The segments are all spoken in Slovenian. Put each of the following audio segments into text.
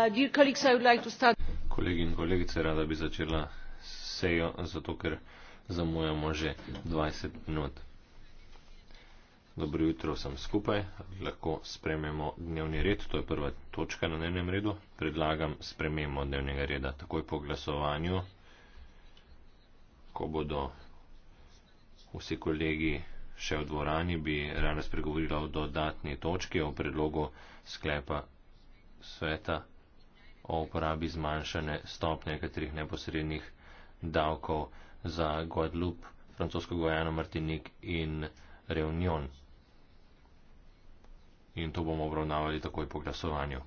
Uh, kolegi in kolegice rada bi začela sejo zato ker zamujamo že 20 minut dobro jutro vsem skupaj lahko sprememo dnevni red to je prva točka na dnevnem redu predlagam spremembo dnevnega reda takoj po glasovanju ko bodo vsi kolegi še v dvorani bi rada spregovorila o dodatni točki o predlogu sklepa sveta o uporabi zmanjšane stopnje nekaterih neposrednih davkov za Guadeloupe, francosko Gojano, Martinik in Reunion. In to bomo obravnavali takoj po glasovanju.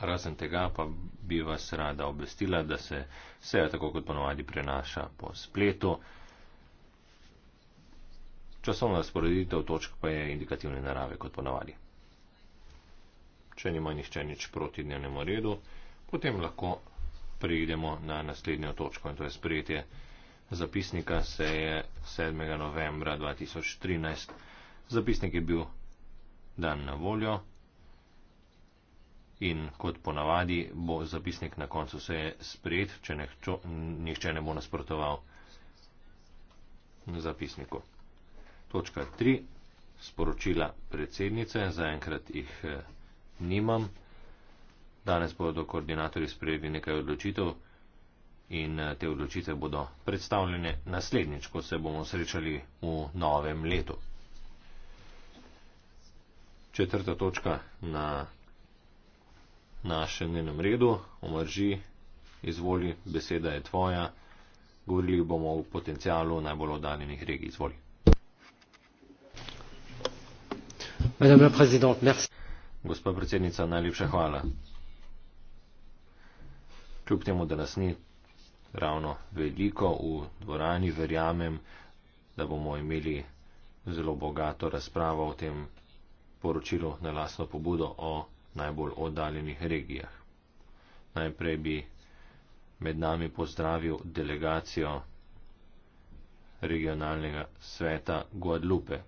Razen tega pa bi vas rada obvestila, da se vse tako kot ponovadi prenaša po spletu. Časovna razporeditev točk pa je indikativne narave kot ponovadi če nima nišče nič proti dnevnemu redu, potem lahko prejdemo na naslednjo točko in to je sprejetje zapisnika seje 7. novembra 2013. Zapisnik je bil dan na voljo in kot ponavadi bo zapisnik na koncu seje sprejet, če nekčo, nihče ne bo nasprotoval zapisniku. Točka 3. Sporočila predsednice, zaenkrat jih eh, nimam. Danes bodo koordinatorji sprejeli nekaj odločitev in eh, te odločitev bodo predstavljene naslednjič, ko se bomo srečali v novem letu. Četrta točka na našem njenem redu, omrži, izvoli, beseda je tvoja, govorili bomo o potencijalu najbolj oddaljenih regij, izvoli. Madame la Présidente, merci. Gospa predsednica, najlepša hvala. Kljub temu, da nas ni ravno veliko v dvorani, verjamem, da bomo imeli zelo bogato razpravo o tem poročilu na lasno pobudo o najbolj oddaljenih regijah. Najprej bi med nami pozdravil delegacijo regionalnega sveta Guadalupe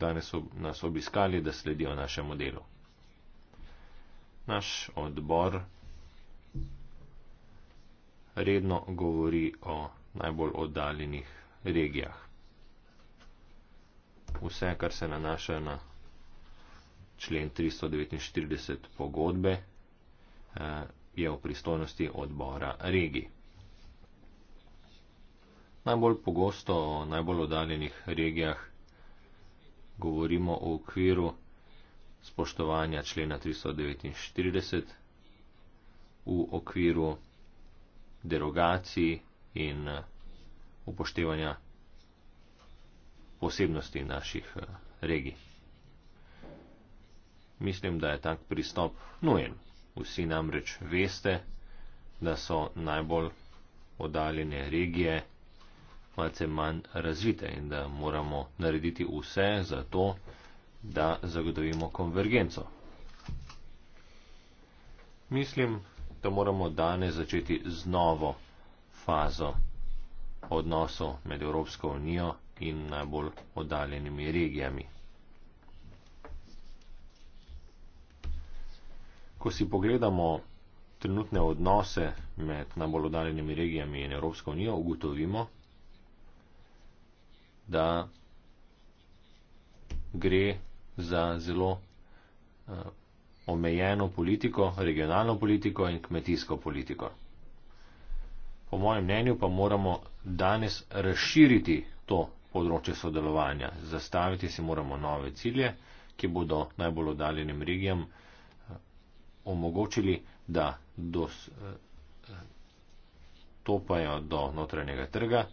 danes nas obiskali, da sledijo našemu delu. Naš odbor redno govori o najbolj oddaljenih regijah. Vse, kar se nanaša na člen 349 pogodbe, eh, je v pristojnosti odbora regij. Najbolj pogosto o najbolj oddaljenih regijah govorimo v okviru spoštovanja člena 349, v okviru derogacij in eh, upoštevanja posebnosti naših eh, regij. Mislim, da je tak pristop nujen. Vsi namreč veste, da so najbolj oddaljene regije malce manj razvite in da moramo narediti vse za to, da zagotovimo konvergenco. Mislim, da moramo danes začeti z novo fazo odnosov med Evropsko unijo in najbolj oddaljenimi regijami. Ko si pogledamo trenutne odnose med najbolj oddaljenimi regijami in Evropsko unijo, ugotovimo, da gre za zelo eh, omejeno politiko, regionalno politiko in kmetijsko politiko. Po mojem mnenju pa moramo danes razširiti to področje sodelovanja. Zastaviti si moramo nove cilje, ki bodo najbolj oddaljenim regijam eh, omogočili, da dostopajo eh, do notranjega trga,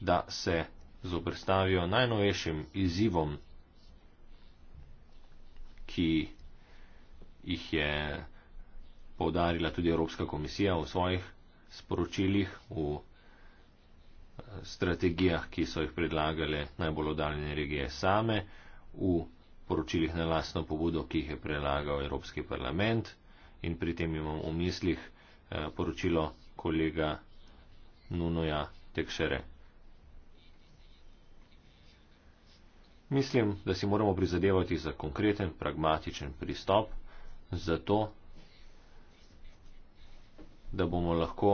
da se zoprstavijo najnovejšim izzivom, ki jih je povdarila tudi Evropska komisija v svojih sporočilih, v eh, strategijah, ki so jih predlagale najbolj oddaljene regije same, v poročilih na lastno pobudo, ki jih je predlagal Evropski parlament in pri tem imam v mislih eh, poročilo kolega Nunoja Tekšere. Mislim, da si moramo prizadevati za konkreten, pragmatičen pristop, zato, da bomo lahko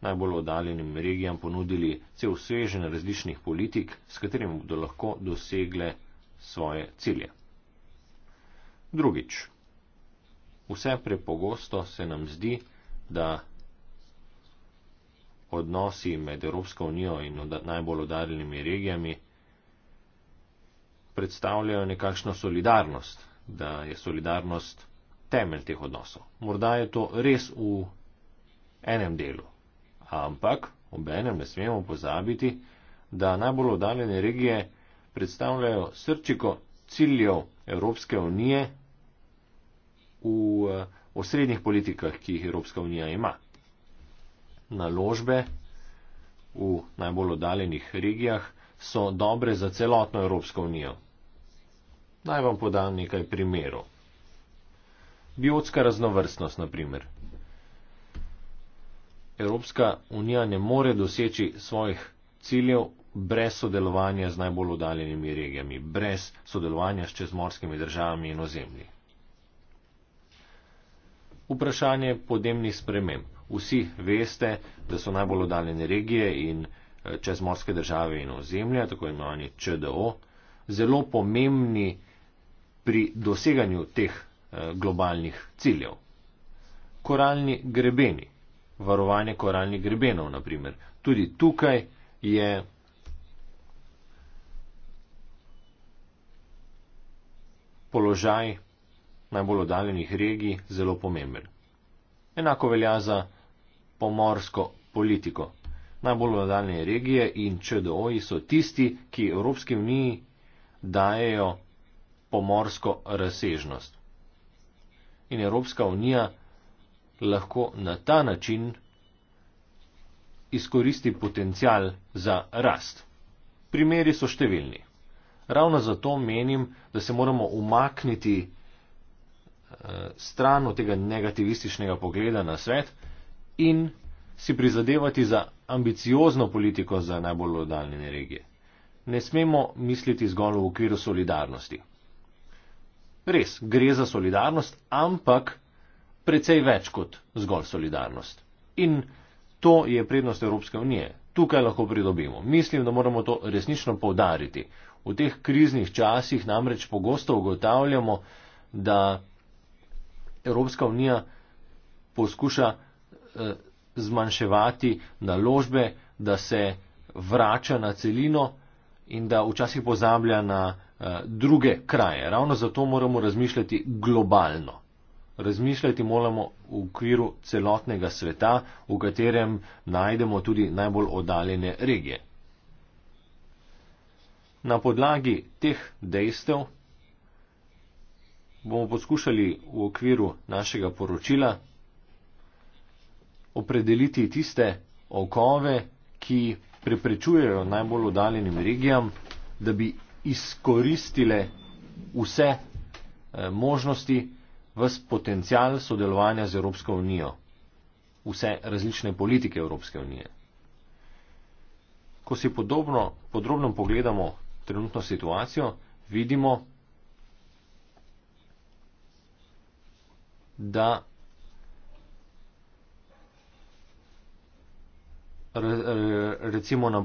najbolj oddaljenim regijam ponudili cel svežen različnih politik, s katerimi bodo lahko dosegle svoje cilje. Drugič, vse prepogosto se nam zdi, da odnosi med Evropsko unijo in najbolj oddaljenimi regijami predstavljajo nekakšno solidarnost, da je solidarnost temelj teh odnosov. Morda je to res v enem delu, ampak ob enem ne smemo pozabiti, da najbolj oddaljene regije predstavljajo srčiko ciljev Evropske unije v eh, osrednjih politikah, ki jih Evropska unija ima. Naložbe v najbolj oddaljenih regijah so dobre za celotno Evropsko unijo, Naj vam podam nekaj primerov. Biotska raznovrstnost, na primer. Evropska unija ne more doseči svojih ciljev brez sodelovanja z najbolj odaljenimi regijami, brez sodelovanja s čezmorskimi državami in ozemlji. Vprašanje podnebnih sprememb. Vsi veste, da so najbolj odaljene regije in eh, čezmorske države in ozemlja, tako imenovani ČDO, zelo pomembni pri doseganju teh eh, globalnih ciljev. Koralni grebeni, varovanje koralnih grebenov, naprimer. Tudi tukaj je položaj najbolj oddaljenih regij zelo pomemben. Enako velja za pomorsko politiko. Najbolj oddaljene regije in ČDO-ji so tisti, ki Evropski uniji dajejo pomorsko razsežnost. In Evropska unija lahko na ta način izkoristi potencial za rast. Primeri so številni. Ravno zato menim, da se moramo umakniti eh, stran od tega negativističnega pogleda na svet in si prizadevati za ambiciozno politiko za najbolj oddaljene regije. Ne smemo misliti zgolj v okviru solidarnosti. Res, gre za solidarnost, ampak precej več kot zgolj solidarnost. In to je prednost Evropske unije. Tukaj lahko pridobimo. Mislim, da moramo to resnično povdariti. V teh kriznih časih namreč pogosto ugotavljamo, da Evropska unija poskuša eh, zmanjševati naložbe, da se vrača na celino in da včasih pozablja na. Eh, druge kraje. Ravno zato moramo razmišljati globalno. Razmišljati moramo v okviru celotnega sveta, v katerem najdemo tudi najbolj oddaljene regije. Na podlagi teh dejstev bomo poskušali v okviru našega poročila opredeliti tiste okove, ki preprečujejo najbolj oddaljenim regijam, da bi izkoristile vse eh, možnosti, vse potencijal sodelovanja z Evropsko unijo, vse različne politike Evropske unije. Ko si podobno, podrobno pogledamo trenutno situacijo, vidimo, da recimo na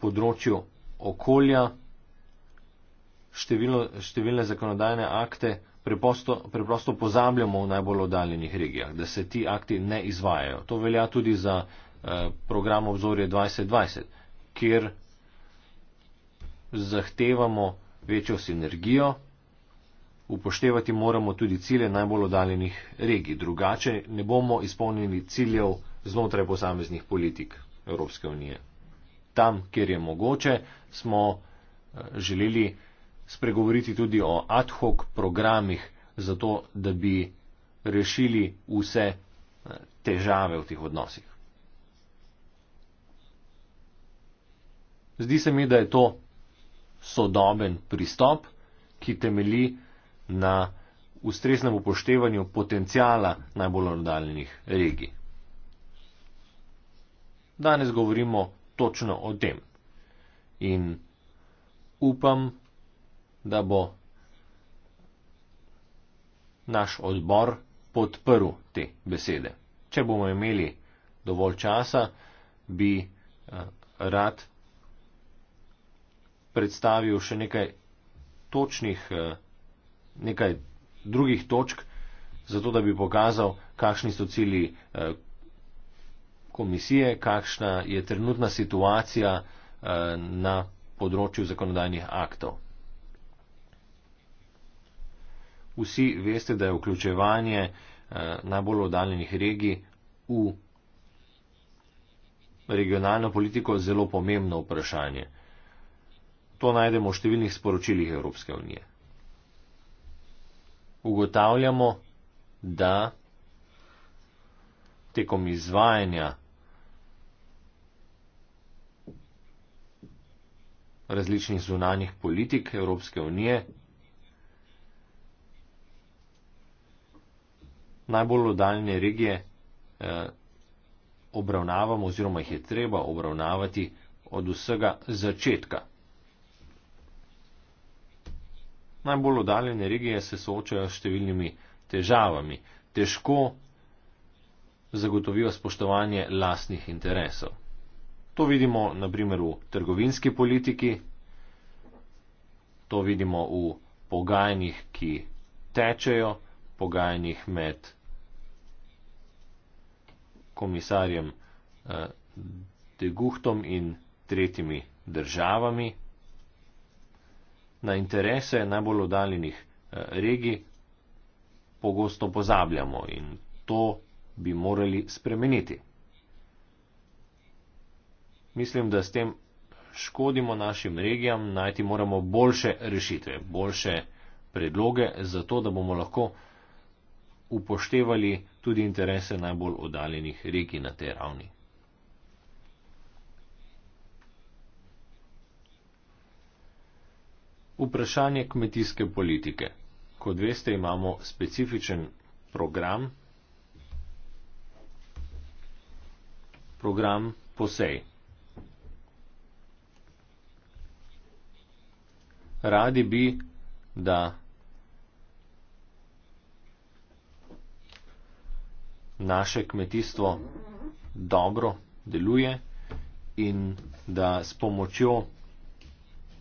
področju okolja, številno, številne zakonodajne akte preprosto, preprosto pozabljamo v najbolj oddaljenih regijah, da se ti akti ne izvajajo. To velja tudi za eh, program obzorje 2020, kjer zahtevamo večjo sinergijo, upoštevati moramo tudi cilje najbolj oddaljenih regij. Drugače ne bomo izpolnili ciljev znotraj posameznih politik Evropske unije. Tam, kjer je mogoče, smo eh, želeli spregovoriti tudi o ad hoc programih, zato da bi rešili vse eh, težave v teh odnosih. Zdi se mi, da je to sodoben pristop, ki temeli na ustreznem upoštevanju potencijala najbolj oddaljenih regij. Danes govorimo točno o tem in upam, da bo naš odbor podprl te besede. Če bomo imeli dovolj časa, bi eh, rad predstavil še nekaj točnih, eh, nekaj drugih točk, zato da bi pokazal, kakšni so cilji eh, komisije, kakšna je trenutna situacija na področju zakonodajnih aktov. Vsi veste, da je vključevanje eh, najbolj oddaljenih regij v regionalno politiko zelo pomembno vprašanje. To najdemo v številnih sporočilih Evropske unije. Ugotavljamo, da tekom izvajanja različnih zunanjih politik Evropske unije najbolj oddaljene regije eh, obravnavamo oziroma jih je treba obravnavati od vsega začetka. Najbolj oddaljene regije se soočajo s številnimi težavami. Težko zagotovijo spoštovanje lastnih interesov. To vidimo naprimer v trgovinski politiki, to vidimo v pogajanjih, ki tečejo, pogajanjih med komisarjem eh, De Guhtom in tretjimi državami. Na interese najbolj oddaljenih eh, regij pogosto pozabljamo in to bi morali spremeniti. Mislim, da s tem škodimo našim regijam, najti moramo boljše rešitve, boljše predloge, zato da bomo lahko upoštevali tudi interese najbolj oddaljenih regij na tej ravni. Vprašanje kmetijske politike. Kot veste, imamo specifičen program, program posej. Radi bi, da naše kmetijstvo dobro deluje in da s pomočjo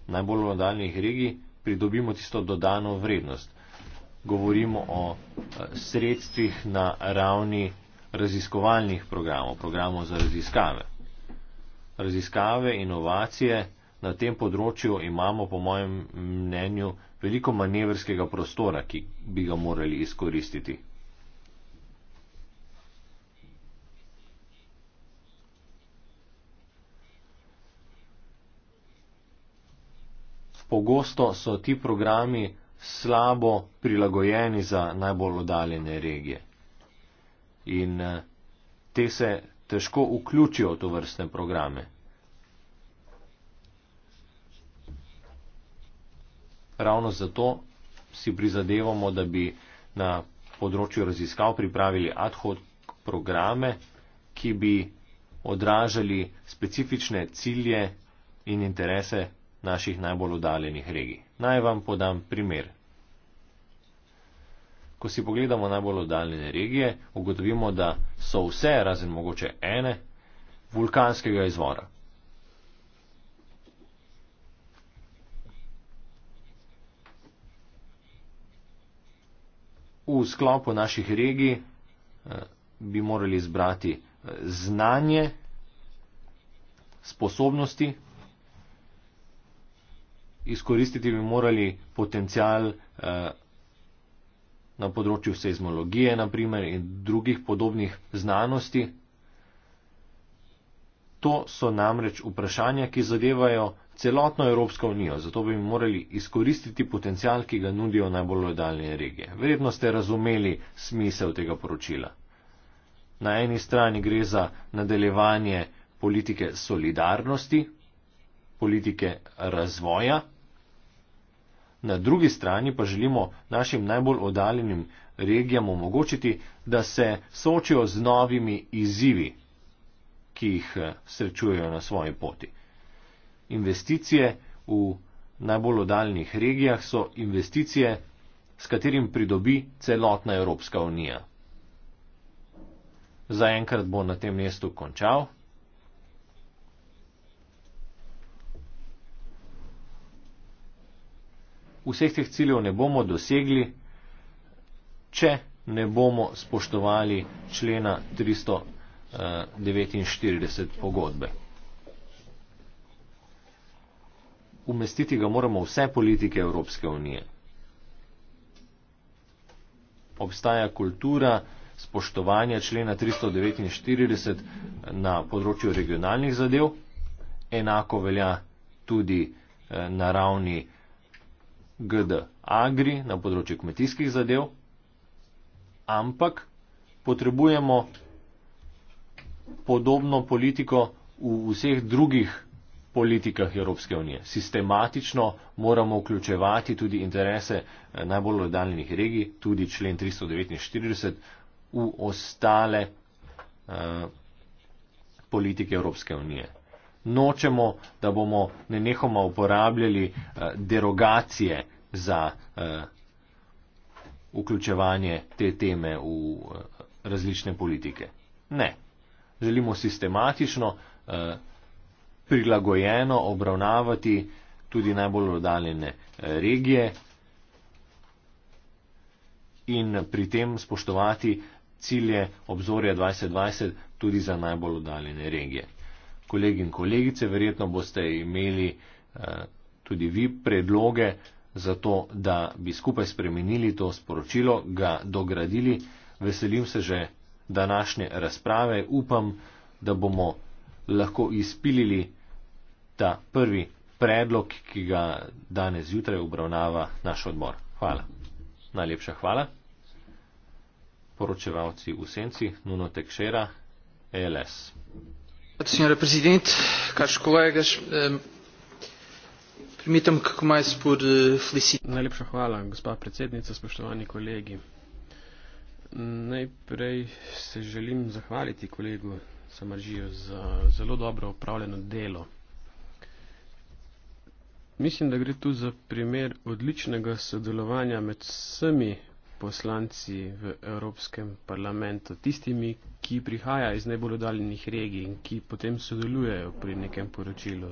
najbolj nadaljnih regij pridobimo tisto dodano vrednost. Govorimo o eh, sredstvih na ravni raziskovalnih programov, programov za raziskave. Raziskave, inovacije na tem področju imamo, po mojem mnenju, veliko manevrskega prostora, ki bi ga morali izkoristiti. pogosto so ti programi slabo prilagojeni za najbolj oddaljene regije. In eh, te se težko vključijo v to vrstne programe. Ravno zato si prizadevamo, da bi na področju raziskav pripravili ad hoc programe, ki bi odražali specifične cilje in interese naših najbolj oddaljenih regij. Naj vam podam primer. Ko si pogledamo najbolj oddaljene regije, ugotovimo, da so vse, razen mogoče ene, vulkanskega izvora. V sklopu naših regij eh, bi morali izbrati eh, znanje, sposobnosti, izkoristiti bi morali potencial eh, na področju seizmologije naprimer in drugih podobnih znanosti. To so namreč vprašanja, ki zadevajo celotno Evropsko unijo, zato bi morali izkoristiti potencial, ki ga nudijo najbolj lojalne regije. Verjetno ste razumeli smisel tega poročila. Na eni strani gre za nadaljevanje politike solidarnosti, politike razvoja, na drugi strani pa želimo našim najbolj oddaljenim regijam omogočiti, da se soočijo z novimi izzivi, ki jih eh, srečujejo na svoji poti. Investicije v najbolj oddaljenih regijah so investicije, s katerim pridobi celotna Evropska unija. Zaenkrat bom na tem mestu končal. vseh teh ciljev ne bomo dosegli, če ne bomo spoštovali člena 349 eh, pogodbe. Umestiti ga moramo vse politike Evropske unije. Obstaja kultura spoštovanja člena 349 eh, na področju regionalnih zadev, enako velja tudi eh, na ravni GD Agri na področju kmetijskih zadev, ampak potrebujemo podobno politiko v vseh drugih politikah Evropske unije. Sistematično moramo vključevati tudi interese eh, najbolj oddaljenih regij, tudi člen 349, v ostale uh, politike Evropske unije nočemo, da bomo nenehoma uporabljali uh, derogacije za uh, vključevanje te teme v uh, različne politike. Ne. Želimo sistematično, uh, prilagojeno obravnavati tudi najbolj oddaljene uh, regije in pri tem spoštovati cilje obzorja 2020 tudi za najbolj oddaljene regije kolegi in kolegice, verjetno boste imeli eh, tudi vi predloge za to, da bi skupaj spremenili to sporočilo, ga dogradili. Veselim se že današnje razprave, upam, da bomo lahko izpilili ta prvi predlog, ki ga danes zjutraj obravnava naš odbor. Hvala. Najlepša hvala. Poročevalci v senci, Nuno Tekšera, ELS senhora Presidente, caros colegas, eh, permitam-me que comece por eh, felicitar. Najlepša hvala, gospa predsednica, spoštovani kolegi. Najprej se želim zahvaliti kolegu Samaržiju za zelo dobro upravljeno delo. Mislim, da gre tu za primer odličnega sodelovanja med vsemi poslanci v Evropskem parlamentu, tistimi, ki prihaja iz najbolj oddaljenih regij in ki potem sodelujejo pri nekem poročilu.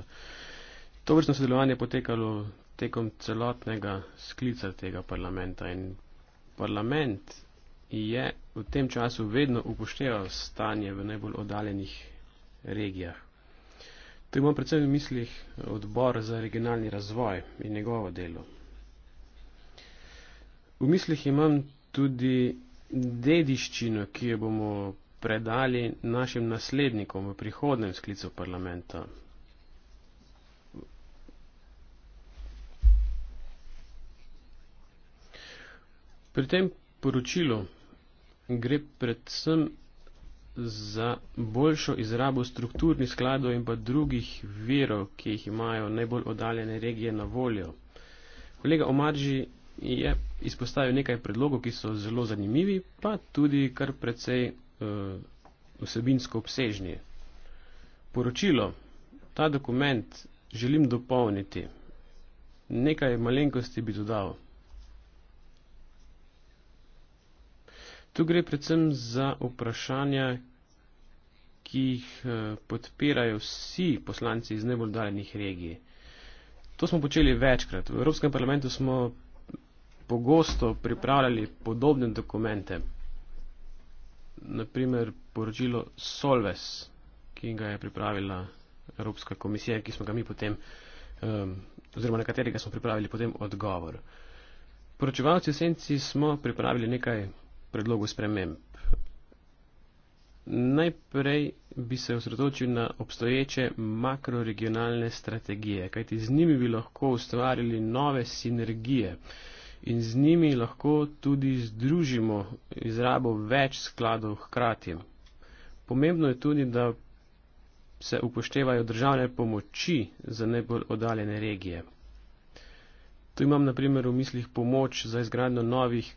To vrstno sodelovanje je potekalo tekom celotnega sklica tega parlamenta in parlament je v tem času vedno upošteval stanje v najbolj oddaljenih regijah. To imam predvsem v mislih odbor za regionalni razvoj in njegovo delo. V mislih imam tudi dediščino, ki jo bomo predali našim naslednikom v prihodnem sklicu parlamenta. Pri tem poročilu gre predvsem za boljšo izrabo strukturnih skladov in pa drugih verov, ki jih imajo najbolj oddaljene regije na voljo. Kolega Omarži je izpostavil nekaj predlogov, ki so zelo zanimivi, pa tudi kar precej uh, eh, osebinsko obsežni. Poročilo, ta dokument želim dopolniti. Nekaj malenkosti bi dodal. Tu gre predvsem za vprašanja, ki jih eh, podpirajo vsi poslanci iz najbolj daljnih regij. To smo počeli večkrat. V Evropskem parlamentu smo pogosto pripravljali podobne dokumente naprimer poročilo Solves, ki ga je pripravila Evropska komisija, ki smo ga mi potem, um, oziroma na katerega smo pripravili potem odgovor. Poročevalci v senci smo pripravili nekaj predlogov sprememb. Najprej bi se osredotočil na obstoječe makroregionalne strategije, kajti z njimi bi lahko ustvarili nove sinergije. Uh, in z njimi lahko tudi združimo izrabo več skladov hkrati. Pomembno je tudi, da se upoštevajo državne pomoči za najbolj oddaljene regije. Tu imam na primer v mislih pomoč za izgradno novih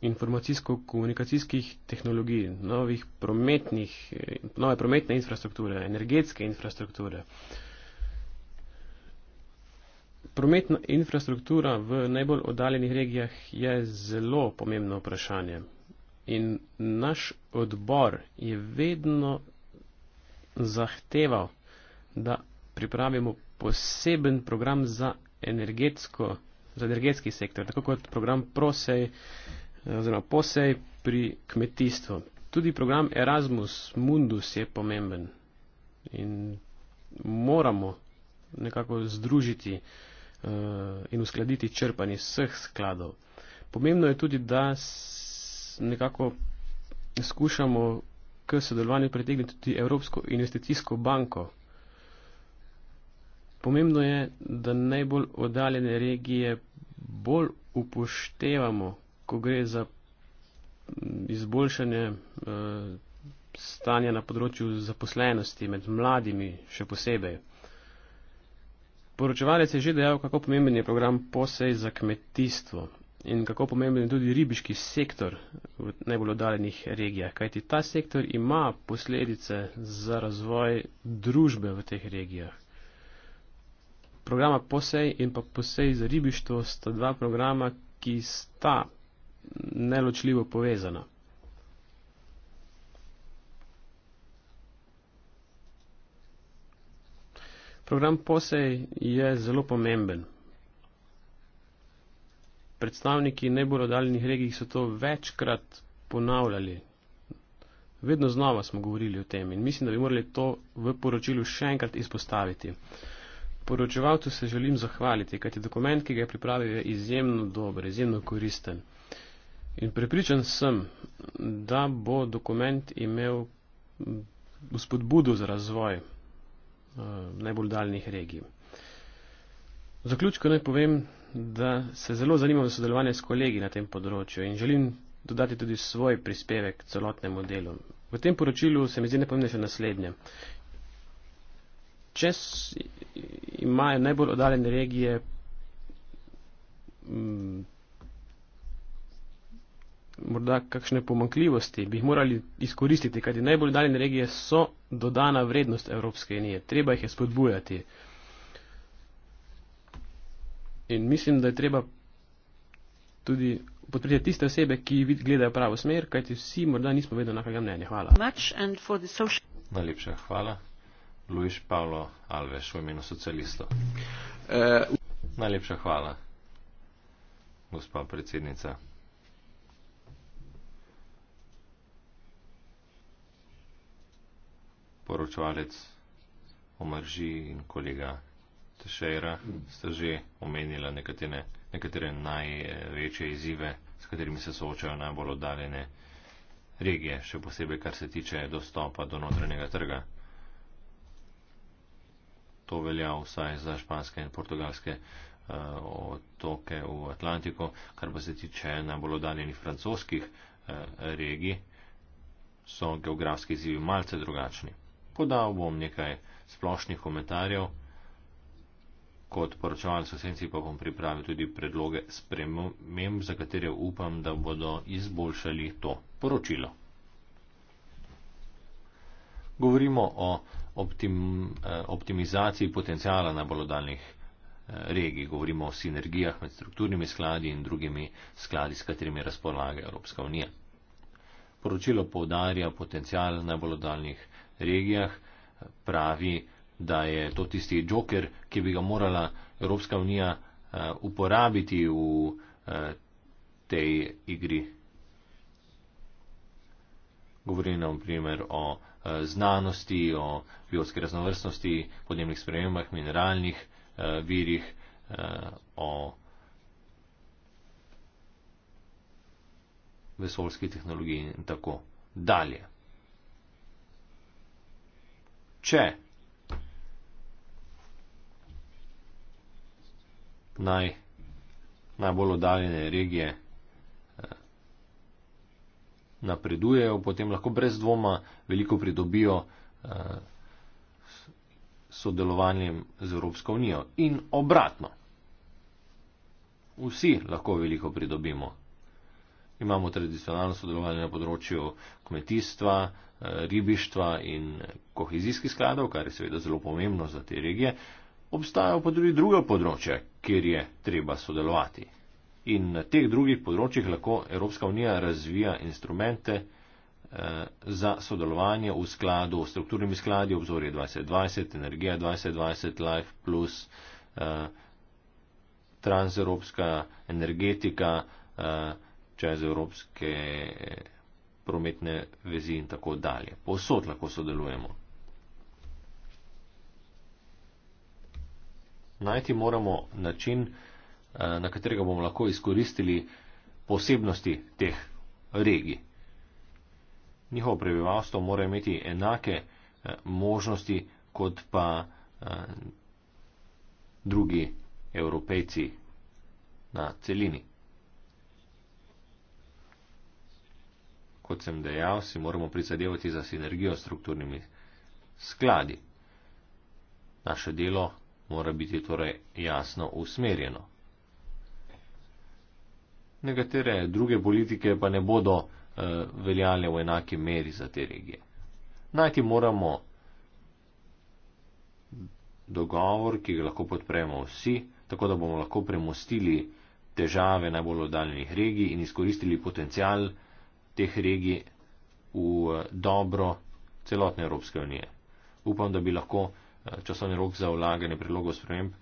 informacijsko-komunikacijskih tehnologij, novih prometnih, nove prometne infrastrukture, energetske infrastrukture. Prometna infrastruktura v najbolj oddaljenih regijah je zelo pomembno vprašanje. In naš odbor je vedno zahteval, da pripravimo poseben program za, za energetski sektor, tako kot program Prosej eh, oziroma Posej pri kmetijstvu. Tudi program Erasmus Mundus je pomemben in moramo nekako združiti. Eh, in uskladiti črpanje vseh skladov. Pomembno je tudi, da nekako skušamo k sodelovanju pritegniti tudi Evropsko investicijsko banko. Pomembno je, da najbolj oddaljene regije bolj upoštevamo, ko gre za mm, izboljšanje eh, stanja na področju zaposlenosti med mladimi še posebej. Poročevalec je že dejal, kako pomemben je program posej za kmetijstvo in kako pomemben je tudi ribiški sektor v najbolj oddaljenih regijah, kajti ta sektor ima posledice za razvoj družbe v teh regijah. Programa posej in pa posej za ribištvo sta dva programa, ki sta neločljivo povezana. Program POSE je zelo pomemben. Predstavniki najbolj oddaljenih regij so to večkrat ponavljali. Vedno znova smo govorili o tem in mislim, da bi morali to v poročilu še enkrat izpostaviti. Poročevalcu se želim zahvaliti, kajti dokument, ki ga je pripravil, je izjemno dober, izjemno koristen. In prepričan sem, da bo dokument imel vzpodbudo za razvoj Eh, najbolj daljnih regij. V zaključku naj povem, da se zelo zanimam za sodelovanje s kolegi na tem področju in želim dodati tudi svoj prispevek k celotnemu delu. V tem poročilu se mi zdi najpomembnejše naslednje. Če imajo najbolj oddaljene regije morda kakšne pomankljivosti, bi jih morali izkoristiti, kajti najbolj daljne regije so dodana vrednost Evropske unije, treba jih je spodbujati. In mislim, da je treba tudi podpreti tiste osebe, ki gledajo pravo smer, kajti vsi morda nismo vedno na kakem mnenju. Hvala. Najlepša hvala. Luiš Paolo Alves v imenu socialistov. Uh, Najlepša hvala, gospa predsednica. poročevalec Omarži in kolega Tešera sta že omenila nekatere, nekatere največje izzive, s katerimi se soočajo najbolj oddaljene regije, še posebej kar se tiče dostopa do notranjega trga. To velja vsaj za španske in portugalske uh, otoke v Atlantiku, kar pa se tiče najbolj oddaljenih francoskih uh, regij, so geografski izzivi malce drugačni podal bom nekaj splošnih komentarjev, kot poročevalec sosedci pa bom pripravil tudi predloge sprememb, za katere upam, da bodo izboljšali to poročilo. Govorimo o optim, eh, optimizaciji potencijala na bolodalnih eh, regij, govorimo o sinergijah med strukturnimi skladi in drugimi skladi, s katerimi razpolaga Evropska unija. Poročilo poudarja potencijal najbolj oddaljnih regij regijah, pravi, da je to tisti joker, ki bi ga morala Evropska unija eh, uporabiti v eh, tej igri. Govori nam primer o eh, znanosti, o biotski raznovrstnosti, podnebnih spremembah, mineralnih virih, o vesolski tehnologiji in tako dalje če naj, najbolj oddaljene regije eh, napredujejo, potem lahko brez dvoma veliko pridobijo eh, sodelovanjem z Evropsko unijo in obratno. Vsi lahko veliko pridobimo, imamo tradicionalno sodelovanje na področju kmetijstva, eh, ribištva in kohezijskih skladov, kar je seveda zelo pomembno za te regije. Obstajajo pa tudi druga področja, kjer je treba sodelovati. In na teh drugih področjih lahko Evropska unija razvija instrumente eh, za sodelovanje v skladu s strukturnimi skladi obzorje 2020, energija 2020, Life Plus, eh, transevropska energetika, čez evropske prometne vezi in tako dalje. Posod lahko sodelujemo. Najti moramo način, eh, na katerega bomo lahko izkoristili posebnosti teh regij. Njihovo prebivalstvo mora imeti enake eh, možnosti kot pa eh, drugi evropejci na celini. kot sem dejal, si moramo prizadevati za sinergijo s strukturnimi skladi. Naše delo mora biti torej jasno usmerjeno. Nekatere druge politike pa ne bodo uh, veljale v enaki meri za te regije. Najti moramo dogovor, ki ga lahko podpremo vsi, tako da bomo lahko premostili težave najbolj oddaljenih regij in izkoristili potencial, teh regij v eh, dobro celotne Evropske unije. Upam, da bi lahko eh, časovni rok za vlaganje predlogov sprememb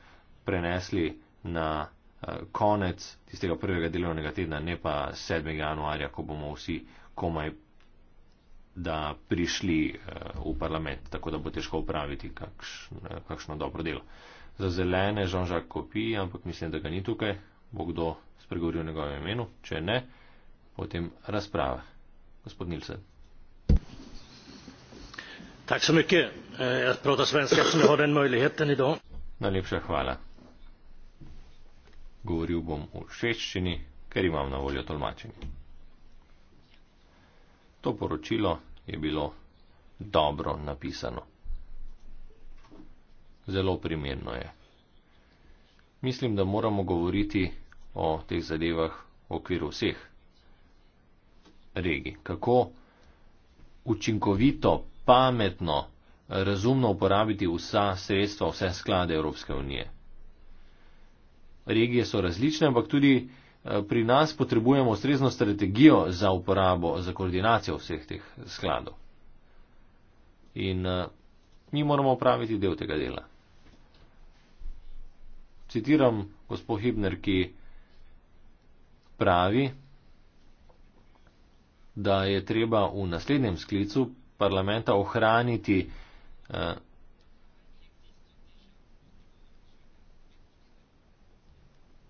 prenesli na eh, konec tistega prvega delovnega tedna, ne pa 7. januarja, ko bomo vsi komaj da prišli v parlament, tako da bo težko upraviti kakšno, kakšno dobro delo. Za zelene Žonžak kopi, ampak mislim, da ga ni tukaj. Bo kdo spregovoril v njegovem imenu? Če ne, o tem razprava. Gospod Nilsen. Tak så mycket. Eh, jag pratar svenska så jag har den möjligheten idag. Najlepša hvala. Govoril bom v šeščini, ker imam na voljo tolmačenje. To poročilo je bilo dobro napisano. Zelo primerno je. Mislim, da moramo govoriti o teh zadevah v okviru vseh regi. Kako učinkovito, pametno, razumno uporabiti vsa sredstva, vse sklade Evropske unije. Regije so različne, ampak tudi eh, pri nas potrebujemo ustrezno strategijo za uporabo, za koordinacijo vseh teh skladov. In eh, mi moramo upraviti del tega dela. Citiram gospod Hibner, ki pravi, da je treba v naslednjem sklicu parlamenta ohraniti eh,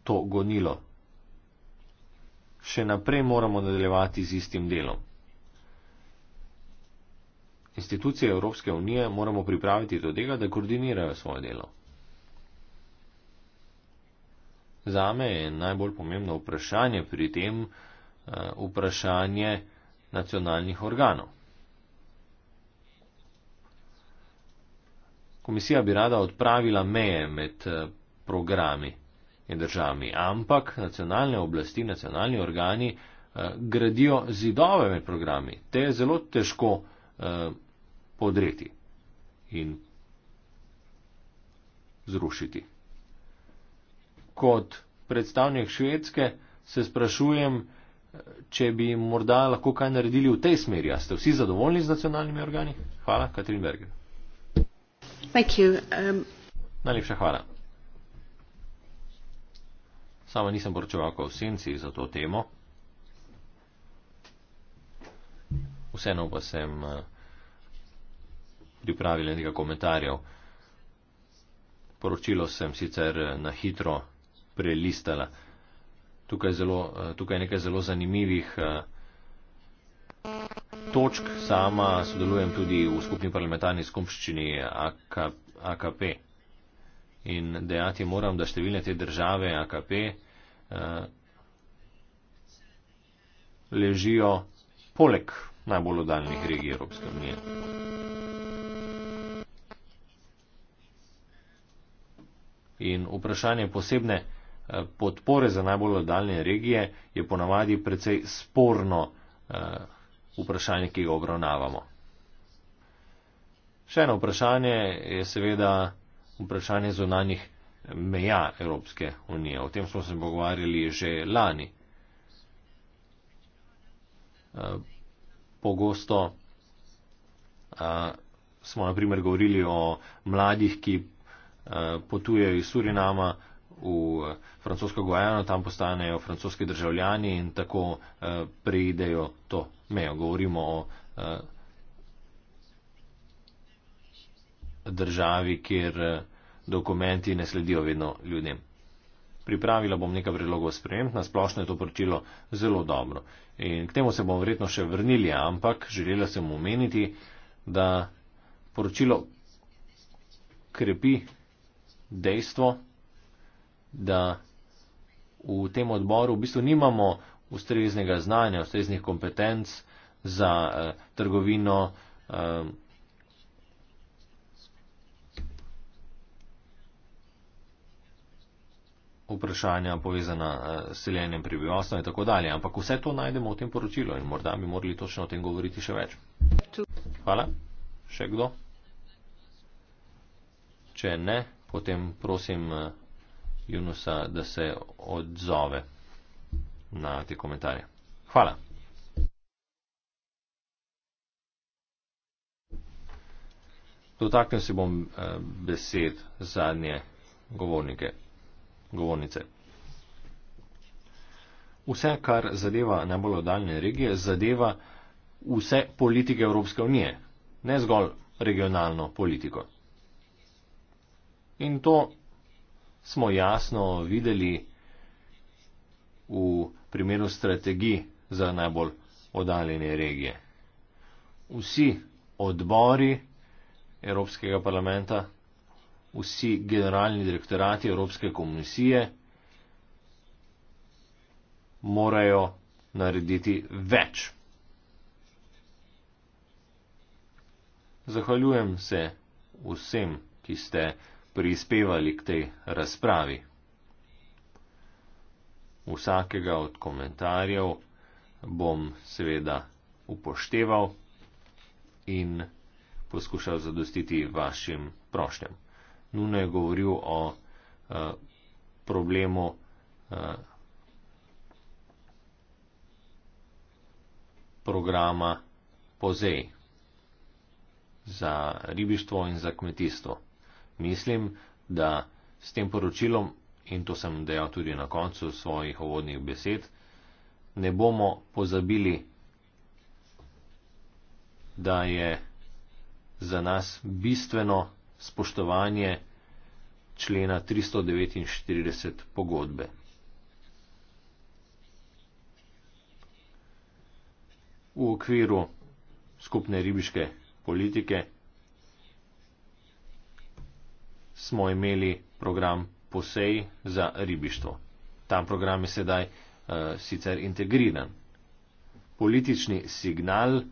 to gonilo. Še naprej moramo nadaljevati z istim delom. Institucije Evropske unije moramo pripraviti do tega, da koordinirajo svoje delo. Zame je najbolj pomembno vprašanje pri tem eh, vprašanje, nacionalnih organov. Komisija bi rada odpravila meje med eh, programi in državami, ampak nacionalne oblasti, nacionalni organi eh, gradijo zidove med programi. Te je zelo težko eh, podreti in zrušiti. Kot predstavnik Švedske se sprašujem, če bi morda lahko kaj naredili v tej smeri. A ste vsi zadovoljni z nacionalnimi organi? Hvala, Katrin Berger. Um... Najlepša hvala. Sama nisem poročeval kot v senci za to temo. Vseeno pa sem uh, pripravil nekaj komentarjev. Poročilo sem sicer uh, na hitro prelistala tukaj, zelo, eh, tukaj nekaj zelo zanimivih eh, točk. Sama sodelujem tudi v skupni parlamentarni skupščini AKP. In dejati moram, da številne te države AKP eh, ležijo poleg najbolj oddaljenih regij Evropske unije. In vprašanje posebne Eh, podpore za najbolj oddaljene regije je ponavadi precej sporno eh, vprašanje, ki ga obravnavamo. Še eno vprašanje je seveda vprašanje zunanjih meja Evropske unije. O tem smo se pogovarjali že lani. Eh, pogosto smo naprimer govorili o mladih, ki potujejo iz Surinama v eh, francosko Gojano, tam postanejo francoski državljani in tako eh, prejdejo to mejo. Govorimo o eh, državi, kjer dokumenti ne sledijo vedno ljudem. Pripravila bom nekaj predlogov sprememb, na splošno je to poročilo zelo dobro. In k temu se bomo verjetno še vrnili, ampak želela sem omeniti, da poročilo krepi dejstvo, da v tem odboru v bistvu nimamo ustreznega znanja, ustreznih kompetenc za eh, trgovino. Eh, vprašanja povezana eh, s seljenjem prebivalstva in tako dalje. Ampak vse to najdemo v tem poročilu in morda bi morali točno o tem govoriti še več. Hvala. Še kdo? Če ne, potem prosim eh, Junusa, da se odzove na te komentarje. Hvala. Dotaknil se bom eh, besed zadnje govornike, govornice. Vse, kar zadeva najbolj oddaljene regije, zadeva vse politike Evropske unije, ne zgolj regionalno politiko. In to smo jasno videli v primeru strategij za najbolj odaljene regije. Vsi odbori Evropskega parlamenta, vsi generalni direktorati Evropske komisije morajo narediti več. Zahvaljujem se vsem, ki ste prispevali k tej razpravi. Vsakega od komentarjev bom seveda upošteval in poskušal zadostiti vašim prošljem. Nuno je govoril o uh, problemu uh, programa POZEJ za ribištvo in za kmetijstvo mislim, da s tem poročilom, in to sem dejal tudi na koncu svojih ovodnih besed, ne bomo pozabili, da je za nas bistveno spoštovanje člena 349 pogodbe. V okviru skupne ribiške politike smo imeli program posej za ribištvo. Ta program je sedaj uh, sicer integriran. Politični signal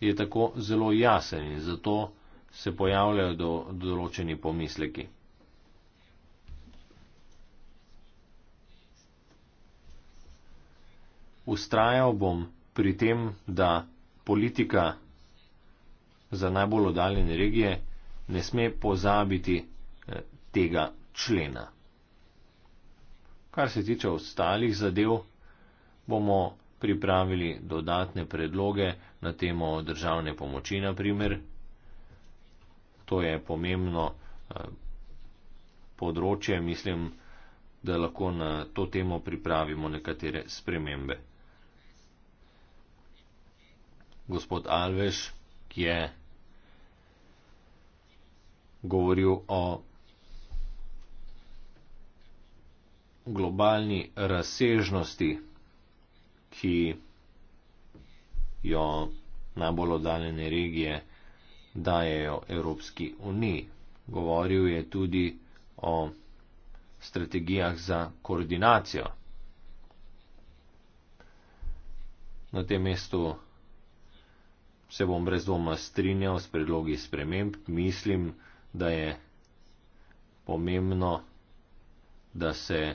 je tako zelo jasen in zato se pojavljajo do, določeni pomisleki. Ustrajal bom pri tem, da politika za najbolj oddaljene regije, ne sme pozabiti eh, tega člena. Kar se tiče ostalih zadev, bomo pripravili dodatne predloge na temo državne pomoči, naprimer. To je pomembno eh, področje, mislim, da lahko na to temo pripravimo nekatere spremembe. Gospod Alves, ki je govoril o globalni razsežnosti, ki jo najbolj oddaljene regije dajejo Evropski uniji. Govoril je tudi o strategijah za koordinacijo. Na tem mestu se bom brez dvoma strinjal s predlogi sprememb. Mislim, da je pomembno, da se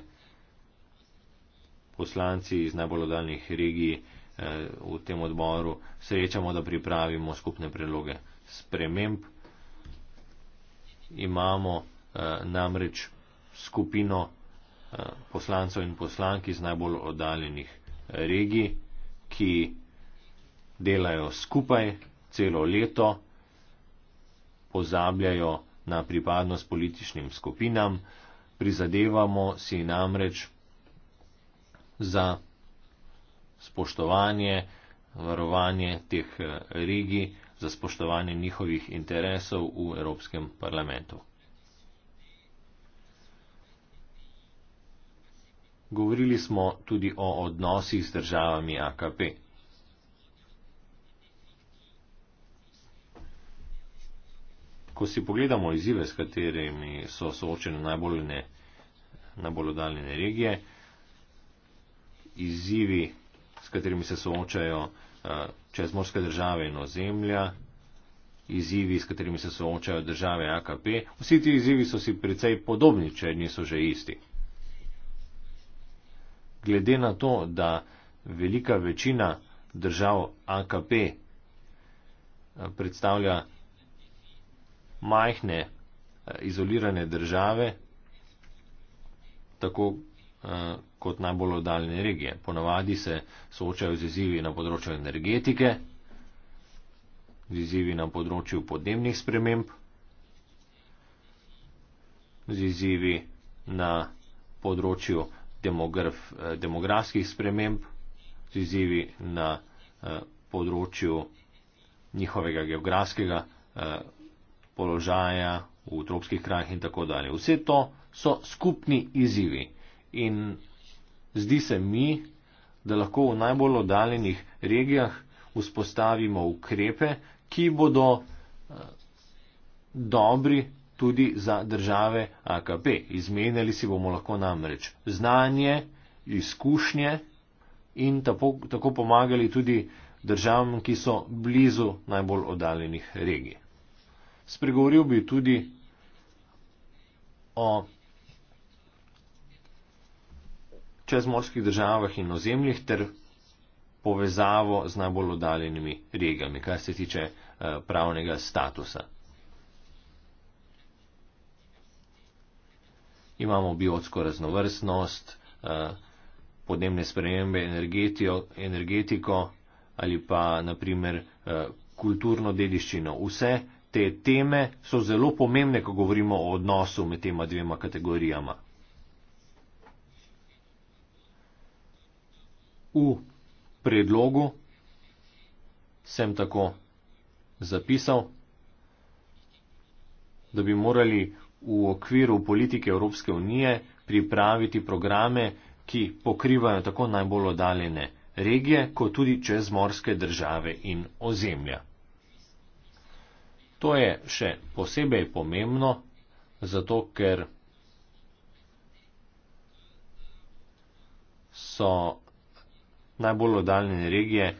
poslanci iz najbolj oddaljenih regij eh, v tem odboru srečamo, da pripravimo skupne predloge sprememb. Imamo eh, namreč skupino eh, poslancev in poslank iz najbolj oddaljenih regij, ki delajo skupaj celo leto, pozabljajo, na pripadnost političnim skupinam, prizadevamo si namreč za spoštovanje, varovanje teh eh, regij, za spoštovanje njihovih interesov v Evropskem parlamentu. Govorili smo tudi o odnosih z državami AKP. ko si pogledamo izzive, s katerimi so soočene najbolj oddaljene regije, izzivi, s katerimi se soočajo eh, čezmorske države in ozemlja, izzivi, s katerimi se soočajo države AKP, vsi ti izzivi so si precej podobni, če niso že isti. Glede na to, da velika večina držav AKP eh, predstavlja majhne eh, izolirane države, tako eh, kot najbolj oddaljene regije. Ponavadi se soočajo z izzivi na področju energetike, z izzivi na področju podnebnih sprememb, z izzivi na področju demograf, eh, demografskih sprememb, z izzivi na področju njihovega geografskega položaja v tropskih krajih in tako dalje. Vse to so skupni izzivi in zdi se mi, da lahko v najbolj oddaljenih regijah vzpostavimo ukrepe, ki bodo eh, dobri tudi za države AKP. Izmenjali si bomo lahko namreč znanje, izkušnje in tako, tako pomagali tudi državam, ki so blizu najbolj oddaljenih regij. Spregovoril bi tudi o čezmorskih državah in ozemljih ter povezavo z najbolj oddaljenimi regijami, kar se tiče eh, pravnega statusa. Imamo biotsko raznovrstnost, eh, podnebne spremembe, energetiko ali pa naprimer eh, kulturno dediščino. Vse te teme so zelo pomembne, ko govorimo o odnosu med tema dvema kategorijama. V predlogu sem tako zapisal, da bi morali v okviru politike Evropske unije pripraviti programe, ki pokrivajo tako najbolj oddaljene regije, kot tudi čezmorske države in ozemlja. To je še posebej pomembno, zato ker so najbolj oddaljene regije eh,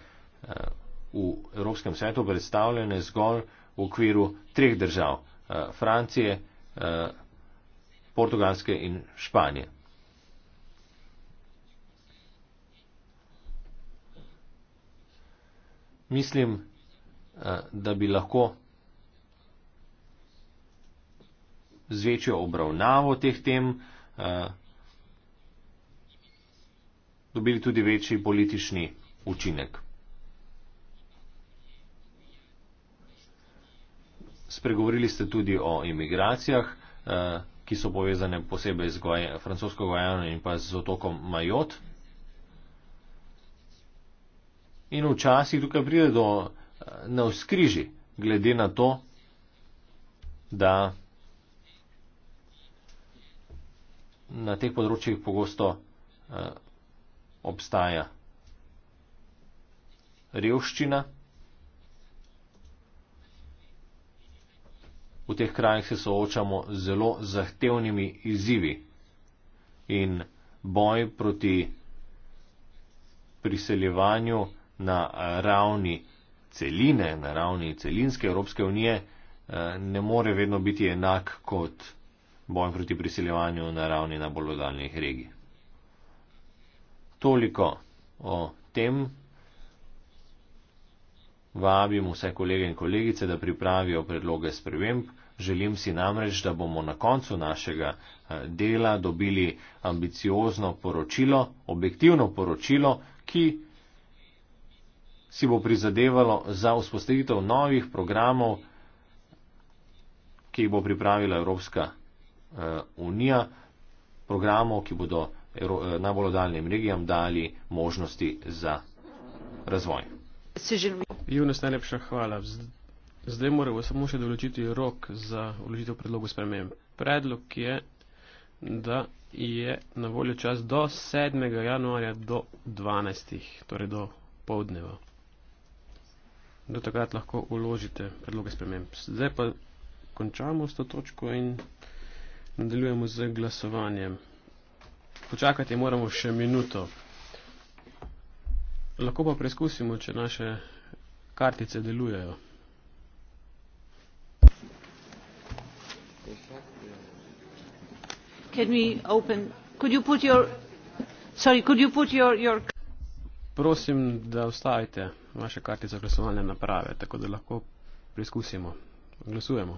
v Evropskem svetu predstavljene zgolj v okviru treh držav eh, - Francije, eh, Portugalske in Španije. Mislim, da bi lahko z večjo obravnavo teh tem, eh, dobili tudi večji politični učinek. Spregovorili ste tudi o imigracijah, eh, ki so povezane posebej z goje, francosko gojano in pa z otokom Majot. In včasih tukaj pride do eh, navskriži, glede na to, da na teh področjih pogosto eh, obstaja revščina. V teh krajih se soočamo z zelo zahtevnimi izzivi in boj proti priseljevanju na ravni celine, na ravni celinske Evropske unije, eh, ne more vedno biti enak kot boj proti priseljevanju na ravni najbolj oddaljenih regij. Toliko o tem. Vabim vse kolege in kolegice, da pripravijo predloge sprememb. Želim si namreč, da bomo na koncu našega eh, dela dobili ambiciozno poročilo, objektivno poročilo, ki si bo prizadevalo za vzpostavitev novih programov, ki jih bo pripravila Evropska Eh, unija programov, ki bodo eh, najbolj oddaljenim regijam dali možnosti za razvoj. Junes, najlepša hvala. Zdaj moramo samo še določiti rok za vložitev predlogu sprememb. Predlog je, da je na voljo čas do 7. januarja do 12. torej do povdneva. Do takrat lahko uložite predloge sprememb. Zdaj pa končamo s to točko in nadaljujemo z glasovanjem. Počakati moramo še minuto. Lahko pa preizkusimo, če naše kartice delujejo. Can we open? Could you put your Sorry, could you put your your Prosim, da ustavite vaše kartice glasovalne naprave, tako da lahko preizkusimo. Glasujemo.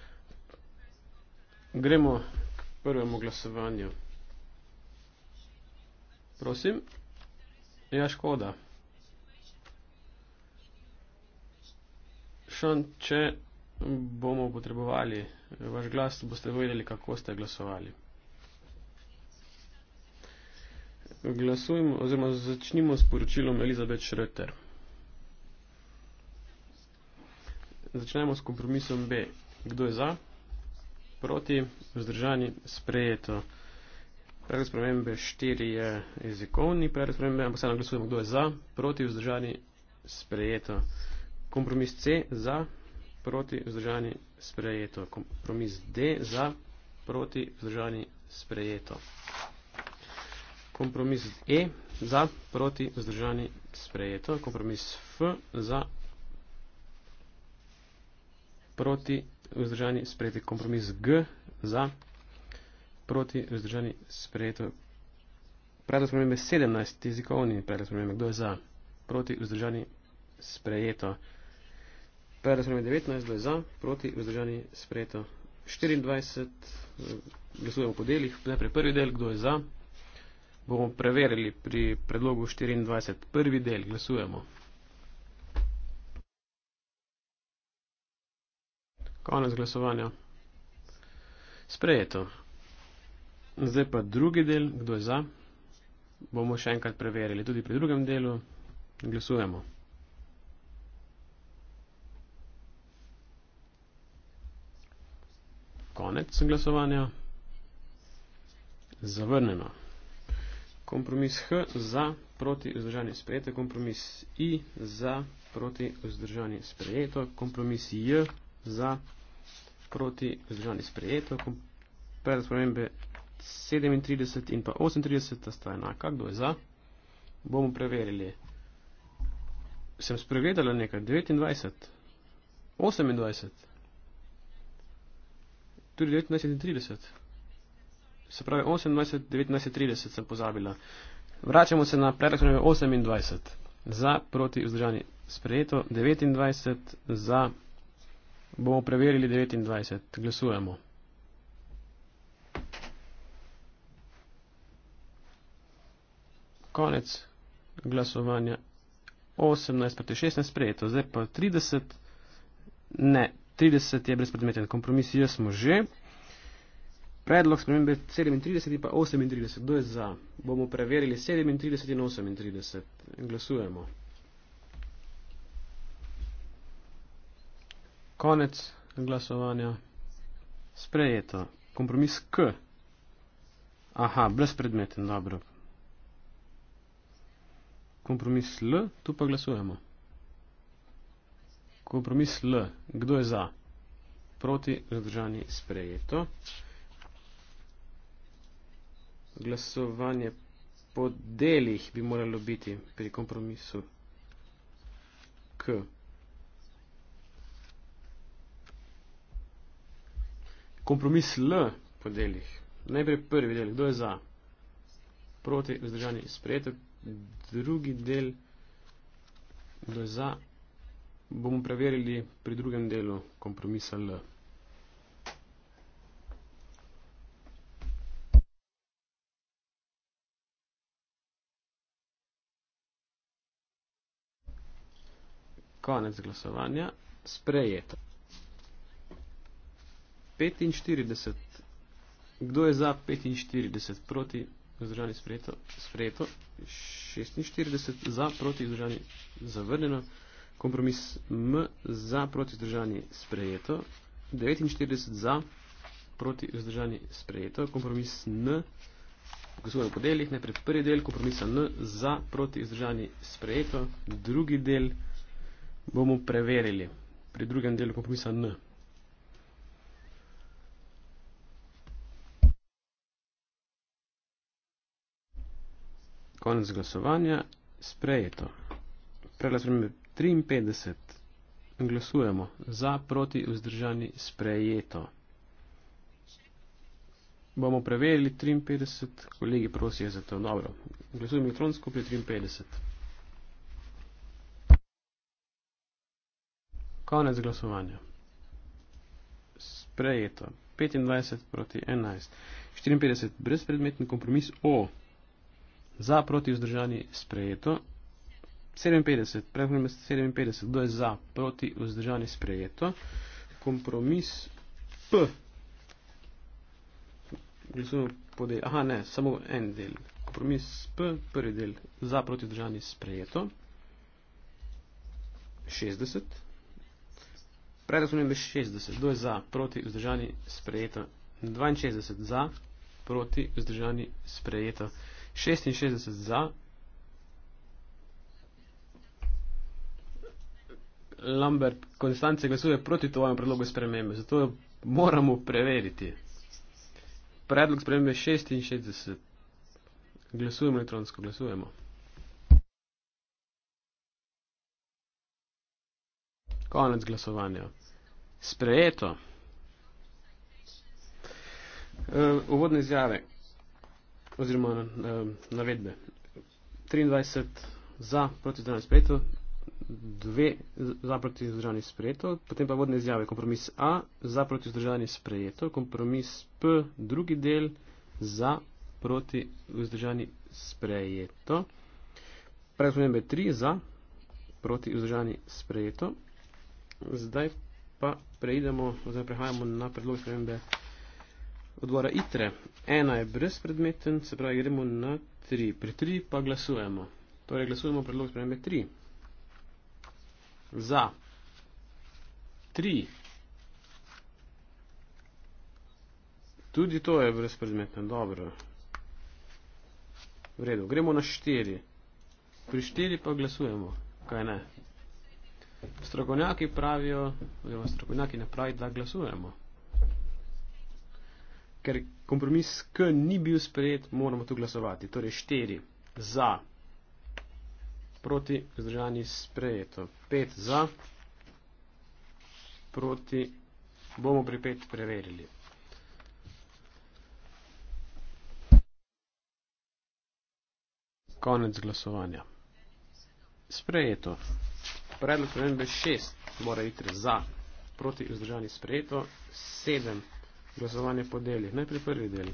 Gremo k prvemu glasovanju. Prosim. Ja, škoda. Šan, če bomo potrebovali vaš glas, boste vedeli, kako ste glasovali. Glasujmo, oziroma začnimo s poročilom Elizabeth Schröter. Začnemo s kompromisom B. Kdo je za? proti, vzdržani sprejeto. Predlog spremembe štiri je jezikovni predlog spremembe, ampak se nam glasujemo, kdo je za, proti, vzdržani sprejeto. Kompromis C za, proti, vzdržani sprejeto. Kompromis D za, proti, vzdržani sprejeto. Kompromis E za, proti, vzdržani sprejeto. Kompromis F za, proti, vzdržani sprejeto vzdržani, sprejeti kompromis G za, proti vzdržani, sprejeto predlog spremembe 17, jezikovni predlog spremembe, kdo je za, proti vzdržani, sprejeto predlog spremembe 19, kdo je za, proti vzdržani, sprejeto 24, glasujemo po delih, najprej prvi del, kdo je za, bomo preverili pri predlogu 24, prvi del, glasujemo. Konec glasovanja. Sprejeto. Zdaj pa drugi del, kdo je za. Bomo še enkrat preverili tudi pri drugem delu. Glasujemo. Konec glasovanja. Zavrnjeno. Kompromis H za proti vzdržanje sprejeto, kompromis I za proti vzdržanje sprejeto, kompromis J za proti vzdržani sprejeto. Predaj spremembe 37 in pa 38 sta enaka. Kdo je za? Bomo preverili. Sem spregledala nekaj. 29, 28, tudi 29 in 30. Se pravi 28, 29, 30 sem pozabila. Vračamo se na predlog spremembe 28. Za proti vzdržani sprejeto. 29 za proti Bomo preverili 29. Glasujemo. Konec glasovanja. 18 proti 16 sprejeto. Zdaj pa 30. Ne, 30 je brezpredmeten. Kompromis je smo že. Predlog spremembe 37 in pa 38. Kdo je za? Bomo preverili 37 in 38. Glasujemo. Konec glasovanja. Sprejeto. Kompromis K. Aha, brezpredmeten, dobro. Kompromis L, tu pa glasujemo. Kompromis L, kdo je za? Proti, zadržani, sprejeto. Glasovanje po delih bi moralo biti pri kompromisu K. kompromis L po delih. Najprej prvi del, kdo je za? Proti, vzdržanje, sprejeto. Drugi del, kdo je za? Bomo preverili pri drugem delu kompromisa L. Konec glasovanja, sprejeto. 45. Kdo je za 45 proti vzdržani sprejeto? Sprejeto. 46 za proti vzdržani zavrnjeno. Kompromis M za proti vzdržani sprejeto. 49 za proti vzdržani sprejeto. Kompromis N. Glasujem po delih. Najprej prvi del kompromisa N za proti vzdržani sprejeto. Drugi del bomo preverili pri drugem delu kompromisa N. Konec glasovanja. Sprejeto. Prelazimo 53. Glasujemo. Za, proti, vzdržani. Sprejeto. Bomo preverili 53. Kolegi prosijo za to. Dobro. Glasujem elektronsko pri 53. Konec glasovanja. Sprejeto. 25 proti 11. 54. Brezpredmetni kompromis O. Za proti vzdržanje sprejeto. 57, prehodno 57, kdo je za proti vzdržanje sprejeto. Kompromis P. Podel, aha, ne, samo en del. Kompromis P, prvi del, za proti vzdržanje sprejeto. 60. Predaj smo 60, kdo je za proti vzdržanje sprejeto. 62 za proti vzdržanje sprejeto. 66 za. Lambert, Konstance glasuje proti tvojemu predlogu spremembe, zato jo moramo preveriti. Predlog spremembe 66. Glasujemo elektronsko, glasujemo. Konec glasovanja. Sprejeto. Eh, uvodne izjave oziroma eh, navedbe. 23 za proti zdravni sprejeto, dve za proti zdravni sprejeto, potem pa vodne izjave. Kompromis A za proti zdravni sprejeto, kompromis P drugi del za proti vzdržani sprejeto. Predvsem spremembe 3 za, proti vzdržani sprejeto. Zdaj pa preidemo, oziroma prehajamo na predlog spremembe 4 odbora ITRE. Ena je brezpredmeten, se pravi, gremo na tri. Pri tri pa glasujemo. Torej, glasujemo predlog spremembe tri. Za. Tri. Tudi to je brezpredmetno, dobro. V redu, gremo na štiri. Pri štiri pa glasujemo, kaj ne. Strokovnjaki pravijo, oziroma strokovnjaki ne pravijo, da glasujemo ker kompromis K ni bil sprejet, moramo tu glasovati. Torej, štiri za, proti vzdržani sprejeto. Pet za, proti, bomo pri pet preverili. Konec glasovanja. Sprejeto. Predlog premembe šest mora iti za, proti vzdržani sprejeto. Sedem za glasovanje po delih. Najprej prvi del.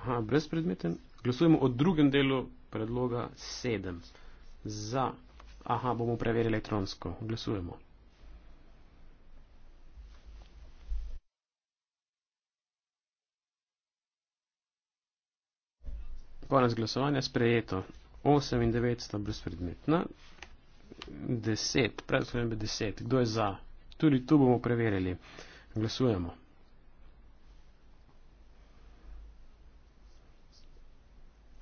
Aha, brezpredmeten. Glasujemo o drugem delu predloga 7. Za. Aha, bomo preverili elektronsko. Glasujemo. Konec glasovanja sprejeto. 8 in 9 sta brezpredmetna. 10, predvsem 10. Kdo je za? Tudi tu bomo preverili. Glasujemo.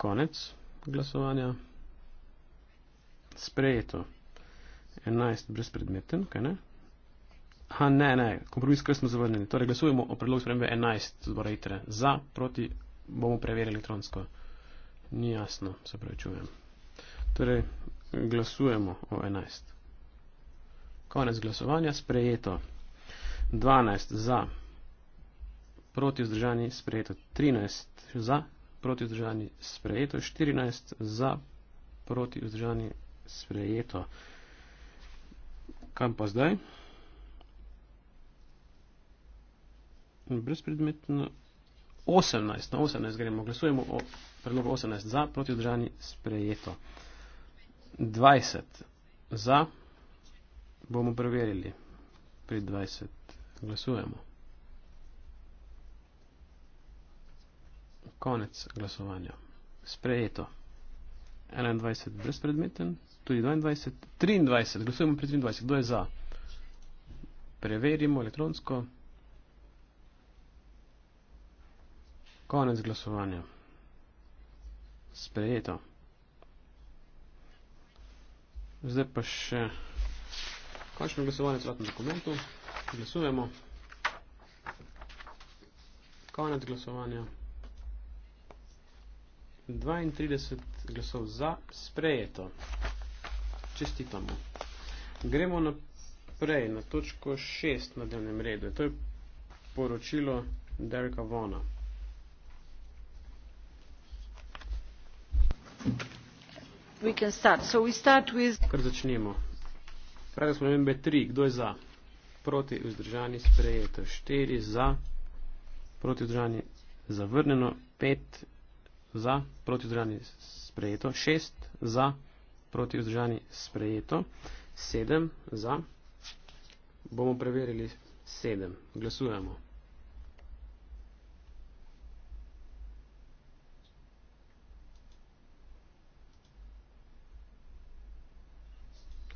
konec glasovanja. Sprejeto. 11 brezpredmeten, kaj ne? Ha, ne, ne, kompromis, kaj smo zavrnili. Torej, glasujemo o predlogu spremembe 11 zbora ITRE. Za, proti, bomo preverili elektronsko. Ni jasno, se pravi, čujem. Torej, glasujemo o 11. Konec glasovanja, sprejeto. 12 za, proti vzdržani, sprejeto. 13 za, proti vzdržani sprejeto, 14 za proti vzdržani sprejeto. Kam pa zdaj? Brezpredmetno 18, na 18 gremo, glasujemo o predlogu 18 za proti vzdržani sprejeto. 20 za, bomo preverili, pri 20 glasujemo. Konec glasovanja. Sprejeto. 21 brezpredmeten, tudi 22, 23, glasujemo pri 23, kdo je za? Preverimo elektronsko. Konec glasovanja. Sprejeto. Zdaj pa še končno glasovanje v celotnem dokumentu. Glasujemo. Konec glasovanja. 32 glasov za sprejeto. Čestitamo. Gremo naprej na točko 6 na dnevnem redu. To je poročilo Dereka Vona. We can start. So we start with... Kar začnimo. Pravi smo imen B3. Kdo je za? Proti vzdržani sprejeto. 4 za. Proti vzdržani zavrneno. 5 za, proti vzdržani sprejeto, 6 za, proti vzdržani sprejeto, 7 za, bomo preverili 7, glasujemo.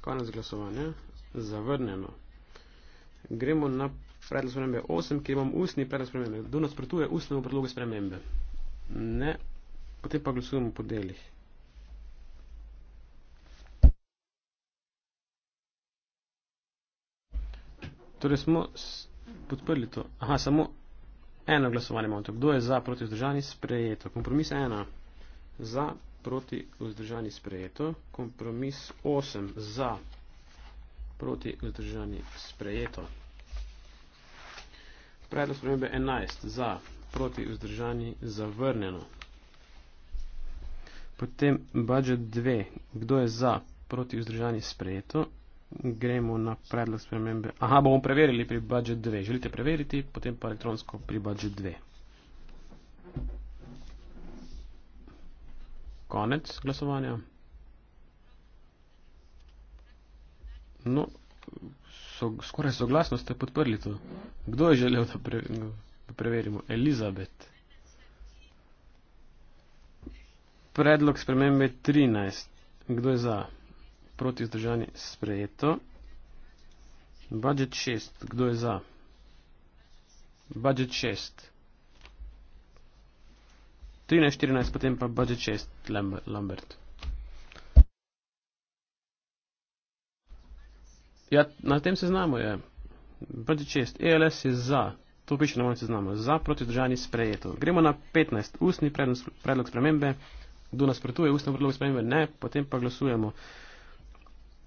Konec glasovanja, zavrnjeno. Gremo na predlog spremembe 8, kjer imam ustni predlog spremembe. Kdo nasprotuje ustnemu predlogu spremembe? Ne. Potem pa glasujemo po delih. Torej smo podprli to. Aha, samo eno glasovanje imamo. Kdo je za proti vzdržani sprejeto? Kompromis ena. Za proti vzdržani sprejeto. Kompromis osem. Za proti vzdržani sprejeto. Predlog spremembe enajst. Za proti vzdržani zavrnjeno. Potem budžet 2. Kdo je za proti vzdržanje sprejeto? Gremo na predlog spremembe. Aha, bomo preverili pri budžet 2. Želite preveriti, potem pa elektronsko pri budžet 2. Konec glasovanja. No, so, skoraj soglasno ste podprli to. Kdo je želel, da pre, no, preverimo? Elizabeth. predlog spremembe 13. Kdo je za? Proti vzdržanje sprejeto. Budget 6. Kdo je za? Budget 6. 13, 14, potem pa budget 6, Lambert. Ja, na tem seznamu je. Budget 6. ELS je za. To piše na mojem seznamu. Za proti vzdržanje sprejeto. Gremo na 15. Ustni predlog spremembe. Kdo nasprotuje ustno predlogu spremembe? Ne. Potem pa glasujemo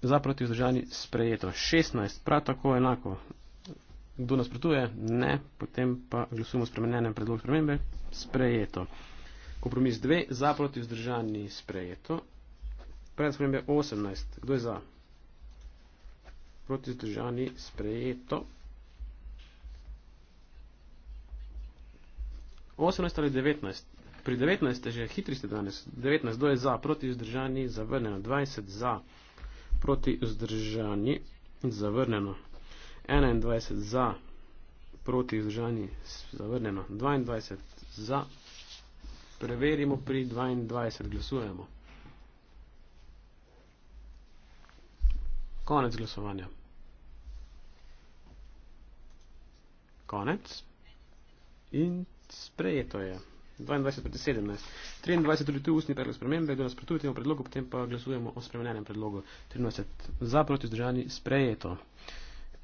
za proti vzdržani sprejeto. 16. Prav tako enako. Kdo nasprotuje? Ne. Potem pa glasujemo spremenjenem predlogu spremembe. Sprejeto. Kompromis 2. Za proti vzdržani sprejeto. Predlog spremembe 18. Kdo je za? Proti vzdržani sprejeto. 18 ali 19. Pri 19 ste že hitri ste danes. 19 je za, proti vzdržani, zavrnjeno. 20 za, proti vzdržani, zavrnjeno. 21 za, proti vzdržani, zavrnjeno. 22 za, preverimo pri 22, glasujemo. Konec glasovanja. Konec. In sprejeto je. 22 proti 17. 23 tudi tu ustni predlog spremembe, kdo nasprotuje temu predlogu, potem pa glasujemo o spremenjenem predlogu. 23 za, proti vzdržani, sprejeto.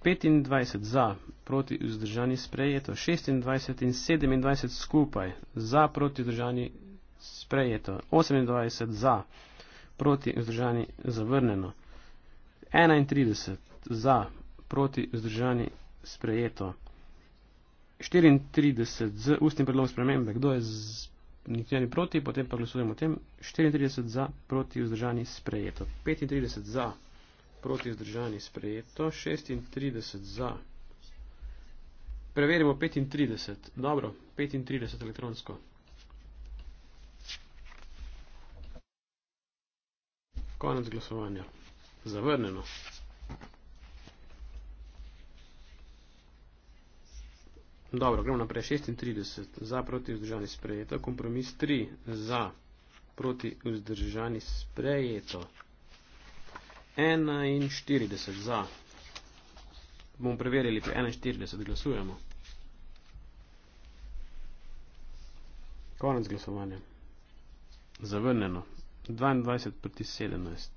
25 za, proti vzdržani, sprejeto. 26 in 27 skupaj, za, proti vzdržani, sprejeto. 28 za, proti vzdržani, zavrneno. 31 za, proti vzdržani, sprejeto. 34 z ustnim predlogom spremembe, kdo je z nikjeni proti, potem pa glasujemo o tem. 34 za, proti, vzdržani, sprejeto. 35 za, proti, vzdržani, sprejeto. 36 za. Preverimo 35. Dobro, 35 elektronsko. Konec glasovanja. Zavrneno. Dobro, gremo naprej. 36 za proti vzdržani sprejeto, kompromis 3 za proti vzdržani sprejeto, 41 za. Bomo preverili pri 41, glasujemo. Konec glasovanja. Zavrneno. 22 proti 17.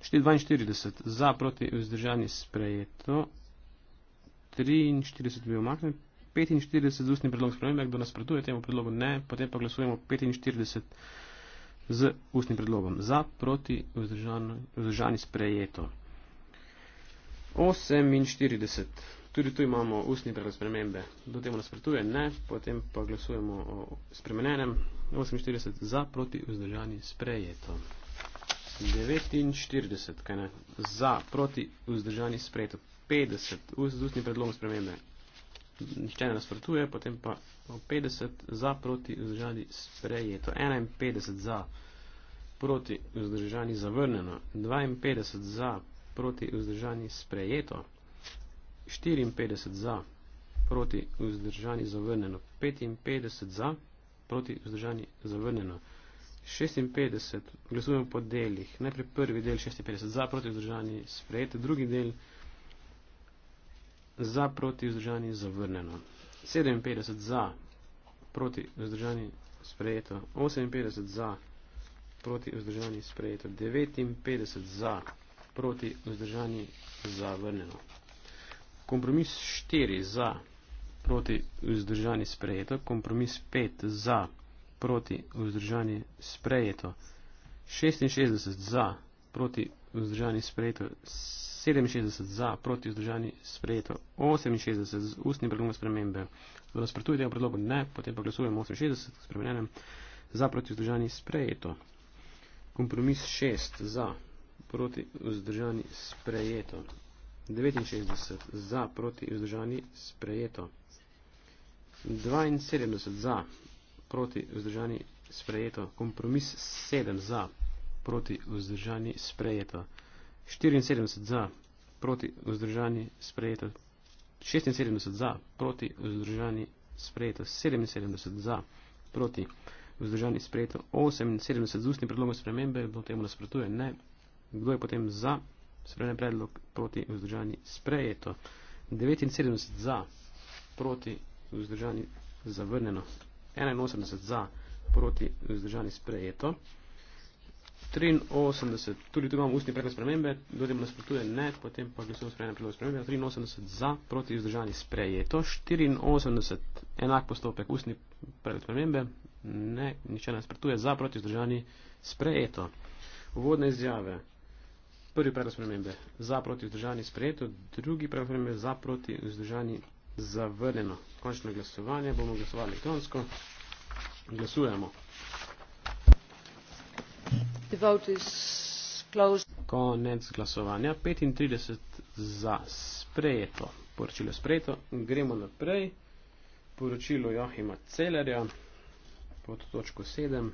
42 za proti vzdržani sprejeto, 43 bi omaknil. 45 z ustni predlog spremembe, kdo nasprotuje temu predlogu, ne, potem pa glasujemo 45 z ustnim predlogom. Za, proti, vzdržani sprejeto. 48. Tudi tu imamo ustni predlog spremembe. Kdo temu nasprotuje, ne, potem pa glasujemo o spremenjenem. 48 za, proti, vzdržani sprejeto. 49, kaj ne, za, proti, vzdržani sprejeto. 50 z ustnim predlogom spremembe. Nihče ne nasprotuje, potem pa 50 za proti vzdržani sprejeto. 51 za proti vzdržani zavrnjeno. 52 za proti vzdržani sprejeto. 54 za proti vzdržani zavrnjeno. 55 za proti vzdržani zavrnjeno. 56 glasujemo po delih. Najprej prvi del 56 za proti vzdržani sprejeto. Drugi del za proti vzdržani zavrnjeno. 57 za proti vzdržani sprejeto. 58 za proti vzdržani sprejeto. 59 za proti vzdržani zavrnjeno. Kompromis 4 za proti vzdržani sprejeto. Kompromis 5 za proti vzdržani sprejeto. 66 za proti vzdržani sprejeto. 67 za, proti vzdržani sprejeto, 68 z ustnim predlogom spremembe. V nasprotuju tega predlogu ne, potem pa glasujemo 68 s spremenjenem, za, proti vzdržani sprejeto. Kompromis 6 za, proti vzdržani sprejeto, 69 za, proti vzdržani sprejeto, 72 za, proti vzdržani sprejeto, kompromis 7 za, proti vzdržani sprejeto. 74 za, proti vzdržani sprejeto. 76 za, proti vzdržani sprejeto. 77 za, proti vzdržani sprejeto. 78 z ustnim predlogom spremembe, kdo temu nasprotuje, ne. Kdo je potem za, sprejene predlog, proti vzdržani sprejeto. 79 za, proti vzdržani zavrneno. 81 za, proti vzdržani sprejeto. 83, tudi tu imamo ustni predlog spremembe, dodajmo nasprotuje ne, potem pa glasujemo sprejemanje predloga spremembe, 83 za, proti vzdržanje sprejeto, 84, enak postopek, ustni predlog spremembe, ne, niče nasprotuje za, proti vzdržanje sprejeto. Uvodne izjave, prvi predlog spremembe, za, proti vzdržanje sprejeto, drugi predlog spremembe, za, proti vzdržanje zavrnjeno. Končno glasovanje, bomo glasovali elektronsko, glasujemo. Konec glasovanja. 35 za sprejeto. Poročilo sprejeto. Gremo naprej. Poročilo Johima Celerja pod točko 7.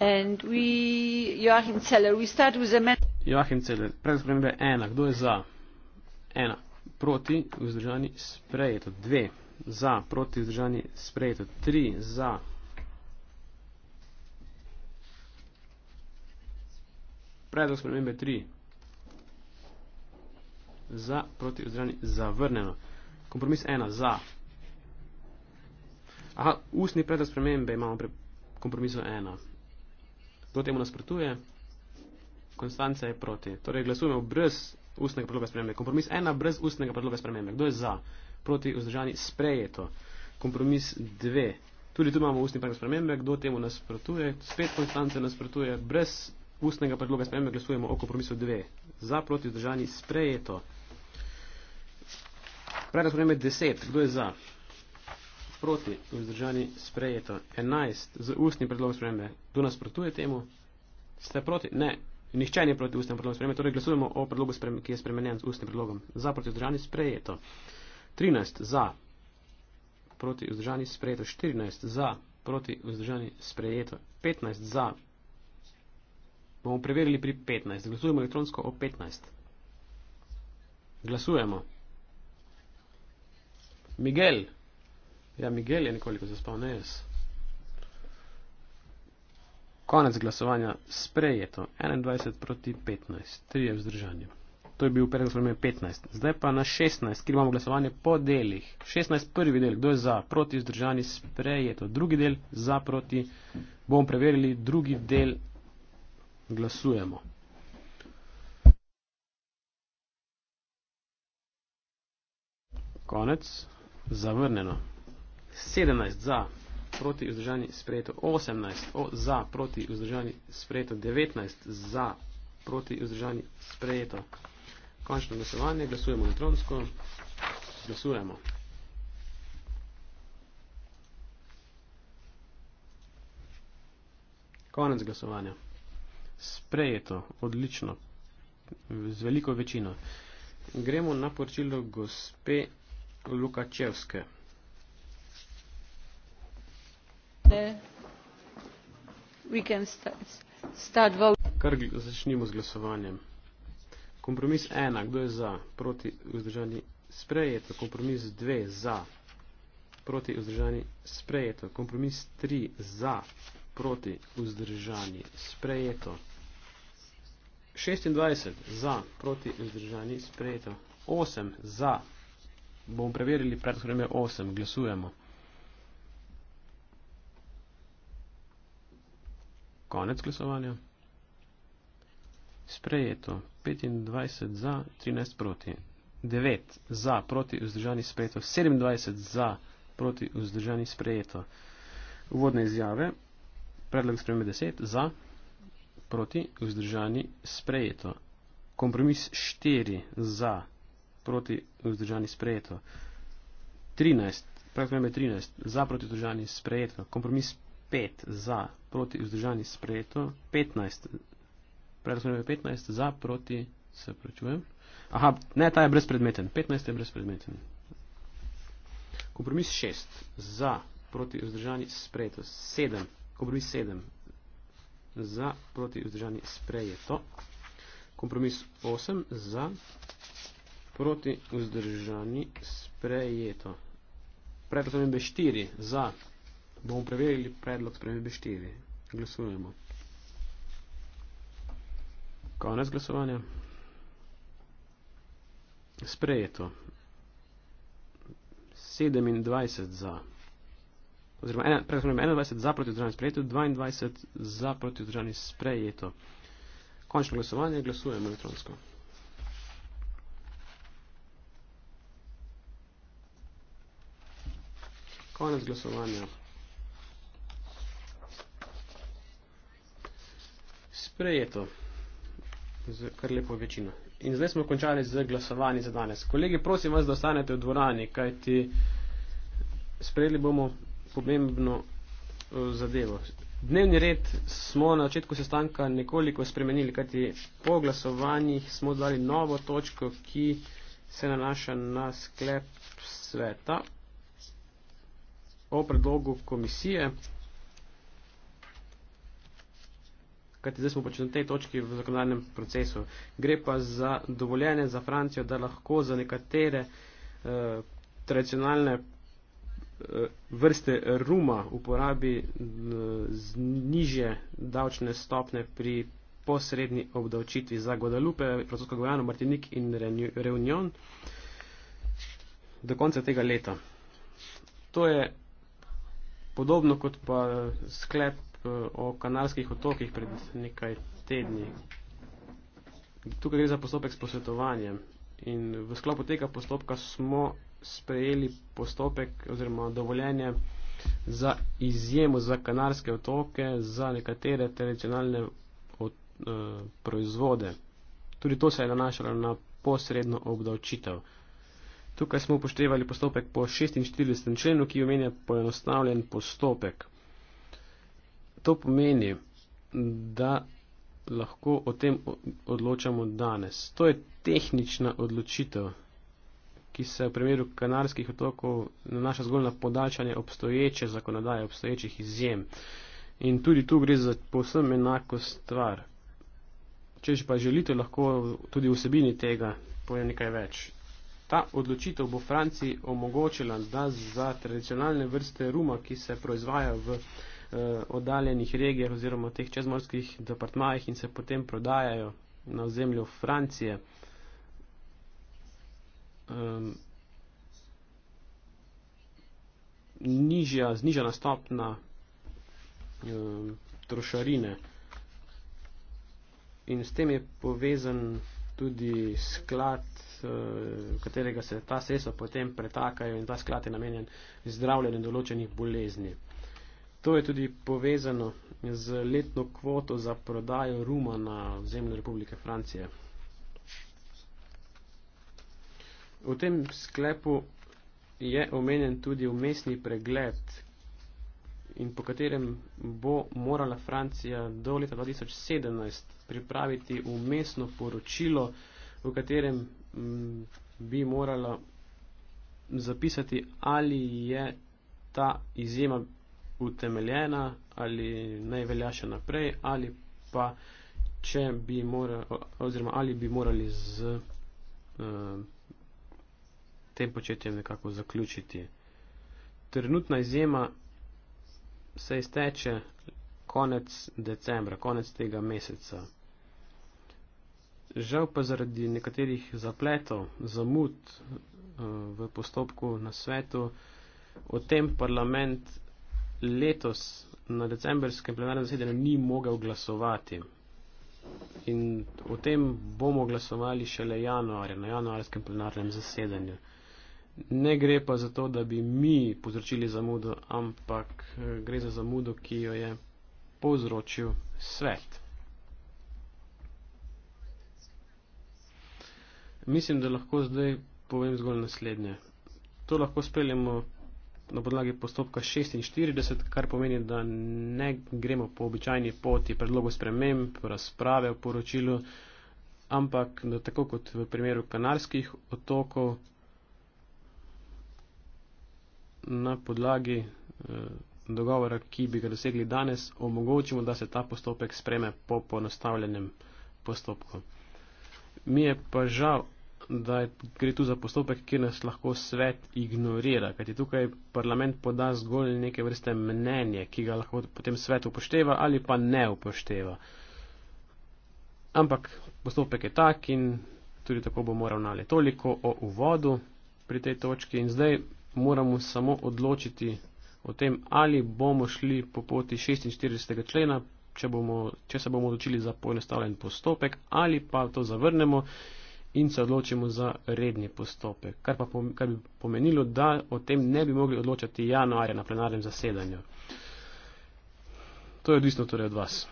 And we, Joachim Celler, we start with a man. Joachim Celler, pred spremembe ena, kdo je za? Ena, proti, vzdržani, sprejeto, dve, za, proti, vzdržani, sprejeto, tri, za, predlog spremembe 3 za proti vzdrani zavrneno. Kompromis 1 za. Aha, ustni predlog spremembe imamo pri kompromisu 1. Kdo temu nasprotuje? Konstanca je proti. Torej glasujemo brez ustnega predloga spremembe. Kompromis 1 brez ustnega predloga spremembe. Kdo je za? Proti vzdržani sprejeto. Kompromis 2. Tudi tu imamo ustni predlog spremembe. Kdo temu nasprotuje? Spet Konstanca nasprotuje brez ustnega predloga spremembe glasujemo o kompromisu 2. Za proti vzdržani sprejeto. Predlog spremembe 10. Kdo je za? Proti vzdržani sprejeto. 11. Z ustnim predlogom spremembe. Kdo nasprotuje temu? Ste proti? Ne. Nihče ni proti ustnemu predlogu spremembe. Torej glasujemo o predlogu, ki je spremenjen z ustnim predlogom. Za proti vzdržani sprejeto. 13. Za. Proti vzdržani sprejeto. 14. Za. Proti vzdržani sprejeto. 15. Za. Bomo preverili pri 15. Glasujemo elektronsko o 15. Glasujemo. Miguel. Ja, Miguel je nekoliko zaspal, ne jaz. Konec glasovanja sprejeto. 21 proti 15. 3 je vzdržanje. To je bil predlog spremembe 15. Zdaj pa na 16, kjer imamo glasovanje po delih. 16 prvi del, kdo je za, proti, vzdržani, sprejeto. Drugi del, za, proti. Bomo preverili drugi del Glasujemo. Konec. Zavrneno. 17 za, proti vzdržani sprejeto 18, o, za, proti vzdržani sprejeto 19, za, proti vzdržani sprejeto. Končno glasovanje, glasujemo elektronsko, glasujemo. Konec glasovanja sprejeto, odlično, z veliko večino. Gremo na poročilo gospe Lukačevske. Kar začnimo z glasovanjem. Kompromis 1, kdo je za, proti vzdržani sprejeto, kompromis 2, za, proti vzdržani sprejeto, kompromis 3, za, proti vzdržani sprejeto. 26 za, proti vzdržani, sprejeto. 8 za, bomo preverili predhodnje 8, glasujemo. Konec glasovanja. Sprejeto. 25 za, 13 proti. 9 za, proti vzdržani, sprejeto. 27 za, proti vzdržani, sprejeto. Uvodne izjave. Predlog spremembe 10 za proti, vzdržani, sprejeto. Kompromis 4 za, proti, vzdržani, sprejeto. 13, pravko ime 13, za, proti, vzdržani, sprejeto. Kompromis 5 za, proti, vzdržani, sprejeto. 15, pravko ime 15, za, proti, se pročujem. Aha, ne, ta je brezpredmeten. 15 je brezpredmeten. Kompromis 6 za, proti, vzdržani, sprejeto. 7, kompromis 7 za proti vzdržani sprejeto. Kompromis 8 za proti vzdržani sprejeto. Predlog spremembe 4 za. Bomo preverili predlog spremembe 4. Glasujemo. Konec glasovanja. Sprejeto. 27 za oziroma ena, pravim, 21 za proti vzdržanje sprejeto, 22 za proti vzdržanje sprejeto. Končno glasovanje, glasujem elektronsko. Konec glasovanja. Sprejeto. Z kar lepo večino. In zdaj smo končali z glasovanjem za danes. Kolegi, prosim vas, da ostanete v dvorani, kajti sprejeli bomo pomembno eh, zadevo. Dnevni red smo na začetku sestanka nekoliko spremenili, kajti po glasovanjih smo dali novo točko, ki se nanaša na sklep sveta o predlogu komisije. Kajti zdaj smo pač na tej točki v zakonodajnem procesu. Gre pa za dovoljenje za Francijo, da lahko za nekatere eh, tradicionalne vrste ruma uporabi z niže davčne stopne pri posrednji obdavčitvi za Guadalupe, Francosko Gojano, Martinik in Reunion do konca tega leta. To je podobno kot pa sklep e, o kanalskih otokih pred nekaj tedni. Tukaj gre za postopek s posvetovanjem in v sklopu tega postopka smo sprejeli postopek oziroma dovoljenje za izjemo za kanarske otoke, za nekatere tradicionalne od, e, eh, proizvode. Tudi to se je nanašalo na posredno obdavčitev. Tukaj smo upoštevali postopek po 46. členu, ki omenja poenostavljen postopek. To pomeni, da lahko o tem odločamo danes. To je tehnična odločitev, ki se v primeru kanarskih otokov nanaša zgolj na podaljšanje obstoječe zakonodaje, obstoječih izjem. In tudi tu gre za povsem enako stvar. Če pa želite, lahko tudi vsebini tega povem nekaj več. Ta odločitev bo Franciji omogočila, da za tradicionalne vrste ruma, ki se proizvaja v eh, oddaljenih regijah oziroma teh čezmorskih departmajih in se potem prodajajo na ozemlju Francije, eh, um, nižja, znižana stopna um, trošarine. In s tem je povezan tudi sklad, v uh, eh, katerega se ta sredstva potem pretakajo in ta sklad je namenjen zdravljenju določenih bolezni. To je tudi povezano z letno kvoto za prodajo ruma na zemlji Republike Francije. V tem sklepu je omenjen tudi umestni pregled in po katerem bo morala Francija do leta 2017 pripraviti umestno poročilo, v katerem mm, bi morala zapisati, ali je ta izjema utemeljena ali naj velja še naprej ali pa če bi morali, oziroma ali bi morali z uh, tem početjem nekako zaključiti. Trenutna izjema se izteče konec decembra, konec tega meseca. Žal pa zaradi nekaterih zapletov, zamud eh, v postopku na svetu, o tem parlament letos na decembrskem plenarnem zasedanju ni mogel glasovati. In o tem bomo glasovali šele januarja, na januarskem plenarnem zasedanju. Ne gre pa za to, da bi mi povzročili zamudo, ampak eh, gre za zamudo, ki jo je povzročil svet. Mislim, da lahko zdaj povem zgolj naslednje. To lahko speljemo na podlagi postopka 46, kar pomeni, da ne gremo po običajni poti predlogov sprememb, razprave o poročilu, ampak da tako kot v primeru kanarskih otokov na podlagi eh, dogovora, ki bi ga dosegli danes, omogočimo, da se ta postopek spreme po ponostavljenem postopku. Mi je pa žal, da je, gre tu za postopek, ki nas lahko svet ignorira, kajti tukaj parlament poda zgolj neke vrste mnenje, ki ga lahko potem svet upošteva ali pa ne upošteva. Ampak postopek je tak in tudi tako bomo ravnali. Toliko o uvodu pri tej točki in zdaj moramo samo odločiti o tem, ali bomo šli po poti 46. člena, če, bomo, če se bomo odločili za poenostavljen postopek, ali pa to zavrnemo in se odločimo za redni postopek. Kar, pa, kar bi pomenilo, da o tem ne bi mogli odločati januarja na plenarnem zasedanju. To je odvisno torej od vas.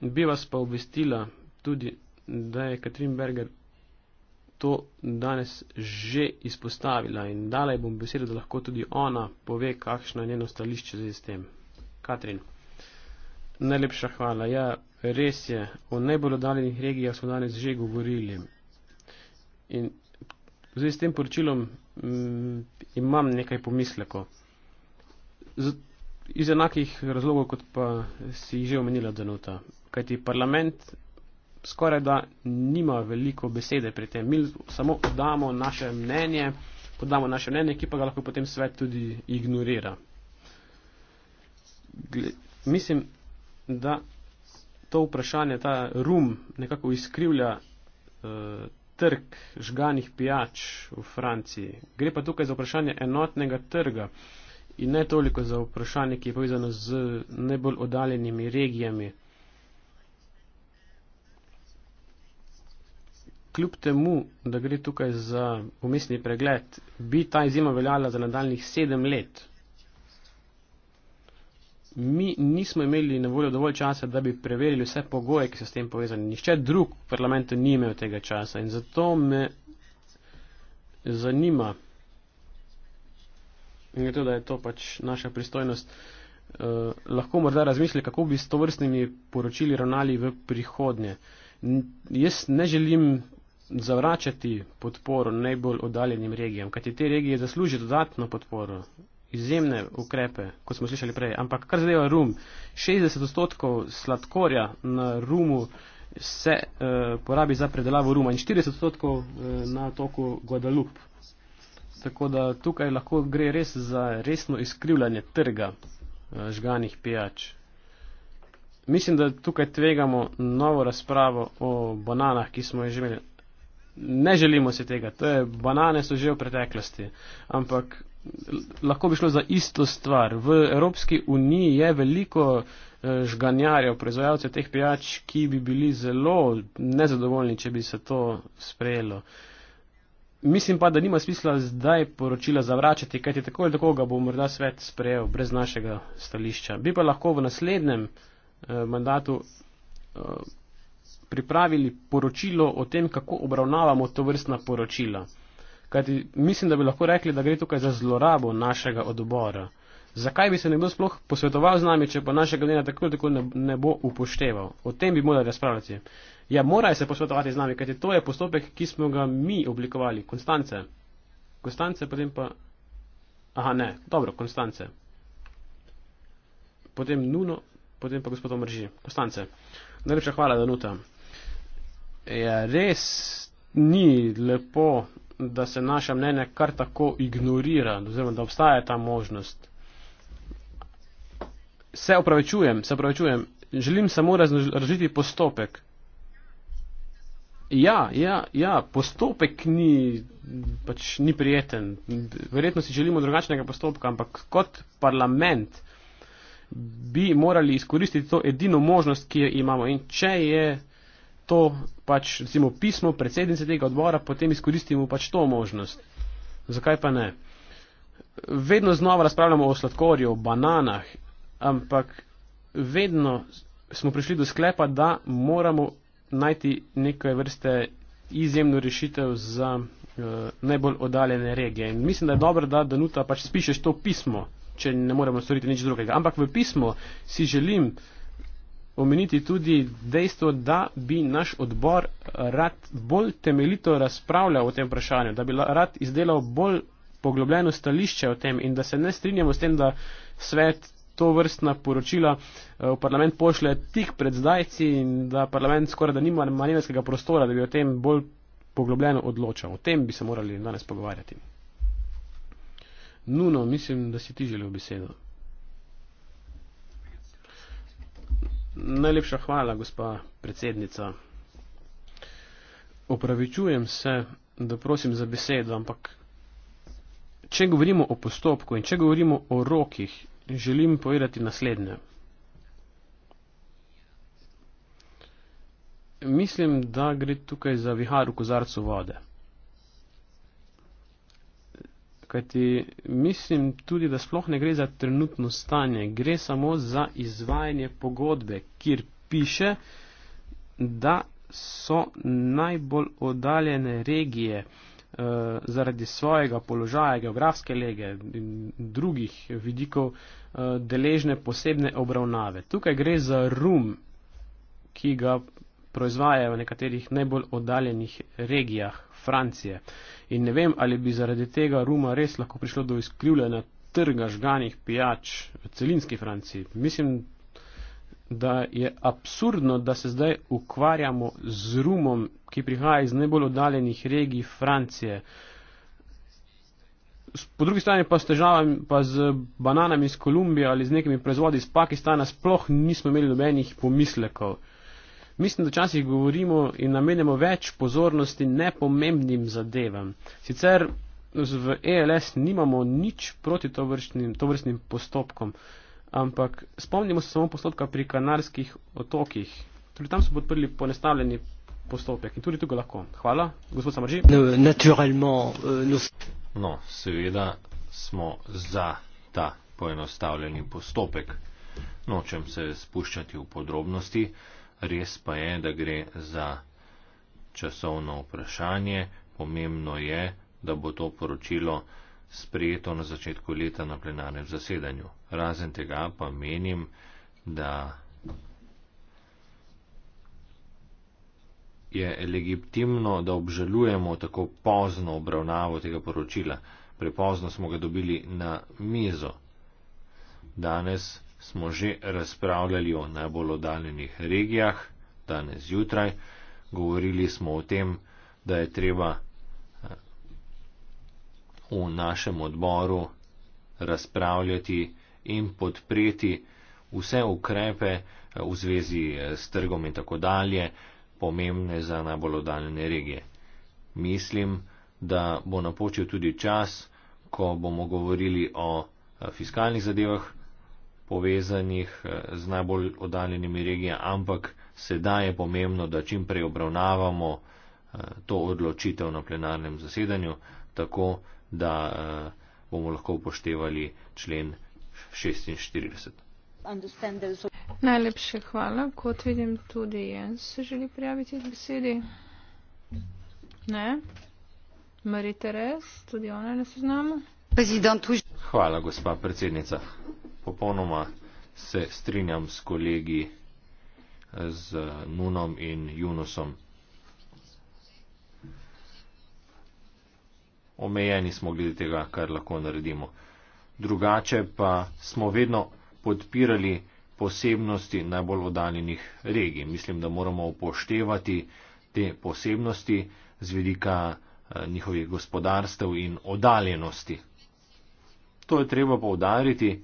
Bi vas pa obvestila tudi, da je Katrin Berger to danes že izpostavila in dala ji bom besedo, da lahko tudi ona pove, kakšno je njeno stališče z tem. Katrin, najlepša hvala. Ja, res je, o najbolj oddaljenih regijah smo danes že govorili. In z tem poročilom mm, imam nekaj pomisleko. Z, iz enakih razlogov, kot pa si jih že omenila, Danuta. Kajti parlament skoraj da nima veliko besede pri tem. Mi samo podamo naše mnenje, podamo naše mnenje, ki pa ga lahko potem svet tudi ignorira. Gle, mislim, da to vprašanje, ta rum nekako izkrivlja eh, trg žganih pijač v Franciji. Gre pa tukaj za vprašanje enotnega trga. In ne toliko za vprašanje, ki je povezano z najbolj odaljenimi regijami. kljub temu, da gre tukaj za umestni pregled, bi ta izjema veljala za nadaljnih sedem let. Mi nismo imeli na voljo dovolj časa, da bi preverili vse pogoje, ki so s tem povezani. Nihče drug v parlamentu ni imel tega časa in zato me zanima, in je to, da je to pač naša pristojnost, eh, lahko morda razmisli, kako bi s tovrstnimi poročili ravnali v prihodnje. N jaz ne želim zavračati podporo najbolj oddaljenim regijam, kajti te regije zaslužijo dodatno podporo, izjemne ukrepe, kot smo slišali prej. Ampak kar zadeva rum, 60 odstotkov sladkorja na rumu se uh, porabi za predelavo ruma in 40 odstotkov uh, na toku Guadalupe. Tako da tukaj lahko gre res za resno izkrivljanje trga uh, žganih pijač. Mislim, da tukaj tvegamo novo razpravo o bananah, ki smo jo že imeli ne želimo si tega, to je banane so že v preteklosti, ampak lahko bi šlo za isto stvar. V Evropski uniji je veliko eh, žganjarjev, proizvajalcev teh pijač, ki bi bili zelo nezadovoljni, če bi se to sprejelo. Mislim pa, da nima smisla zdaj poročila zavračati, kajti tako ali tako ga bo morda svet sprejel brez našega stališča. Bi pa lahko v naslednjem eh, mandatu eh, pripravili poročilo o tem, kako obravnavamo to vrstna poročila. Kajti mislim, da bi lahko rekli, da gre tukaj za zlorabo našega odbora. Zakaj bi se nekdo sploh posvetoval z nami, če pa našega mnenja tako ali tako ne, ne bo upošteval? O tem bi morali razpravljati. Ja, morajo se posvetovati z nami, kajti to je postopek, ki smo ga mi oblikovali. Konstance. Konstance, potem pa. Aha, ne. Dobro, Konstance. Potem Nuno, potem pa gospod Omrži. Konstance. Najlepša hvala, Danuta. Ja, res ni lepo, da se naša mnenja kar tako ignorira, oziroma da obstaja ta možnost. Se opravičujem, se opravičujem, želim samo razložiti postopek. Ja, ja, ja, postopek ni, pač ni prijeten. Verjetno si želimo drugačnega postopka, ampak kot parlament bi morali izkoristiti to edino možnost, ki jo imamo. In če je to pač, recimo, pismo predsednice tega odbora, potem izkoristimo pač to možnost. Zakaj pa ne? Vedno znova razpravljamo o sladkorju, o bananah, ampak vedno smo prišli do sklepa, da moramo najti neke vrste izjemno rešitev za uh, najbolj odaljene regije. In mislim, da je dobro, da Danuta pač spišeš to pismo, če ne moremo storiti nič drugega. Ampak v pismo si želim, uh, omeniti tudi dejstvo, da bi naš odbor rad bolj temeljito razpravljal o tem vprašanju, da bi rad izdelal bolj poglobljeno stališče o tem in da se ne strinjamo s tem, da svet to vrstna poročila eh, v parlament pošle tik pred zdajci in da parlament skoraj da nima manjevskega prostora, da bi o tem bolj poglobljeno odločal. O tem bi se morali danes pogovarjati. Nuno, mislim, da si ti želel besedo. Najlepša hvala, gospa predsednica. Opravičujem se, da prosim za besedo, ampak če govorimo o postopku in če govorimo o rokih, želim povedati naslednje. Mislim, da gre tukaj za vihar v kozarcu vode kajti mislim tudi, da sploh ne gre za trenutno stanje, gre samo za izvajanje pogodbe, kjer piše, da so najbolj oddaljene regije eh, zaradi svojega položaja, geografske lege in drugih vidikov eh, deležne posebne obravnave. Tukaj gre za rum, ki ga proizvajajo v nekaterih najbolj oddaljenih regijah Francije. In ne vem, ali bi zaradi tega ruma res lahko prišlo do izkrivljena trga žganih pijač v celinski Franciji. Mislim, da je absurdno, da se zdaj ukvarjamo z rumom, ki prihaja iz najbolj oddaljenih regij Francije. Po drugi strani pa s težavami, pa z bananami iz Kolumbije ali z nekimi proizvodi iz Pakistana sploh nismo imeli nobenih pomislekov. Mislim, da včasih govorimo in namenjamo več pozornosti nepomembnim zadevam. Sicer v ELS nimamo nič proti tovrstnim, tovrstnim postopkom, ampak spomnimo se samo postopka pri Kanarskih otokih. Tudi tam so podprli ponestavljeni postopek in tudi tukaj lahko. Hvala, gospod Samrži. Euh, no, seveda smo za ta poenostavljeni postopek. Nočem se spuščati v podrobnosti res pa je, da gre za časovno vprašanje. Pomembno je, da bo to poročilo sprejeto na začetku leta na plenarnem zasedanju. Razen tega pa menim, da je legitimno, da obžalujemo tako pozno obravnavo tega poročila. Prepozno smo ga dobili na mizo. Danes smo že razpravljali o najbolj oddaljenih regijah, danes jutraj, govorili smo o tem, da je treba eh, v našem odboru razpravljati in podpreti vse ukrepe eh, v zvezi eh, s trgom in tako dalje, pomembne za najbolj oddaljene regije. Mislim, da bo napočil tudi čas, ko bomo govorili o fiskalnih zadevah, povezanih eh, z najbolj oddaljenimi regijami, ampak sedaj je pomembno, da čim prej obravnavamo eh, to odločitev na plenarnem zasedanju, tako da eh, bomo lahko upoštevali člen 46. Najlepše hvala. Kot vidim, tudi Jens se želi prijaviti k besedi. Ne? Marie Therese, tudi ona je na seznamu. Hvala, gospa predsednica popolnoma se strinjam s kolegi eh, z Nunom in Junusom. Omejeni smo glede tega, kar lahko naredimo. Drugače pa smo vedno podpirali posebnosti najbolj oddaljenih regij. Mislim, da moramo upoštevati te posebnosti z vidika eh, njihovih gospodarstev in oddaljenosti. To je treba poudariti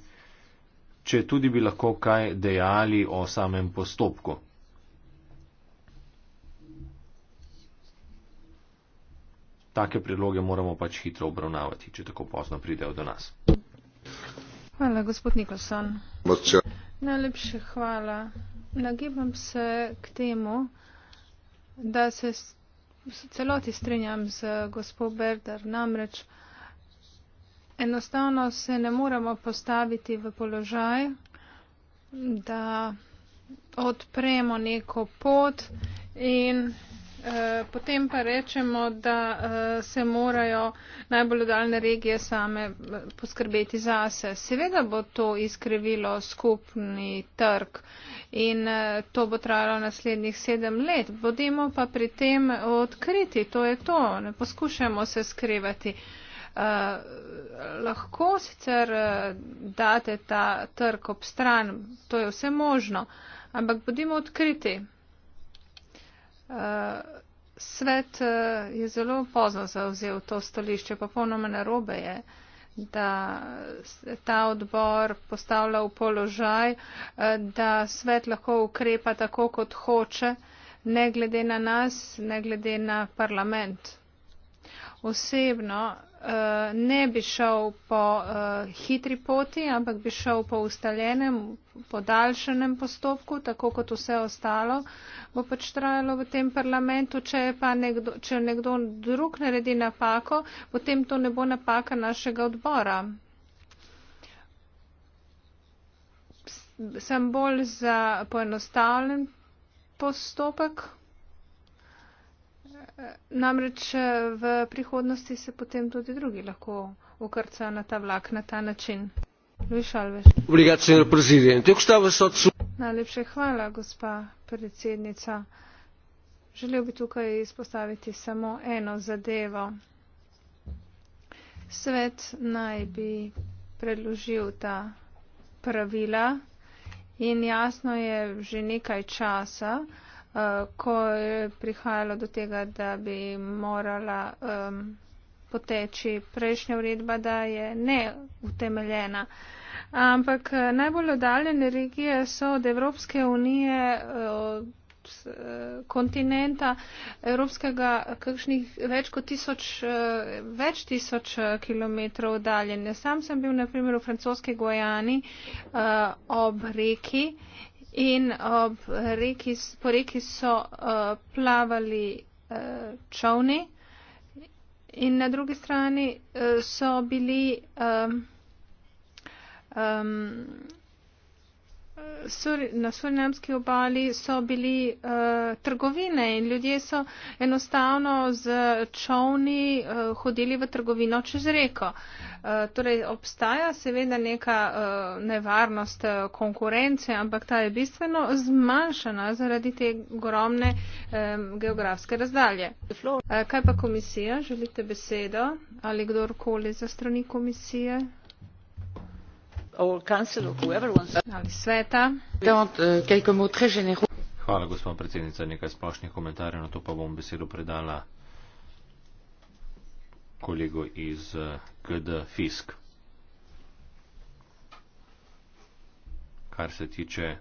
če tudi bi lahko kaj dejali o samem postopku. Take predloge moramo pač hitro obravnavati, če tako pozno pridejo do nas. Hvala, gospod Nikolson. Najlepše hvala. Nagibam se k temu, da se celoti strinjam z gospod Berdar. Namreč enostavno se ne moremo postaviti v položaj, da odpremo neko pot in eh, potem pa rečemo, da eh, se morajo najbolj oddaljne regije same eh, poskrbeti zase. Seveda bo to izkrivilo skupni trg in eh, to bo trajalo naslednjih sedem let. Bodimo pa pri tem odkriti, to je to, ne poskušamo se skrivati. Eh, Eh, lahko sicer uh, date ta trg ob stran, to je vse možno, ampak bodimo odkriti. Uh, svet uh, je zelo pozno zauzel to stališče, popolnoma narobe je, da se ta odbor postavlja v položaj, uh, da svet lahko ukrepa tako, kot hoče, ne glede na nas, ne glede na parlament. Osebno Eh, ne bi šel po eh, hitri poti, ampak bi šel po ustaljenem, podaljšenem postopku, tako kot vse ostalo bo pač trajalo v tem parlamentu. Če, pa nekdo, če nekdo drug naredi napako, potem to ne bo napaka našega odbora. Sem bolj za poenostavljen postopek. Namreč eh, v prihodnosti se potem tudi drugi lahko ukrcajo na ta vlak na ta način. Luis Alves. Najlepše hvala, gospa predsednica. Želel bi tukaj izpostaviti samo eno zadevo. Svet naj bi predložil ta pravila in jasno je že nekaj časa, Eh, ko je prihajalo do tega, da bi morala um, poteči prejšnja uredba, da je neutemeljena. Ampak eh, najbolj oddaljene regije so od Evropske unije, eh, od kontinenta evropskega, kakšnih več kot tisoč, več tisoč kilometrov oddaljene. Sam sem bil na primer v francoski Gojani ob reki In reki, po reki so uh, plavali uh, e, čovni in na drugi strani uh, so bili um, um, na surinamski obali so bili uh, trgovine in ljudje so enostavno z čovni uh, eh, hodili v trgovino čez reko. Uh, torej obstaja seveda neka uh, nevarnost uh, konkurence, ampak ta je bistveno zmanjšana zaradi te ogromne um, geografske razdalje. Uh, kaj pa komisija? Želite besedo? Ali kdorkoli za strani komisije? Uh, gospa predsednica nekaj splošnih komentarjev nato pa bom besedo predala kolegu iz uh, gd fisk kar se tiče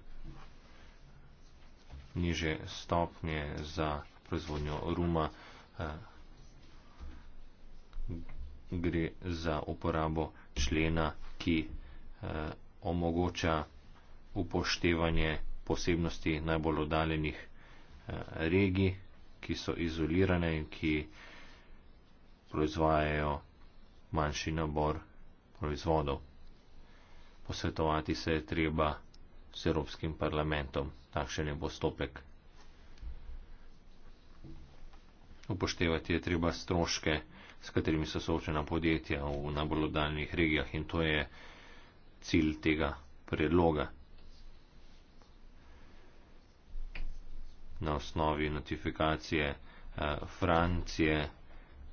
niže stopnje za proizvodnjo ruma uh, gre za uporabo člena ki Eh, omogoča upoštevanje posebnosti najbolj oddaljenih eh, regij, ki so izolirane in ki proizvajajo manjši nabor proizvodov. Posvetovati se je treba s Evropskim parlamentom, takšen je postopek. Upoštevati je treba stroške, s katerimi so soočena podjetja v najbolj oddaljenih regijah in to je cilj tega predloga. Na osnovi notifikacije eh, Francije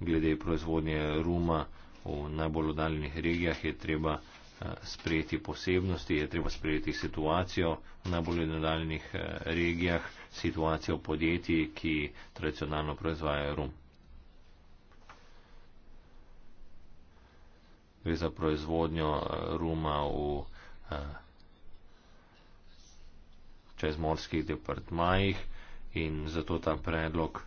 glede proizvodnje ruma v najbolj oddaljenih regijah je treba eh, sprejeti posebnosti, je treba sprejeti situacijo v najbolj nadaljnih eh, regijah, situacijo podjetij, ki tradicionalno proizvajajo rum. gre za proizvodnjo eh, ruma v eh, čezmorskih departmajih in zato ta predlog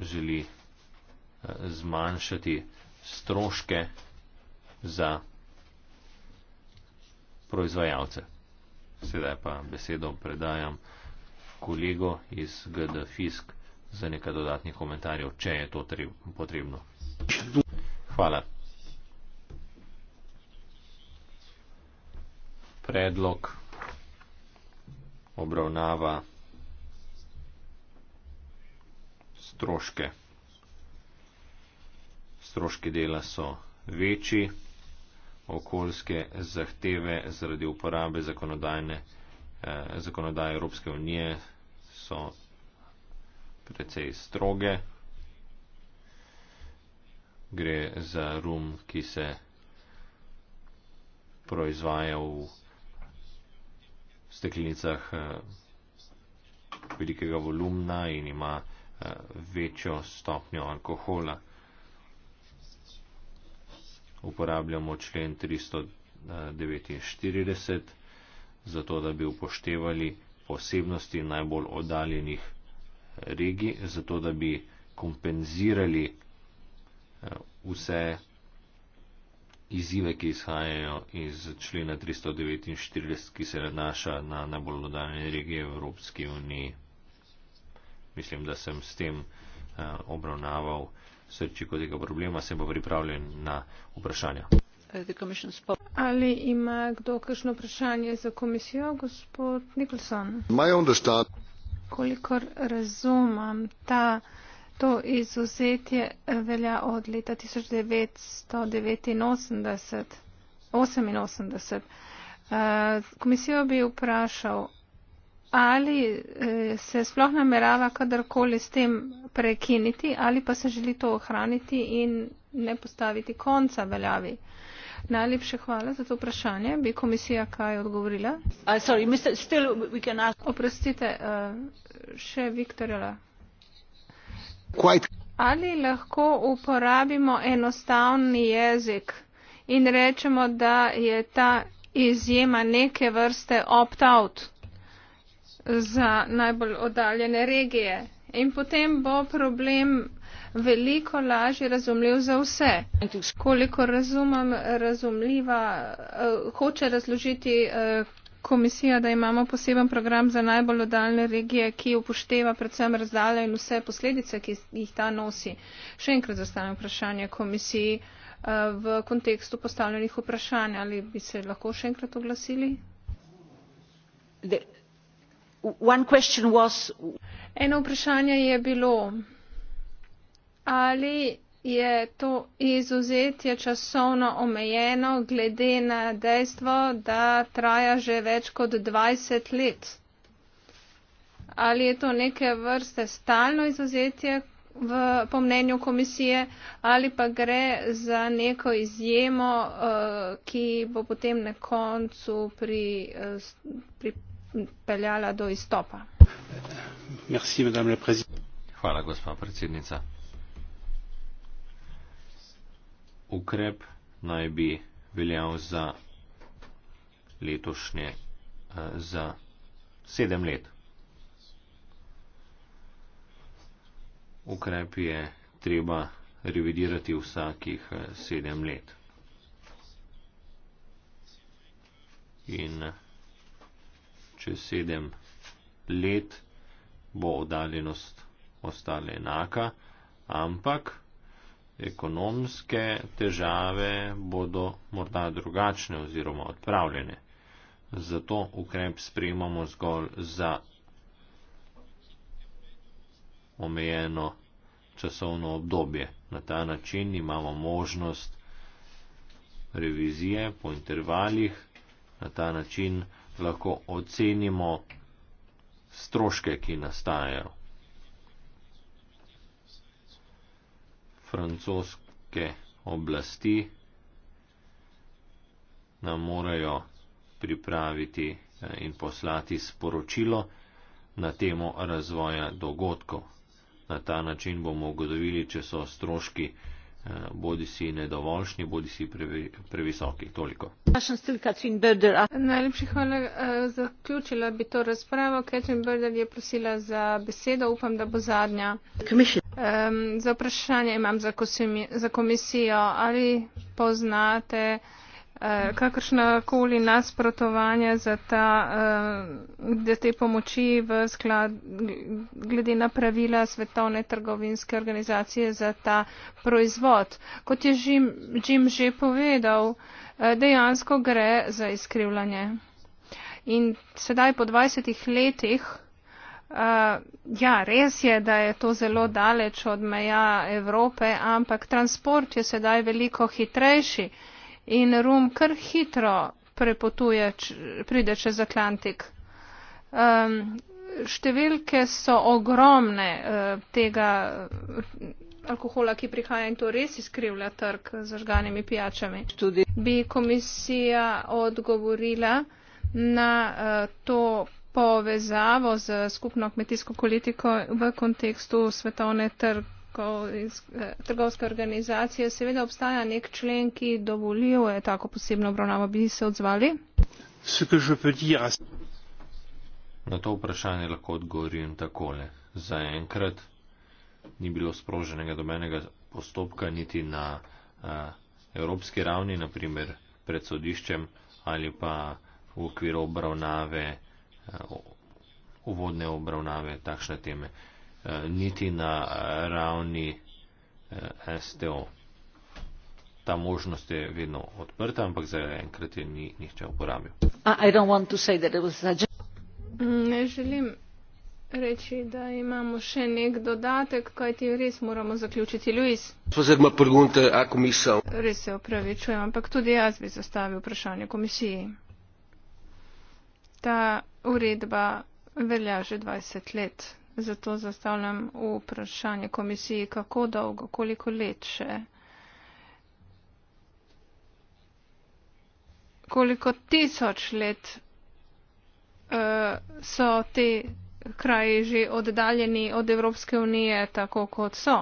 želi eh, zmanjšati stroške za proizvajalce. Sedaj pa besedo predajam kolego iz GDFISK za nekaj dodatnih komentarjev, če je to potrebno hvala. Predlog obravnava stroške. Stroški dela so večji, okoljske zahteve zaradi uporabe zakonodajne, eh, zakonodaje Evropske unije so precej stroge gre za rum, ki se proizvaja v steklenicah eh, velikega volumna in ima eh, večjo stopnjo alkohola. Uporabljamo člen 349, eh, zato da bi upoštevali posebnosti najbolj oddaljenih regij, zato da bi kompenzirali vse izzive, ki izhajajo iz člena 349, ki se nanaša na najbolj nadaljne regije v Evropski uniji. Mislim, da sem s tem eh, obravnaval srčiko tega problema, sem pa pripravljen na vprašanja. Ali ima kdo kakšno vprašanje za komisijo, gospod Nikolson? Kolikor razumem ta. To izuzetje eh, velja od leta 1988. Eh, komisijo bi vprašal, ali eh, se sploh namerava kadarkoli s tem prekiniti ali pa se želi to ohraniti in ne postaviti konca veljavi. Najlepše hvala za to vprašanje. Bi komisija kaj odgovorila? Uh, sorry, Mr. Still, we can ask. Oprostite, uh, še Viktorjala. Ali lahko uporabimo enostavni jezik in rečemo, da je ta izjema neke vrste opt-out za najbolj oddaljene regije in potem bo problem veliko lažje razumljiv za vse. Koliko razumem, razumljiva, eh, hoče razložiti eh, komisija, da imamo poseben program za najbolj oddaljne regije, ki upošteva predvsem razdalje in vse posledice, ki jih ta nosi. Še enkrat zastavim vprašanje komisiji eh, v kontekstu postavljenih vprašanj. Ali bi se lahko še enkrat oglasili? Eno vprašanje je bilo, ali je to izuzetje časovno omejeno glede na dejstvo, da traja že več kot 20 let. Ali je to neke vrste stalno izuzetje v, po mnenju komisije ali pa gre za neko izjemo, eh, ki bo potem na koncu eh, pripeljala pri do izstopa. Merci, Hvala, gospa predsednica. ukrep naj bi veljal za letošnje eh, za sedem let. Ukrep je treba revidirati vsakih eh, sedem let. In eh, če sedem let bo oddaljenost ostala enaka, ampak ekonomske težave bodo morda drugačne oziroma odpravljene. Zato ukrep sprejemamo zgolj za omejeno časovno obdobje. Na ta način imamo možnost revizije po intervalih, na ta način lahko ocenimo stroške, ki nastajajo. francoske oblasti nam morajo pripraviti eh, in poslati sporočilo na temo razvoja dogodkov. Na ta način bomo ugotovili, če so stroški eh, bodi si nedovoljšni, bodi si previsoki. Toliko. Najlepši hvala. Eh, zaključila bi to razpravo. Catherine Berder je prosila za besedo. Upam, da bo zadnja. Komisija za vprašanje imam za komisijo ali poznate e, kakršnakoli nasprotovanja za ta, da e, te pomoči v sklad, glede na pravila Svetovne trgovinske organizacije za ta proizvod. Kot je Jim, Jim že povedal, e, dejansko gre za izkrivljanje. In sedaj po 20 letih Uh, ja, res je, da je to zelo daleč od meja Evrope, ampak transport je sedaj veliko hitrejši in rum kar hitro prepotuje, pride čez Atlantik. Um, številke so ogromne uh, tega alkohola, ki prihaja in to res izkrivlja trg z žganimi pijačami. Tudi. Bi komisija odgovorila na uh, to povezavo z skupno kmetijsko politiko v kontekstu svetovne eh, trgovske organizacije. Seveda obstaja nek člen, ki dovoljuje tako posebno obravnavo. Bi se odzvali? Na to vprašanje lahko odgovorim takole. Zaenkrat ni bilo sproženega domenega postopka niti na a, eh, evropski ravni, naprimer pred sodiščem ali pa v okviru obravnave Eh, uvodne obravnave takšne teme, eh, niti na ravni eh, STO. Ta možnost je vedno odprta, ampak zaenkrat je ni nihče uporabil. Ne želim reči, da imamo še nek dodatek, kaj ti res moramo zaključiti. Luis. Res se opravičujem, ampak tudi jaz bi zastavil vprašanje komisiji. Ta uredba velja že 20 let. Zato zastavljam vprašanje komisiji, kako dolgo, koliko let še, koliko tisoč let uh, so te kraji že oddaljeni od Evropske unije, tako kot so.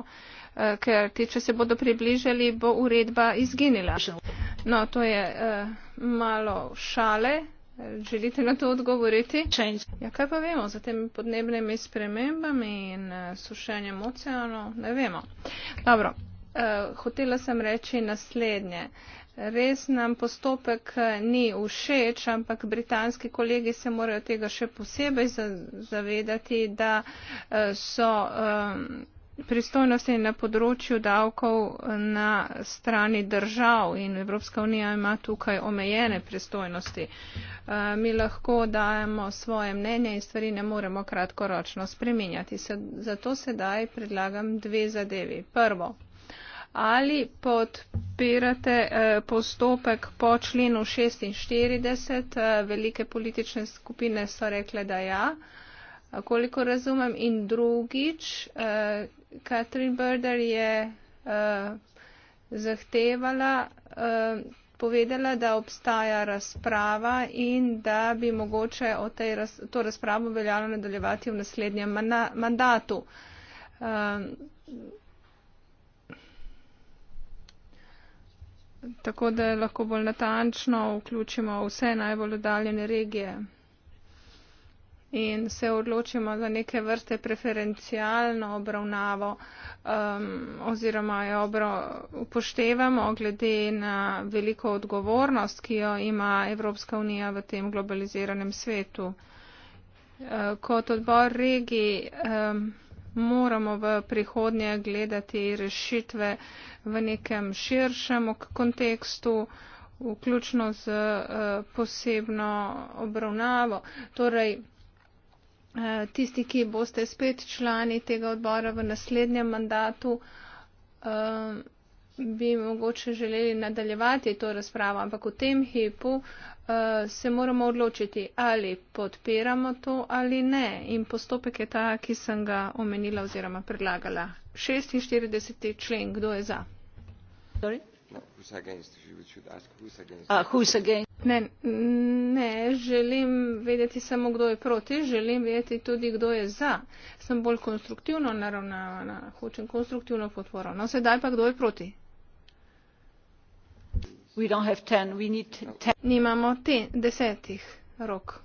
Uh, ker ti, če se bodo približali, bo uredba izginila. No, to je uh, malo šale. Želite na to odgovoriti? Ja, kaj pa vemo za temi podnebnimi spremembami in eh, sušenjem oceanov? Ne vemo. Dobro, uh, hotela sem reči naslednje. Res nam postopek eh, ni všeč, ampak britanski kolegi se morajo tega še posebej zavedati, da so. Um, pristojnosti na področju davkov na strani držav in Evropska unija ima tukaj omejene pristojnosti. Eh, mi lahko dajemo svoje mnenje in stvari ne moremo kratkoročno spreminjati. Zato sedaj predlagam dve zadevi. Prvo, ali podpirate eh, postopek po členu 46, eh, velike politične skupine so rekle, da ja. Koliko razumem in drugič, Catherine Burder je uh, zahtevala, uh, povedala, da obstaja razprava in da bi mogoče o tej raz, to razpravo veljalo nadaljevati v naslednjem mana, mandatu. Um, tako da lahko bolj natančno vključimo vse najbolj oddaljene regije in se odločimo za neke vrste preferencialno obravnavo um, oziroma jo obro, upoštevamo glede na veliko odgovornost, ki jo ima Evropska unija v tem globaliziranem svetu. Uh, kot odbor regij um, moramo v prihodnje gledati rešitve v nekem širšem kontekstu, vključno z uh, posebno obravnavo. Torej, Eh, tisti, ki boste spet člani tega odbora v naslednjem mandatu, eh, bi mogoče želeli nadaljevati to razpravo, ampak v tem hipu eh, se moramo odločiti, ali podpiramo to ali ne. In postopek je ta, ki sem ga omenila oziroma predlagala. 46. člen, kdo je za? Sorry? No. Who's against? If you should ask who's against. Uh, who's against? Ne, ne, želim vedeti samo, kdo je proti, želim vedeti tudi, kdo je za. Sem bolj konstruktivno naravnavana, hočem konstruktivno podporo. No, sedaj pa, kdo je proti? We don't have ten, we need no. ten. Nimamo te, desetih rok.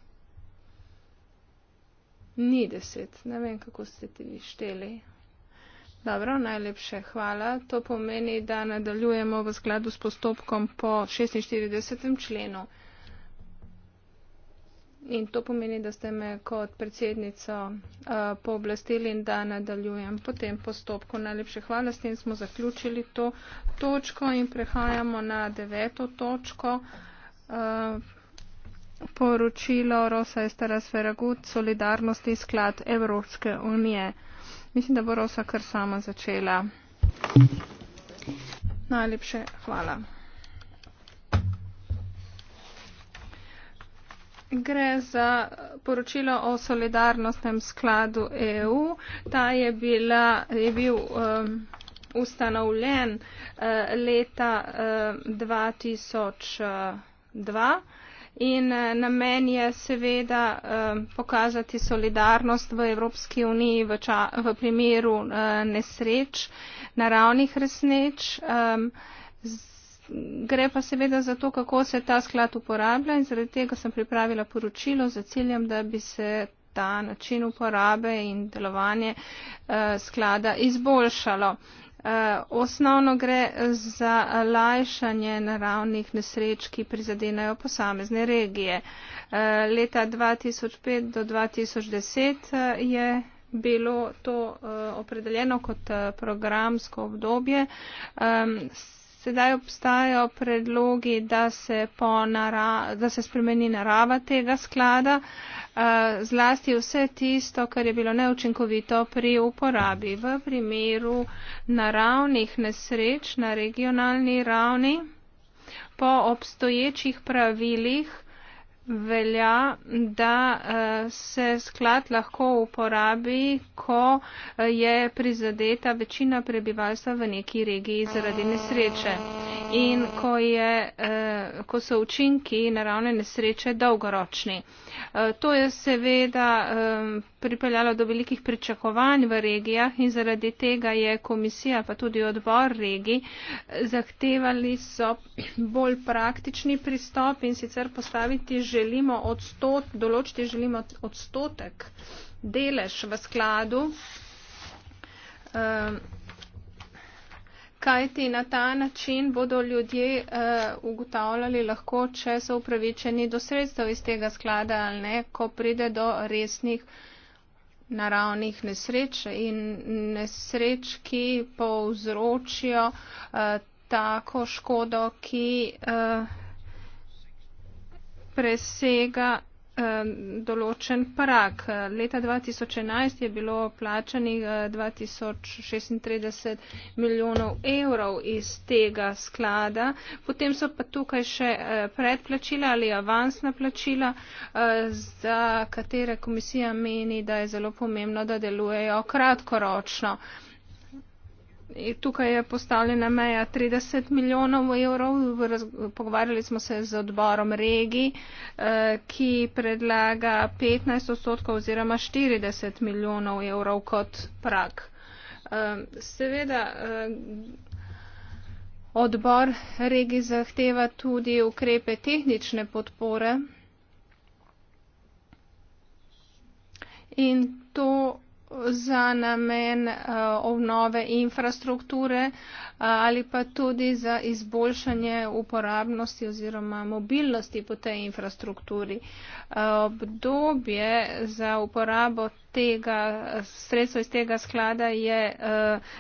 Ni deset, ne vem, kako ste ti šteli. Dobro, najlepše hvala. To pomeni, da nadaljujemo v skladu s postopkom po 46. členu. In to pomeni, da ste me kot predsednico uh, pooblastili in da nadaljujem po tem postopku. Najlepše hvala. S tem smo zaključili to točko in prehajamo na deveto točko. Uh, poročilo Rosa Estera Sveragut, Solidarnostni sklad Evropske unije. Mislim, da bo Rosa kar sama začela. Najlepše hvala. Gre za poročilo o solidarnostnem skladu EU. Ta je, bila, je bil um, ustanovljen uh, leta um, uh, 2002 in eh, namen je seveda eh, pokazati solidarnost v Evropski uniji v, ča, v primeru eh, nesreč, naravnih resneč. Gre pa seveda za to, kako se ta sklad uporablja in zaradi tega sem pripravila poročilo za ciljem, da bi se ta način uporabe in delovanje sklada izboljšalo. Eh, osnovno gre za lajšanje naravnih nesreč, ki prizadenajo posamezne regije. Eh, leta 2005 do 2010 eh, je bilo to opredeljeno kot programsko obdobje. Sedaj obstajajo predlogi, da se, nara, da se spremeni narava tega sklada, eh, zlasti vse tisto, kar je bilo neučinkovito pri uporabi. V primeru naravnih nesreč na regionalni ravni po obstoječih pravilih velja, da eh, se sklad lahko uporabi, ko eh, je prizadeta večina prebivalstva v neki regiji zaradi nesreče in ko, je, eh, ko so učinki naravne nesreče dolgoročni. To je seveda pripeljalo do velikih pričakovanj v regijah in zaradi tega je komisija pa tudi odbor regij zahtevali so bolj praktični pristop in sicer postaviti želimo odstot, določiti želimo odstotek, delež v skladu, eh, kajti na ta način bodo ljudje eh, ugotavljali lahko, če so upravičeni do sredstev iz tega sklada ali ne, ko pride do resnih naravnih nesreč in nesreč, ki povzročijo eh, tako škodo, ki eh, presega um, določen prak. Leta 2011 je bilo plačanih 2036 eh, milijonov evrov iz tega sklada. Potem so pa tukaj še uh, predplačila ali avansna plačila, uh, za katere komisija meni, da je zelo pomembno, da delujejo kratkoročno. Uh, tukaj je postavljena meja 30 milijonov evrov. Pogovarjali smo se z odborom regi, eh, ki predlaga 15 odstotkov oziroma 40 milijonov evrov kot prak. Ehm, seveda eh, odbor regi zahteva tudi ukrepe tehnične podpore. In to za namen eh, obnove infrastrukture ali pa tudi za izboljšanje uporabnosti oziroma mobilnosti po tej infrastrukturi. Obdobje za uporabo tega, sredstva iz tega sklada je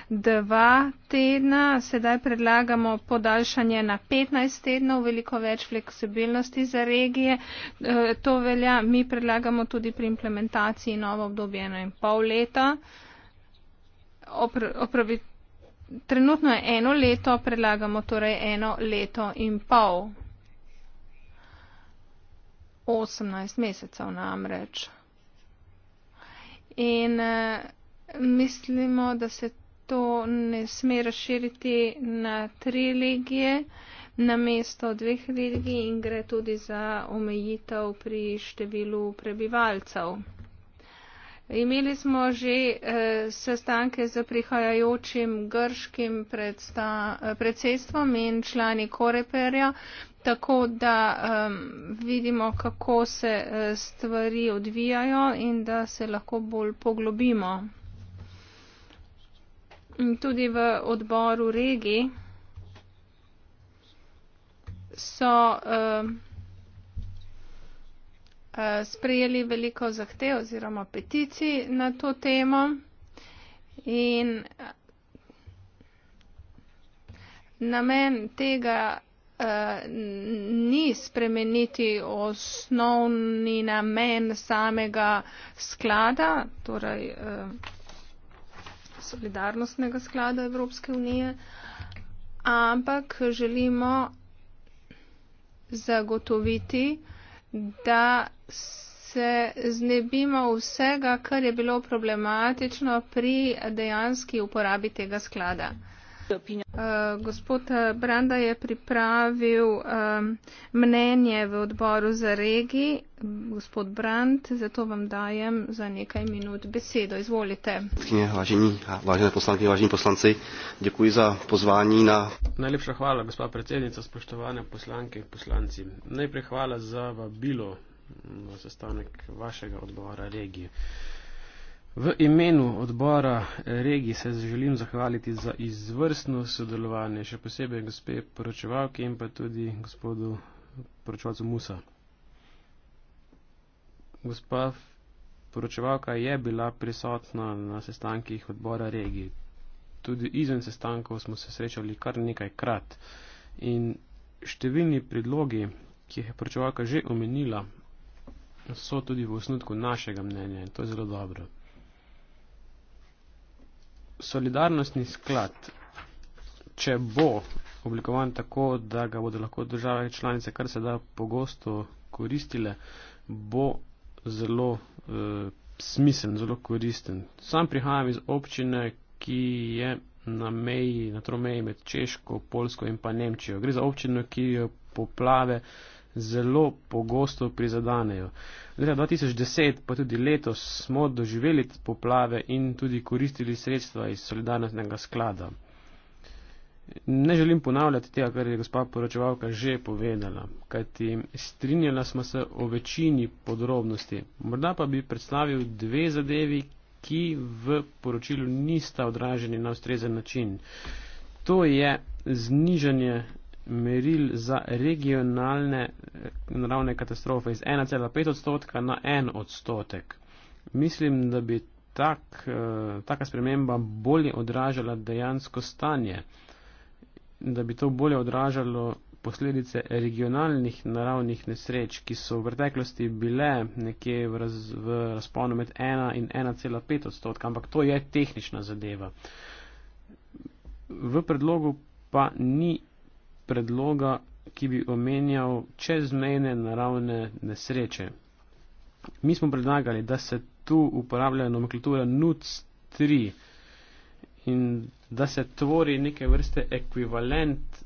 dva tedna, sedaj predlagamo podaljšanje na 15 tednov, veliko več fleksibilnosti za regije. To velja, mi predlagamo tudi pri implementaciji novo obdobje eno in pol leta. Opravi, trenutno je eno leto, predlagamo torej eno leto in pol. 18 mesecev namreč. In e, mislimo, da se to ne sme razširiti na tri legije, na mesto dveh legij in gre tudi za omejitev pri številu prebivalcev. Imeli smo že eh, sestanke z prihajajočim grškim predsta, eh, predsedstvom in člani Koreperja, tako da eh, vidimo, kako se eh, stvari odvijajo in da se lahko bolj poglobimo. In tudi v odboru regi so. Eh, Eh, sprejeli veliko zahtev oziroma peticij na to temo in eh, namen tega eh, ni spremeniti osnovni namen samega sklada, torej solidarnostnega sklada Evropske unije, ampak želimo zagotoviti, da da se znebimo vsega, kar je bilo problematično pri dejanski uporabi tega sklada opinion. Uh, eh, gospod eh, Branda je pripravil um, mnenje v odboru za regi. Gospod Brand, zato vam dajem za nekaj minut besedo. Izvolite. Vážení, vážené poslanke, vážení poslanci, děkuji za pozvání na. Najlepša hvala, gospod predsednica, spoštovane poslanke in poslanci. Najprej hvala za vabilo na sestanek vašega odbora regije. V imenu odbora regi se želim zahvaliti za izvrstno sodelovanje, še posebej gospe poročevalke in pa tudi gospodu poročevalcu Musa. Gospa poročevalka je bila prisotna na sestankih odbora regi. Tudi izven sestankov smo se srečali kar nekaj krat in številni predlogi, ki jih je poročevalka že omenila, so tudi v osnutku našega mnenja in to je zelo dobro solidarnostni sklad, če bo oblikovan tako, da ga bodo lahko države članice kar se da pogosto koristile, bo zelo e, smiseln, zelo koristen. Sam prihajam iz občine, ki je na meji, na tromeji med Češko, Polsko in pa Nemčijo. Gre za občino, ki jo poplave zelo pogosto prizadanejo. Leta 2010 pa tudi letos smo doživeli poplave in tudi koristili sredstva iz solidarnostnega sklada. Ne želim ponavljati tega, kar je gospa poročevalka že povedala, kajti strinjala smo se o večini podrobnosti. Morda pa bi predstavil dve zadevi, ki v poročilu nista odraženi na ustrezen način. To je znižanje meril za regionalne eh, naravne katastrofe iz 1,5 odstotka na 1 odstotek. Mislim, da bi tak, eh, taka sprememba bolje odražala dejansko stanje, da bi to bolje odražalo posledice regionalnih naravnih nesreč, ki so v preteklosti bile nekje v, raz, v razponu med 1 in 1,5 odstotka, ampak to je tehnična zadeva. V predlogu pa ni predloga, ki bi omenjal čezmejne naravne nesreče. Mi smo predlagali, da se tu uporablja nomenklatura NUC3 in da se tvori neke vrste ekvivalent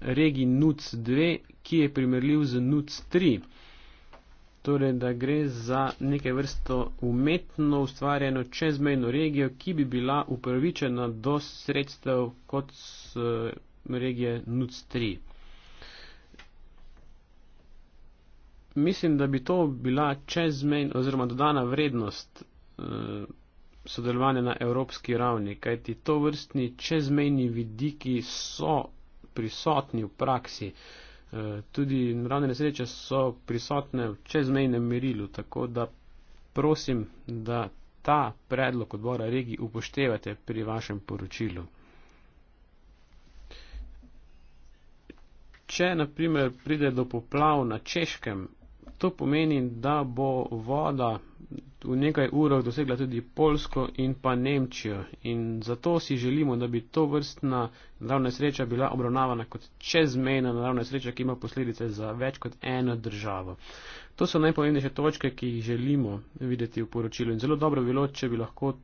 regij NUC2, ki je primerljiv z NUC3. Torej, da gre za neke vrsto umetno ustvarjeno čezmejno regijo, ki bi bila upravičena do sredstev kot s, regije NUC3. Mislim, da bi to bila čezmejna oziroma dodana vrednost eh, sodelovanja na evropski ravni, kajti to vrstni čezmejni vidiki so prisotni v praksi. Eh, tudi naravne nesreče so prisotne v čezmejnem merilu, tako da prosim, da ta predlog odbora regij upoštevate pri vašem poročilu. Če naprimer pride do poplav na Češkem, to pomeni, da bo voda v nekaj urah dosegla tudi Polsko in pa Nemčijo. In zato si želimo, da bi to vrstna naravna sreča bila obravnavana kot čezmejna naravna sreča, ki ima posledice za več kot eno državo. To so najpomembnejše točke, ki jih želimo videti v poročilu. In zelo dobro bi bilo, če bi lahko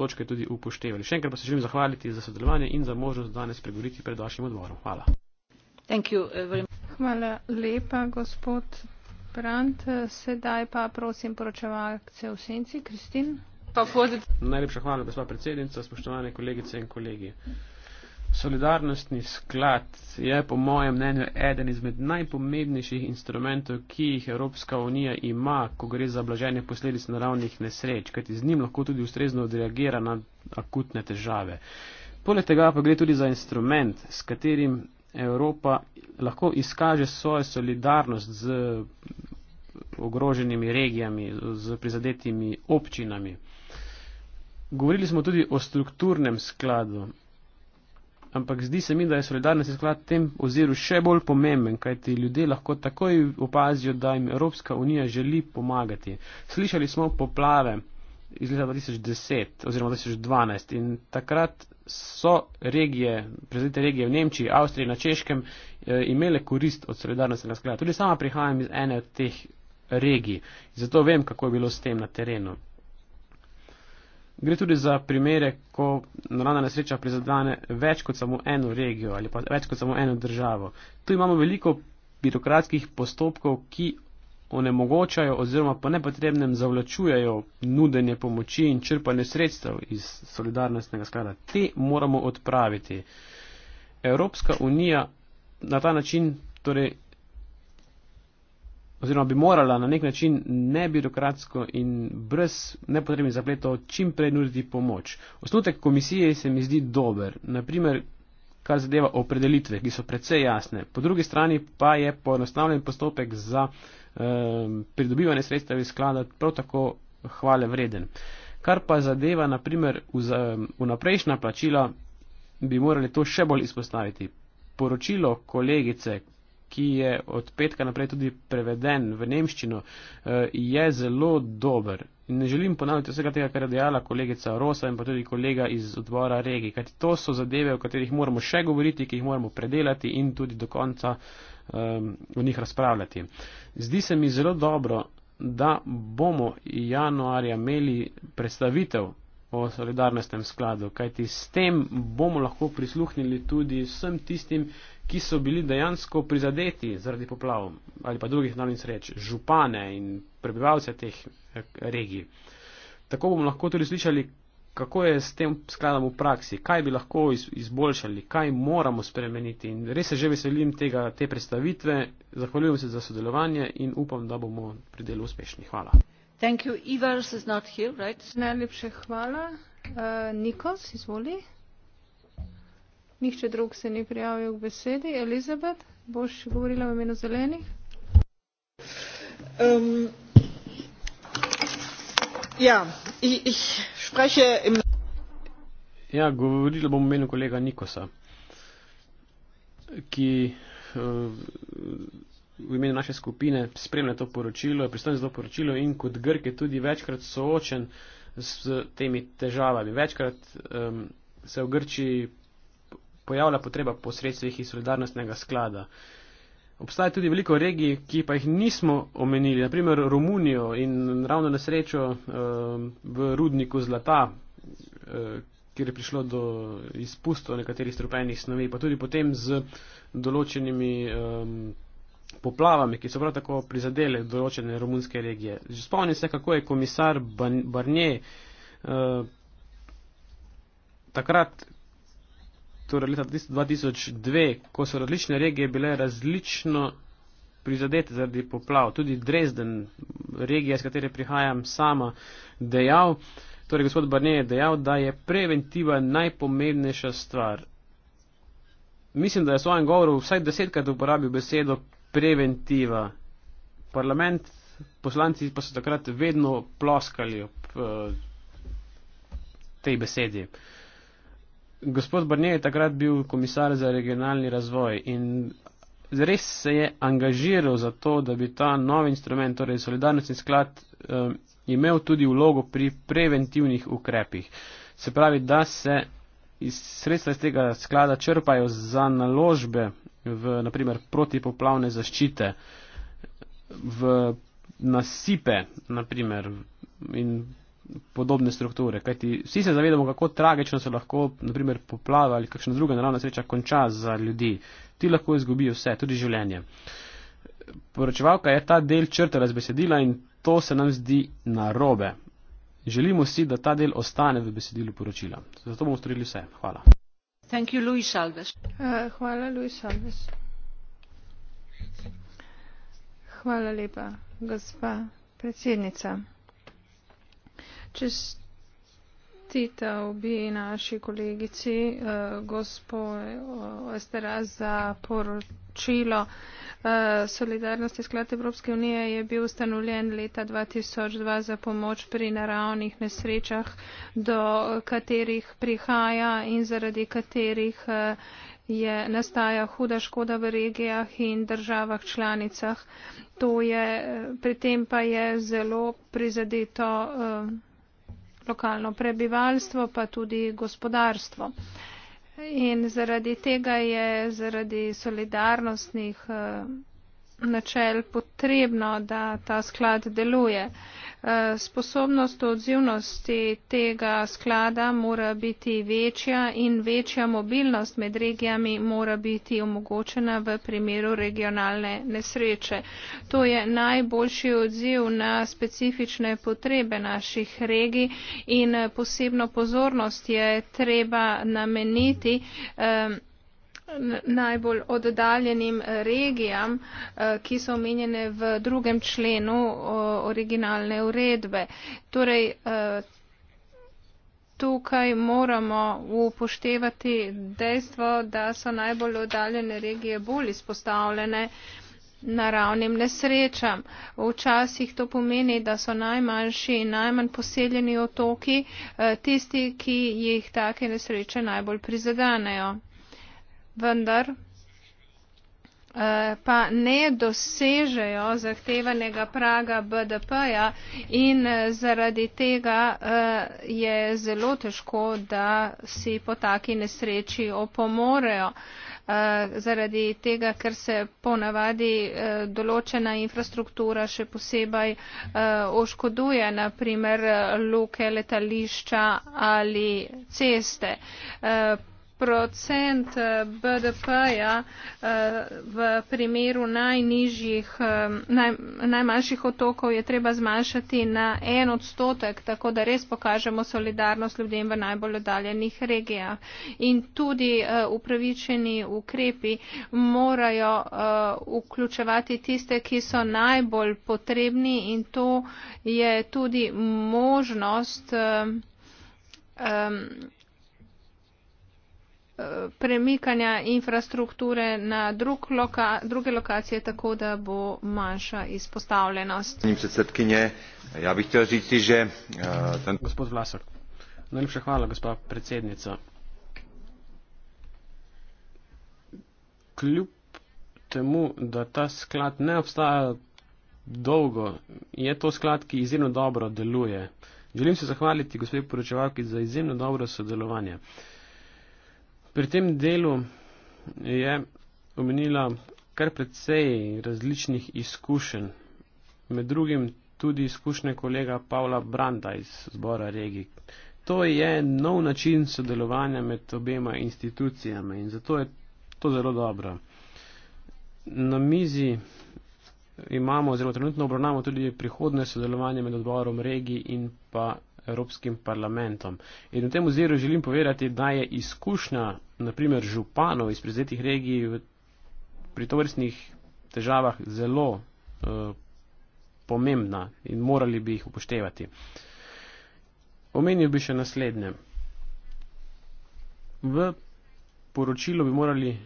točke tudi upoštevali. Še enkrat pa se želim zahvaliti za sodelovanje in za možnost danes pregovoriti pred vašim odborom. Hvala. Eh, hvala lepa gospod brant sedaj pa prosim poročevalce v senci kristin najlepša hvala gospa predsednica spoštovane kolegice in kolegi Solidarnostni sklad je po mojem mnenju eden izmed najpomembnejših instrumentov, ki jih Evropska unija ima, ko gre za blaženje posledic naravnih nesreč, kajti z njim lahko tudi ustrezno odreagira na akutne težave. Poleg tega pa gre tudi za instrument, s katerim Evropa lahko izkaže svojo solidarnost z ogroženimi regijami, z prizadetimi občinami. Govorili smo tudi o strukturnem skladu, ampak zdi se mi, da je solidarnost sklad v tem oziru še bolj pomemben, kajti ljudje lahko takoj opazijo, da jim Evropska unija želi pomagati. Slišali smo poplave iz leta 2010 oziroma 2012 in takrat so regije, prezidente regije v Nemčiji, Avstriji, na Češkem eh, imele korist od solidarnostnega sklada. Tudi sama prihajam iz ene od teh regij, zato vem, kako je bilo s tem na terenu. Gre tudi za primere, ko naravna nesreča prizadane več kot samo eno regijo ali pa več kot samo eno državo. Tu imamo veliko birokratskih postopkov, ki onemogočajo oziroma po nepotrebnem zavlačujejo nudenje pomoči in črpanje sredstev iz solidarnostnega sklada. Te moramo odpraviti. Evropska unija na ta način torej, oziroma bi morala na nek način nebirokratsko in brez nepotrebnih zapletov čim prej nuditi pomoč. Osnutek komisije se mi zdi dober. Naprimer, kar zadeva opredelitve, ki so precej jasne. Po drugi strani pa je poenostavljen postopek za um, pridobivanje sredstev iz sklada prav tako hvale vreden. Kar pa zadeva, naprimer, ehm, vnaprejšnja plačila, bi morali to še bolj izpostaviti. Poročilo kolegice, ki je od petka naprej tudi preveden v nemščino, eh, je zelo dober. In ne želim ponavljati vsega tega, kar je dejala kolegica Rosa in pa tudi kolega iz odbora regi, kajti to so zadeve, o katerih moramo še govoriti, ki jih moramo predelati in tudi do konca um, o njih razpravljati. Zdi se mi zelo dobro, da bomo januarja imeli predstavitev o solidarnostnem skladu, kajti s tem bomo lahko prisluhnili tudi vsem tistim, ki so bili dejansko prizadeti zaradi poplav ali pa drugih naravnih sreč, župane in prebivalce teh eh, regij. Tako bomo lahko tudi slišali, kako je s tem skladom v praksi, kaj bi lahko izboljšali, kaj moramo spremeniti. In res se že veselim tega, te predstavitve, zahvaljujem se za sodelovanje in upam, da bomo pri delu uspešni. Hvala. Najlepša right? hvala. Uh, Nikos, izvolite. Nihče drug se ni prijavil k besedi. Elizabeth, boš govorila v imenu zelenih? Um, ja, jih spreše. Ja, govorila bom v imenu kolega Nikosa, ki uh, v imenu naše skupine spremlja to poročilo, je pristojen za to poročilo in kot Grk je tudi večkrat soočen s temi težavami. Večkrat um, se v Grči pojavlja potreba po sredstvih iz solidarnostnega sklada. Obstaja tudi veliko regij, ki pa jih nismo omenili, naprimer Romunijo in ravno na srečo ehm, v rudniku zlata, eh, kjer je prišlo do izpustov nekaterih strupenih snovi, pa tudi potem z določenimi ehm, poplavami, ki so prav tako prizadele določene romunske regije. Že spomnim se, kako je komisar Barnier eh, takrat, torej leta 2002, ko so različne regije bile različno prizadete zaradi poplav. Tudi Dresden, regija, iz katere prihajam sama, dejal, torej gospod Barnier je dejal, da je preventiva najpomembnejša stvar. Mislim, da je v svojem govoru vsaj desetkrat uporabil besedo preventiva. Parlament, poslanci pa so takrat vedno ploskali ob uh, tej besedi. Uh, gospod Barnier je takrat bil komisar za regionalni razvoj in res se je angažiral za to, da bi ta novi instrument, torej solidarnostni sklad, um, imel tudi vlogo pri preventivnih ukrepih. Se pravi, da se iz sredstva iz tega sklada črpajo za naložbe v naprimer protipoplavne zaščite, v nasipe naprimer in podobne strukture. Kajti vsi se zavedamo, kako tragično se lahko, naprimer, poplava ali kakšna druga naravna sreča konča za ljudi. Ti lahko izgubijo vse, tudi življenje. Poročevalka je ta del črtala z besedila in to se nam zdi narobe. Želimo si, da ta del ostane v besedilu poročila. Zato bomo storili vse. Hvala. Thank you, Luis Alves. Uh, hvala, Luis Alves. Hvala lepa, gospa predsednica. Čestitev bi naši kolegici eh, gospo eh, Esteraz za poročilo. Eh, solidarnosti sklad Evropske unije je bil ustanovljen leta 2002 za pomoč pri naravnih nesrečah, do katerih prihaja in zaradi katerih je nastaja huda škoda v regijah in državah članicah. Je, pri tem pa je zelo prizadeto eh, lokalno prebivalstvo, pa tudi gospodarstvo. In zaradi tega je, zaradi solidarnostnih eh, načel potrebno, da ta sklad deluje. Eh, sposobnost odzivnosti tega sklada mora biti večja in večja mobilnost med regijami mora biti omogočena v primeru regionalne nesreče. To je najboljši odziv na specifične potrebe naših regij in posebno pozornost je treba nameniti um, najbolj oddaljenim eh, regijam, eh, ki so omenjene v drugem členu originalne uredbe. Torej, eh, tukaj moramo upoštevati dejstvo, da so najbolj oddaljene regije bolj izpostavljene naravnim nesrečam. Včasih to pomeni, da so najmanjši in najmanj poseljeni otoki tisti, ki jih take nesreče najbolj prizadanejo vendar eh, pa ne dosežejo zahtevanega praga BDP-ja in eh, zaradi tega eh, je zelo težko, da si po taki nesreči opomorejo. Zaradi tega, ker se ponavadi določena infrastruktura še posebej oškoduje, naprimer luke, letališča ali ceste procent eh, BDP-ja eh, v primeru najnižjih, eh, naj, najmanjših otokov je treba zmanjšati na en odstotek, tako da res pokažemo solidarnost ljudem v najbolj oddaljenih regijah. In tudi upravičeni ukrepi morajo vključevati tiste, ki so najbolj potrebni in to je tudi možnost um, premikanja infrastrukture na drug loka, druge lokacije, tako da bo manjša izpostavljenost. Ja eh, gospod Vlasak, najlepša hvala, gospod predsednica. Kljub temu, da ta sklad ne obstaja dolgo, je to sklad, ki izjemno dobro deluje. Želim se zahvaliti gospodinu poročevalki za izjemno dobro sodelovanje. Uh, Pri tem delu je omenila kar precej različnih izkušenj, med drugim tudi izkušnje kolega Pavla Branda iz zbora Regi. To je nov način sodelovanja med obema institucijami in zato je to zelo dobro. Na mizi imamo, oziroma trenutno obravnavamo tudi prihodne sodelovanje med odborom regij in pa Evropskim parlamentom. In v tem oziru želim povedati, da je izkušnja, naprimer, županov iz prizetih regij pri tovrstnih težavah zelo eh, pomembna in morali bi jih upoštevati. Omenil bi še naslednje. V poročilo bi morali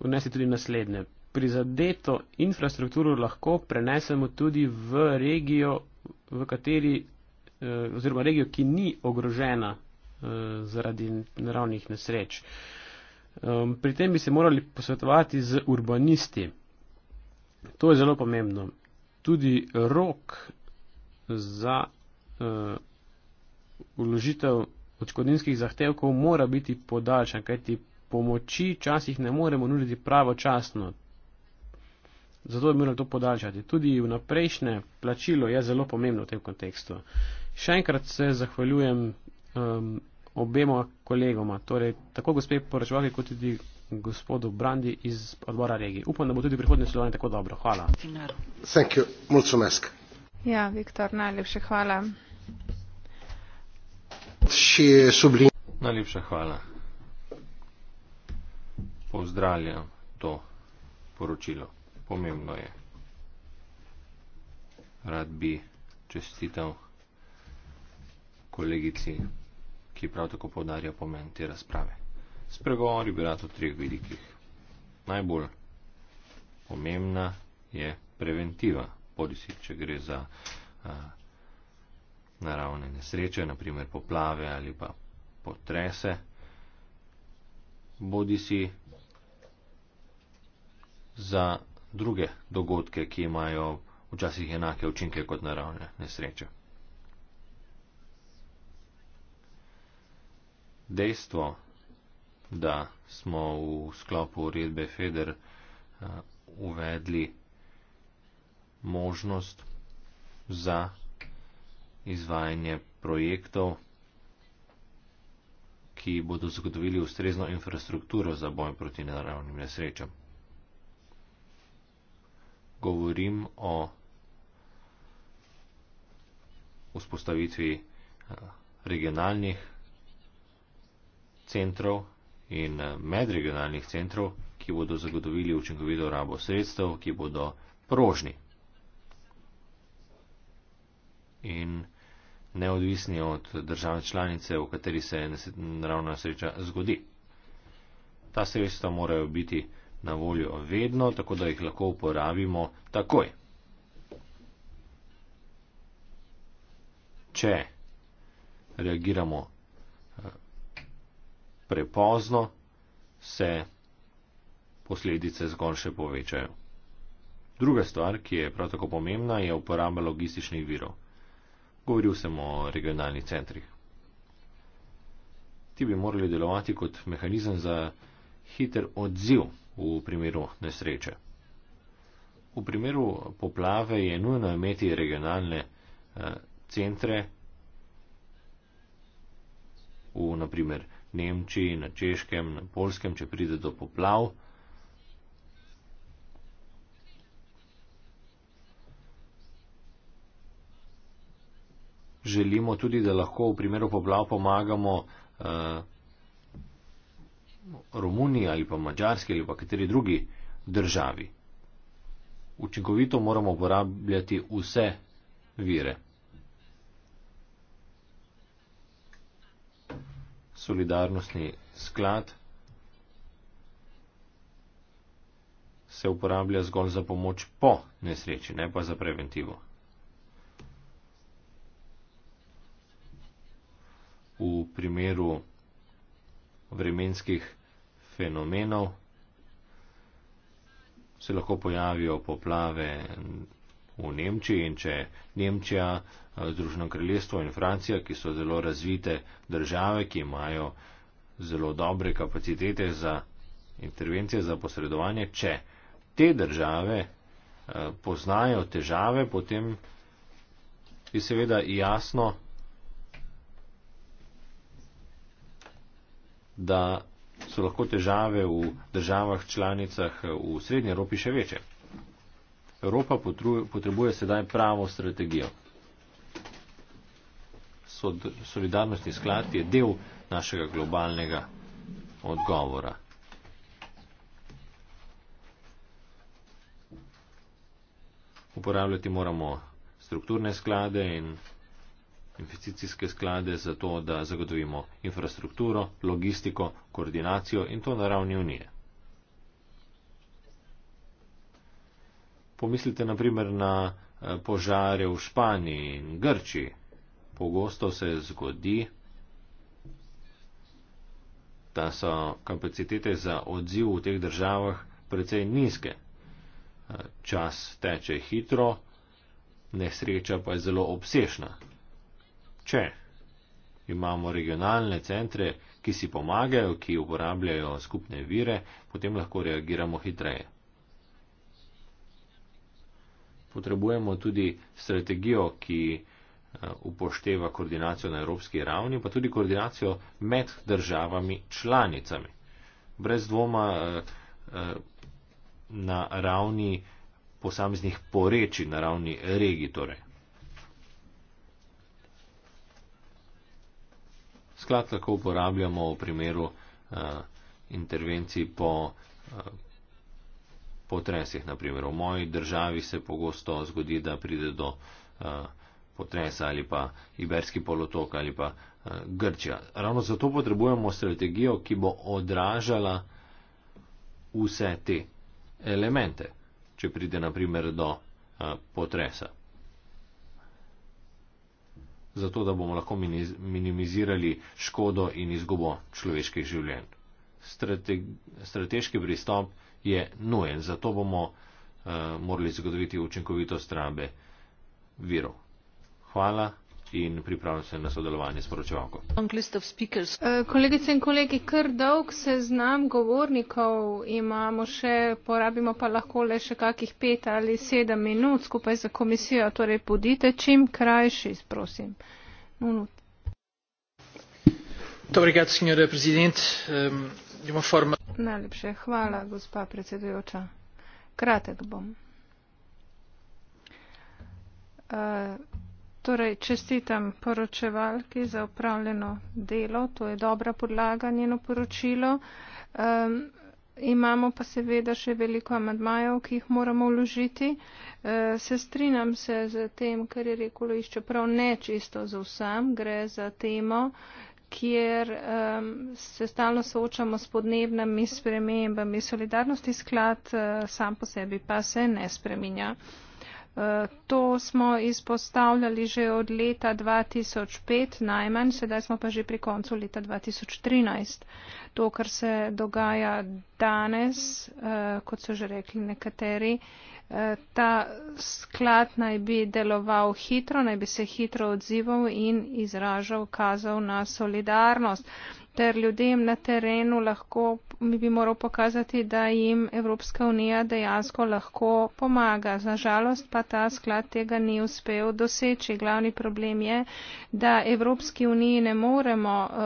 vnesti tudi naslednje. Prizadeto infrastrukturo lahko prenesemo tudi v regijo, v kateri Eh, oziroma regijo, ki ni ogrožena eh, zaradi naravnih nesreč. Pri tem bi se morali posvetovati z urbanisti. To je zelo pomembno. Tudi rok za uložitev eh, odškodninskih zahtevkov mora biti podaljšan, kajti pomoči časih ne moremo nuditi pravočasno. Zato je moralo to podaljšati. Tudi vnaprejšnje plačilo je zelo pomembno v tem kontekstu. Uh, Še enkrat se zahvaljujem um, obema kolegoma, torej tako gospe poročevalke kot tudi gospodu Brandi iz odbora regije. Upam, da bo tudi prihodnje sodelovanje tako dobro. Hvala. Thank you. Mulcu mesk. Ja, Viktor, najlepše hvala. Še sublim. Najlepša hvala. Pozdravljam to poročilo. Pomembno je. Rad bi čestital kolegici, ki prav tako podarja pomen te razprave. Spregovori bi rad o treh vidikih. Najbolj pomembna je preventiva, podisi, če gre za a, naravne nesreče, naprimer poplave ali pa potrese, bodisi za druge dogodke, ki imajo včasih enake učinke kot naravne nesreče. dejstvo, da smo v sklopu uredbe FEDER eh, uvedli možnost za izvajanje projektov, ki bodo zagotovili ustrezno infrastrukturo za boj proti naravnim nesrečam. Govorim o vzpostavitvi eh, regionalnih centrov in eh, medregionalnih centrov, ki bodo zagotovili učinkovito rabo sredstev, ki bodo prožni in neodvisni od države članice, v kateri se naravna sreča zgodi. Ta sredstva morajo biti na voljo vedno, tako da jih lahko uporabimo takoj. Če reagiramo prepozno, se posledice zgolj še povečajo. Druga stvar, ki je prav tako pomembna, je uporaba logističnih virov. Govoril sem o regionalnih centrih. Ti bi morali delovati kot mehanizem za hiter odziv v primeru nesreče. V primeru poplave je nujno imeti regionalne eh, centre v, na primer, Nemčiji, na Češkem, na Polskem, če pride do poplav. Želimo tudi, da lahko v primeru poplav pomagamo uh, Romuniji ali pa Mačarski ali pa kateri drugi državi. Učinkovito moramo uporabljati vse vire. solidarnostni sklad se uporablja zgolj za pomoč po nesreči, ne pa za preventivo. V primeru vremenskih fenomenov se lahko pojavijo poplave, v Nemčiji in če Nemčija, eh, Združeno kraljestvo in Francija, ki so zelo razvite države, ki imajo zelo dobre kapacitete za intervencije, za posredovanje, če te države eh, poznajo težave, potem je seveda jasno, da so lahko težave v državah članicah eh, v Srednji Evropi še večje. Evropa potrebuje sedaj pravo strategijo. Solidarnostni sklad je del našega globalnega odgovora. Uporabljati moramo strukturne sklade in investicijske sklade za to, da zagotovimo infrastrukturo, logistiko, koordinacijo in to na ravni unije. Pomislite naprimer na eh, požare v Španiji in Grči. Pogosto se zgodi, da so kapacitete za odziv v teh državah precej nizke. Eh, čas teče hitro, nesreča pa je zelo obsešna. Če imamo regionalne centre, ki si pomagajo, ki uporabljajo skupne vire, potem lahko reagiramo hitreje potrebujemo tudi strategijo, ki eh, upošteva koordinacijo na evropski ravni, pa tudi koordinacijo med državami članicami. Brez dvoma eh, eh, na ravni posameznih poreči, na ravni regij torej. Sklad lahko uporabljamo v primeru intervencij po potresih. Naprimer, v moji državi se pogosto zgodi, da pride do uh, potresa ali pa Iberski polotok ali pa uh, Grčija. Ravno zato potrebujemo strategijo, ki bo odražala vse te elemente, če pride naprimer do uh, potresa. Zato, da bomo lahko minimizirali škodo in izgubo človeških življenj. Strateg, strateški pristop je nujen. Zato bomo uh, morali zagotoviti učinkovitost rabe virov. Hvala in pripravljam se na sodelovanje s poročevalko. Eh, kolegice in kolegi, kar dolg se znam govornikov imamo še, porabimo pa lahko le še kakih pet ali sedem minut skupaj za komisijo, torej bodite čim krajši, prosim. Minut. Dobrigat, signore prezident. Eh, um, Najlepše hvala, gospa predsedujoča. Kratek bom. Uh, torej, čestitam poročevalki za upravljeno delo, to je dobra podlaga njeno poročilo. Um, imamo pa seveda še veliko amadmajev, ki jih moramo vložiti. Uh, se strinjam se z tem, kar je rekolo, iščeprav ne čisto za vsem, gre za temo, uh, kjer um, se stalno soočamo s podnebnimi spremembami. Solidarnosti sklad uh, sam po sebi pa se ne spreminja. Eh, to smo izpostavljali že od leta 2005 najmanj, sedaj smo pa že pri koncu leta 2013. To, kar se dogaja danes, eh, kot so že rekli nekateri, ta sklad naj bi deloval hitro, naj bi se hitro odzival in izražal, kazal na solidarnost ter ljudem na terenu lahko, mi bi moral pokazati, da jim Evropska unija dejansko lahko pomaga. Za žalost pa ta sklad tega ni uspel doseči. Glavni problem je, da Evropski uniji ne moremo eh,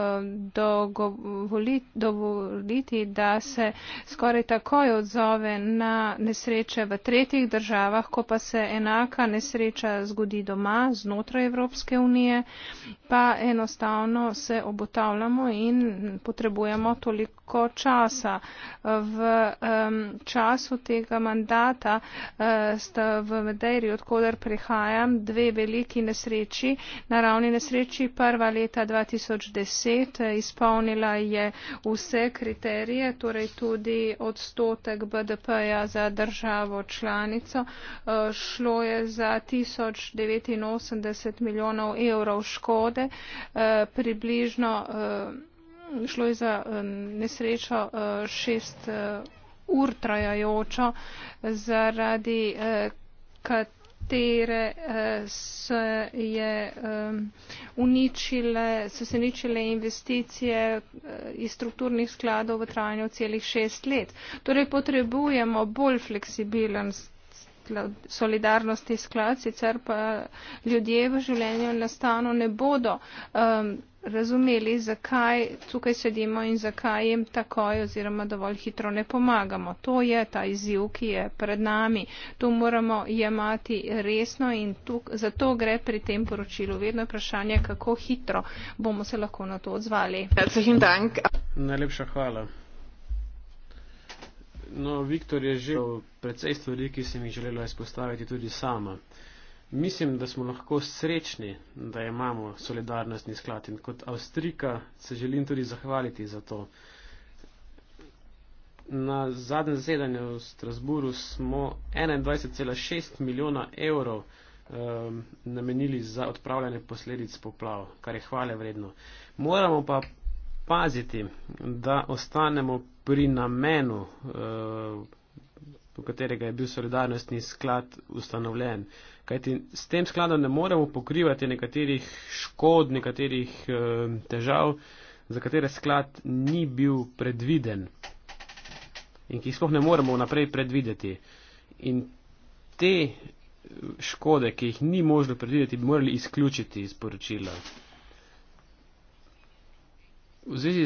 dovoliti, dovoliti, da se skoraj takoj odzove na nesreče v tretjih državah, ko pa se enaka nesreča zgodi doma, znotraj Evropske unije, pa enostavno se obotavljamo in potrebujemo toliko časa. V um, času tega mandata uh, sta v Medeiri, odkudar prihajam, dve veliki nesreči. Naravni nesreči prva leta 2010 eh, izpolnila je vse kriterije, torej tudi odstotek BDP-ja za državo članico. Uh, šlo je za 1089 milijonov evrov škode, uh, približno uh, šlo je za nesrečo eh, šest eh, ur trajajočo, zaradi eh, katere se je uničile, so se ničile investicije iz strukturnih skladov v trajanju celih šest let. Torej potrebujemo bolj fleksibilen solidarnosti sklad, sicer pa ljudje v življenju in nastanu ne bodo um, razumeli, zakaj tukaj sedimo in zakaj jim takoj oziroma dovolj hitro ne pomagamo. To je ta izziv, ki je pred nami. To moramo jemati resno in tuk, zato gre pri tem poročilu. Vedno je vprašanje, kako hitro bomo se lahko na to odzvali. Najlepša hvala. No, Viktor je že precej stvari, ki sem jih želela izpostaviti tudi sama. Uh, Mislim, da smo lahko srečni, da imamo solidarnostni sklad in kot Avstrika se želim tudi zahvaliti za to. Na zadnjem zasedanju v Strasburu smo 21,6 milijona evrov um, namenili za odpravljanje posledic poplav, kar je hvale vredno. Moramo pa paziti, da ostanemo pri namenu, uh, v katerega je bil solidarnostni sklad ustanovljen. Uh, kajti s tem skladom ne moremo pokrivati nekaterih škod, nekaterih e, težav, za katere sklad ni bil predviden in ki jih sploh ne moremo naprej predvideti. In te eh, škode, ki jih ni možno predvideti, bi morali izključiti iz poročila. V zvezi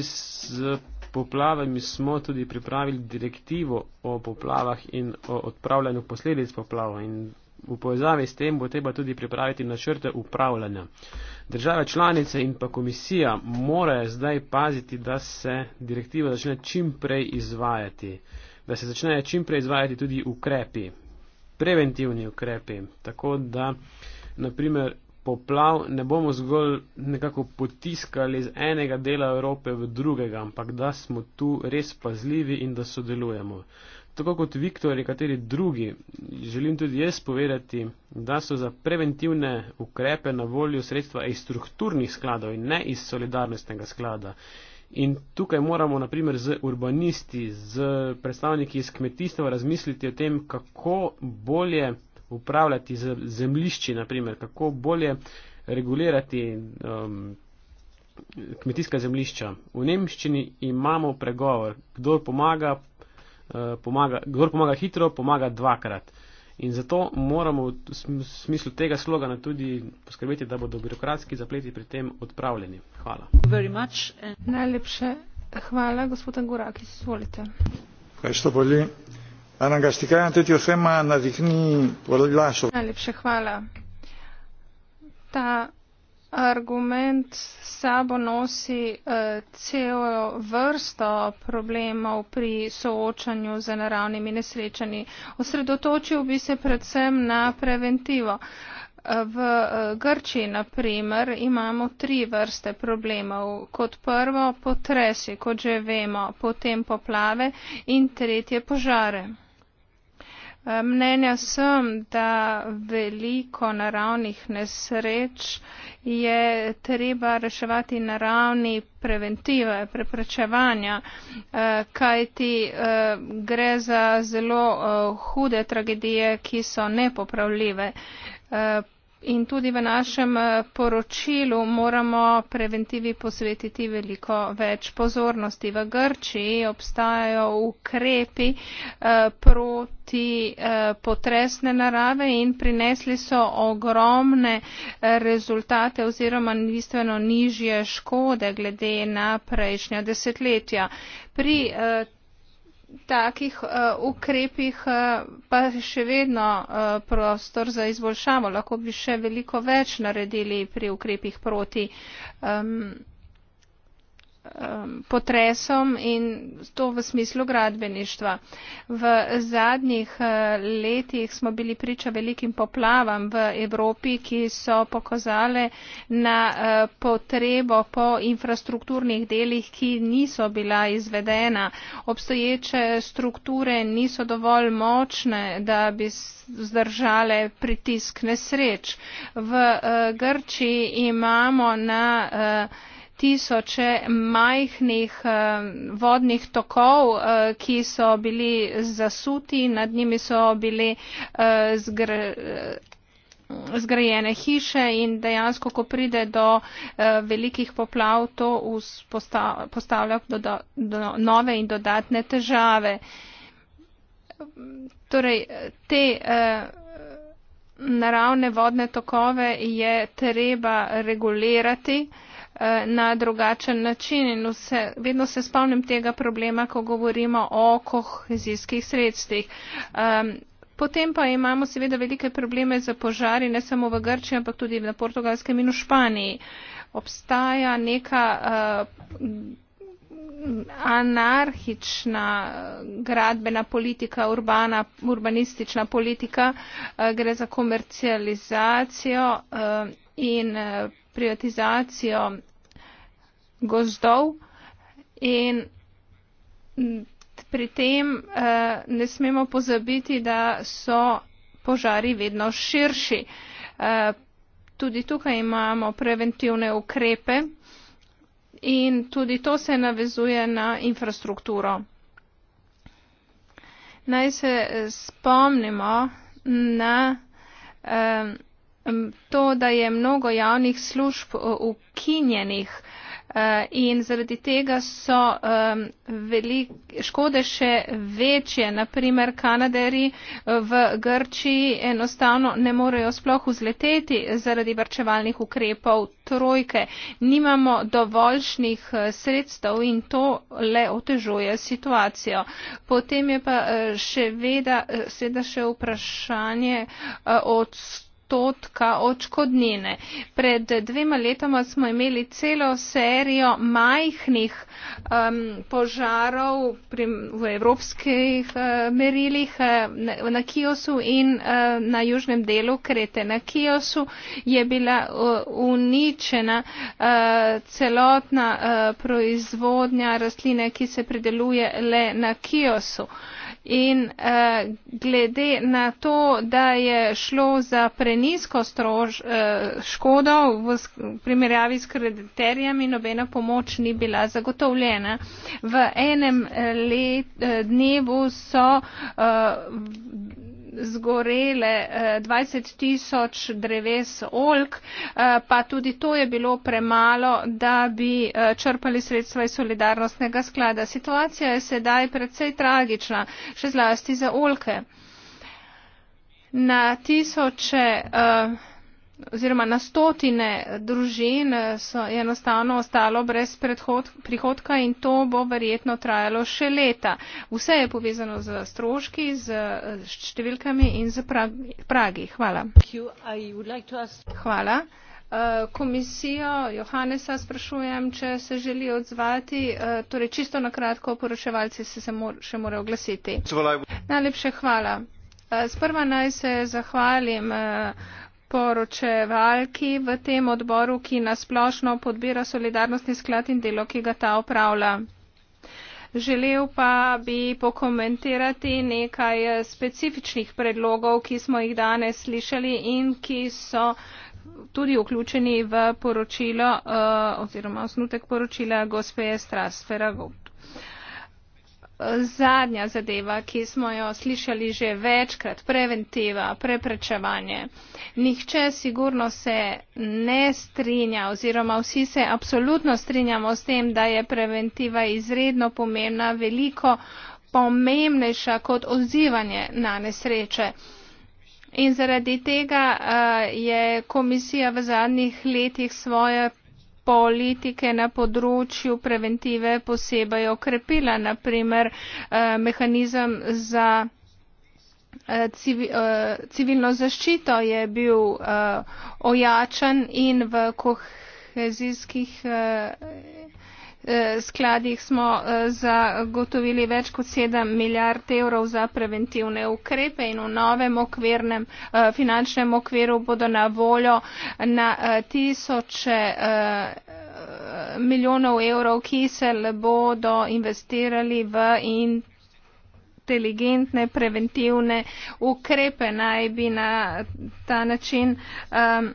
z poplavami smo tudi pripravili direktivo o poplavah in o odpravljanju posledic poplav. In V povezavi s tem bo treba tudi pripraviti načrte upravljanja. Države članice in pa komisija morajo zdaj paziti, da se direktiva začne čim prej izvajati, da se začnejo čim prej izvajati tudi ukrepi, preventivni ukrepi, tako da naprimer poplav ne bomo zgolj nekako potiskali z enega dela Evrope v drugega, ampak da smo tu res pazljivi in da sodelujemo tako kot Viktor in kateri drugi, želim tudi jaz povedati, da so za preventivne ukrepe na voljo sredstva iz strukturnih skladov in ne iz solidarnostnega sklada. In tukaj moramo naprimer z urbanisti, z predstavniki iz kmetijstva razmisliti o tem, kako bolje upravljati z zemlišči, naprimer, kako bolje regulirati um, kmetijska zemlišča. V Nemščini imamo pregovor, kdo pomaga, Eh, gor pomaga hitro, pomaga dvakrat. In zato moramo v smislu tega slogana tudi poskrbeti, da bodo birokratski zapleti pri tem odpravljeni. Hvala. Eh. Najlepše hvala, gospod Angoraki, izvolite. Hvala, bolje. Anagastikajan, tudi vsema navihni, vlašo. Najlepše hvala. Ta argument sabo nosi uh, celo vrsto problemov pri soočanju z naravnimi nesrečami. Osredotočil bi se predvsem na preventivo. V eh, Grčiji, na primer, imamo tri vrste problemov. Kot prvo, potresi, kot že vemo, potem poplave in tretje, požare. Mnenja sem, da veliko naravnih nesreč je treba reševati na ravni preventive, preprečevanja, eh, kajti eh, gre za zelo eh, hude tragedije, ki so nepopravljive. In tudi v našem eh, poročilu moramo preventivi posvetiti veliko več pozornosti. V Grčiji obstajajo ukrepi eh, proti eh, potresne narave in prinesli so ogromne rezultate oziroma bistveno nižje škode glede na prejšnja desetletja. Pri takih uh, ukrepih uh, pa je še vedno uh, prostor za izboljšavo. Lahko bi še veliko več naredili pri ukrepih proti. Um, um, potresom in to v smislu gradbeništva. V zadnjih uh, letih smo bili priča velikim poplavam v Evropi, ki so pokazale na uh, potrebo po infrastrukturnih delih, ki niso bila izvedena. Obstoječe strukture niso dovolj močne, da bi zdržale pritisk nesreč. V uh, Grčiji imamo na uh, tisoče majhnih eh, vodnih tokov, eh, ki so bili zasuti, nad njimi so bili eh, zgr zgrajene hiše in dejansko, ko pride do eh, velikih poplav, to postavlja do, do, do nove in dodatne težave. Torej, te eh, naravne vodne tokove je treba regulirati. Eh, Eh, na drugačen način in vse, vedno se spomnim tega problema, ko govorimo o kohezijskih sredstvih. Um, potem pa imamo seveda velike probleme za požari, ne samo v Grčiji, ampak tudi na portugalskem in v Španiji. Obstaja neka uh, anarhična eh, gradbena politika, urbana, urbanistična politika, uh, gre za komercializacijo uh, in uh, privatizacijo gozdov in pri tem eh, ne smemo pozabiti, da so požari vedno širši. Eh, tudi tukaj imamo preventivne ukrepe in tudi to se navezuje na infrastrukturo. Naj se eh, spomnimo na um, to, da je mnogo javnih služb ukinjenih e, in zaradi tega so e, škode še večje. Naprimer, Kanaderi e, v Grčiji enostavno ne morejo sploh vzleteti zaradi varčevalnih ukrepov trojke. Nimamo dovoljšnih sredstev in to le otežuje situacijo. Potem je pa še veda, seveda še vprašanje odstotka odstotka očkodnine. Pred dvema letoma smo imeli celo serijo majhnih um, požarov pri, v evropskih uh, merilih uh, na, na Kijosu in uh, na južnem delu Krete. Na Kijosu je bila uh, uničena uh, celotna uh, proizvodnja rastline, ki se predeluje le na Kijosu. Uh, In uh, glede na to, da je šlo za prenisko strož, uh, škodo v primerjavi s krediterjami, nobena pomoč ni bila zagotovljena. V enem eh, let, uh, dnevu so uh, zgorele 20 eh, tisoč dreves olk, eh, pa tudi to je bilo premalo, da bi eh, črpali sredstva iz solidarnostnega sklada. Situacija je sedaj predvsej tragična, še zlasti za olke. Na tisoče uh, oziroma na stotine družin eh, so enostavno ostalo brez predhod, prihodka in to bo verjetno trajalo še leta. Vse je povezano z stroški, z, z eh, številkami in z pragi. Hvala. Hvala. Eh, komisijo Johannesa sprašujem, če se želi odzvati. Torej, čisto na kratko, poročevalci se, se mor, še morajo oglasiti. Najlepše hvala. Sprva naj se zahvalim poročevalki v tem odboru, ki nasplošno podbira solidarnostni sklad in delo, ki ga ta opravlja. Želel pa bi pokomentirati nekaj specifičnih predlogov, ki smo jih danes slišali in ki so tudi vključeni v poročilo eh, oziroma osnutek poročila gospe Strasfera Gopt zadnja zadeva, ki smo jo slišali že večkrat, preventiva, preprečevanje. Nihče sigurno se ne strinja oziroma vsi se absolutno strinjamo s tem, da je preventiva izredno pomembna, veliko pomembnejša kot odzivanje na nesreče. In zaradi tega uh, je komisija v zadnjih letih svoje politike na področju preventive posebej okrepila, naprimer eh, mehanizem za eh, eh, civilno zaščito je bil ojačan in v kohezijskih Eh, skladih smo eh, zagotovili več kot 7 milijard evrov za preventivne ukrepe in v novem okvirnem eh, finančnem okviru bodo na voljo na tisoče milijonov evrov, ki se bodo investirali v in inteligentne preventivne ukrepe naj bi na ta način um,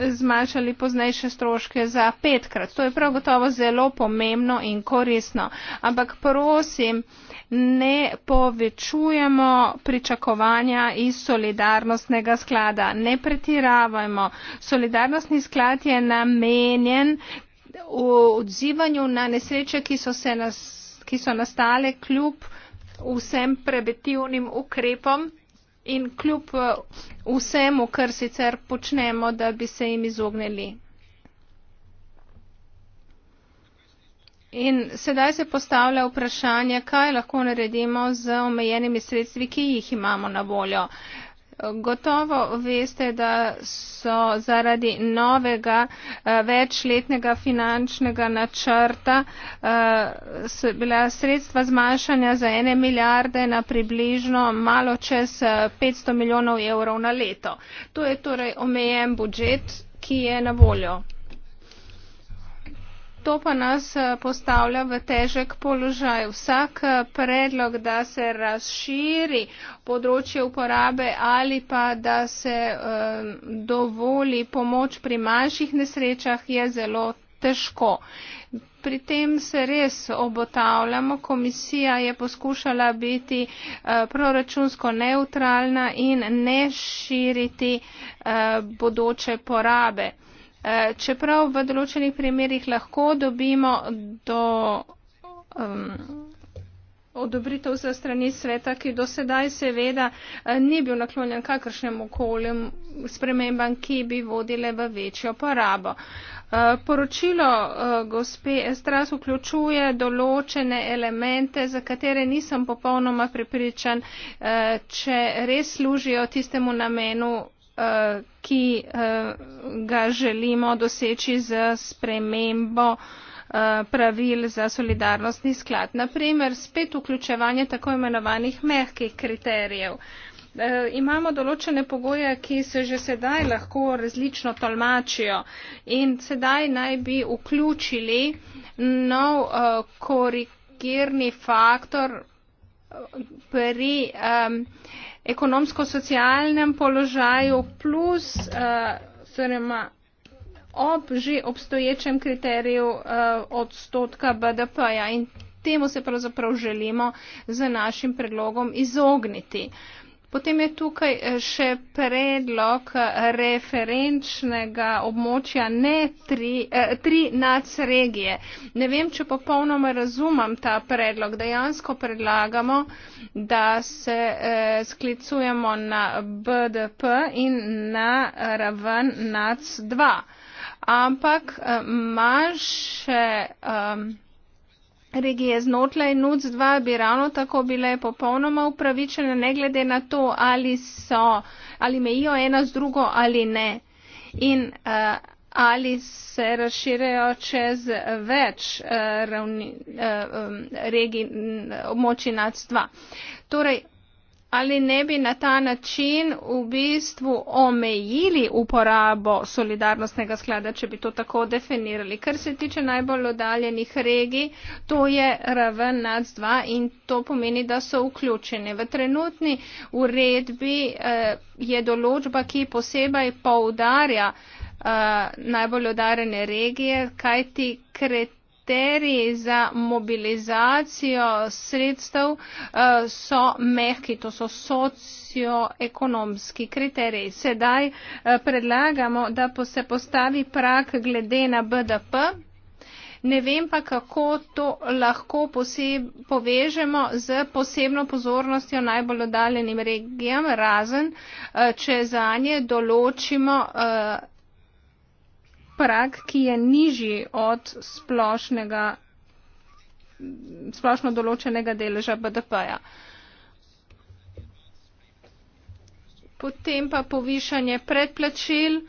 zmanjšali poznejše stroške za petkrat. To je prav gotovo zelo pomembno in korisno. Ampak prosim, ne povečujemo pričakovanja iz solidarnostnega sklada. Ne pretiravajmo. Solidarnostni sklad je namenjen v odzivanju na nesreče, ki so, se nas, ki so nastale kljub vsem prebetivnim ukrepom in kljub eh, vsemu, kar sicer počnemo, da bi se jim izognili. In sedaj se postavlja vprašanje, kaj lahko naredimo z omejenimi sredstvi, ki jih imamo na voljo. Uh, Gotovo veste, da so zaradi novega eh, večletnega finančnega načrta eh, bila sredstva zmanjšanja za ene milijarde na približno malo čez 500 eh, milijonov evrov na leto. To je torej omejen budžet, ki je na voljo. To pa nas eh, postavlja v težek položaj. Vsak eh, predlog, da se razširi področje uporabe ali pa da se um, dovoli pomoč pri manjših nesrečah, je zelo težko. Pri tem se res obotavljamo. Komisija je poskušala biti uh, proračunsko neutralna in ne širiti uh, bodoče porabe. Eh, čeprav v določenih primerjih lahko dobimo do um, odobritev za strani sveta, ki do sedaj seveda eh, ni bil naklonjen kakršnem okolju spremembam, ki bi vodile v večjo porabo. Eh, poročilo gospe Estras vključuje določene elemente, za katere nisem popolnoma pripričan, če res služijo tistemu namenu, Eh, ki eh, ga želimo doseči z spremembo eh, pravil za solidarnostni sklad. Naprimer, spet vključevanje tako imenovanih mehkih kriterijev. Imamo določene pogoje, ki se že sedaj lahko različno tolmačijo in sedaj naj bi vključili nov korigirni faktor pri um, ekonomsko-socialnem položaju plus srema, eh, ob že obstoječem kriteriju eh, odstotka BDP-ja in temu se pravzaprav želimo z našim predlogom izogniti. Potem je tukaj eh, še predlog eh, referenčnega območja ne tri, eh, tri nacregije. Ne vem, če popolnoma razumem ta predlog. Dejansko predlagamo, da se eh, sklicujemo na BDP in na raven NAC 2. Ampak eh, manjše. Eh, regije znotraj NUC2 bi ravno tako bile popolnoma upravičene, ne glede na to, ali, so, ali mejijo ena z drugo ali ne. In uh, ali se razširejo čez več uh, ravni, uh, regij, um, območij NUC2. Torej, ali ne bi na ta način v bistvu omejili uporabo solidarnostnega sklada, če bi to tako definirali. Kar se tiče najbolj oddaljenih regij, to je raven NAC2 in to pomeni, da so vključeni. V trenutni uredbi eh, je določba, ki posebej poudarja eh, najbolj oddaljene regije, kaj ti kreti kriteriji za mobilizacijo sredstev eh, so mehki, to so socioekonomski kriteriji. Sedaj eh, predlagamo, da se postavi prak glede na BDP. Ne vem pa, kako to lahko povežemo z posebno pozornostjo najbolj oddaljenim regijam, razen eh, če za nje določimo prak, ki je nižji od splošnega, splošno določenega deleža BDP-ja. Potem pa povišanje predplačil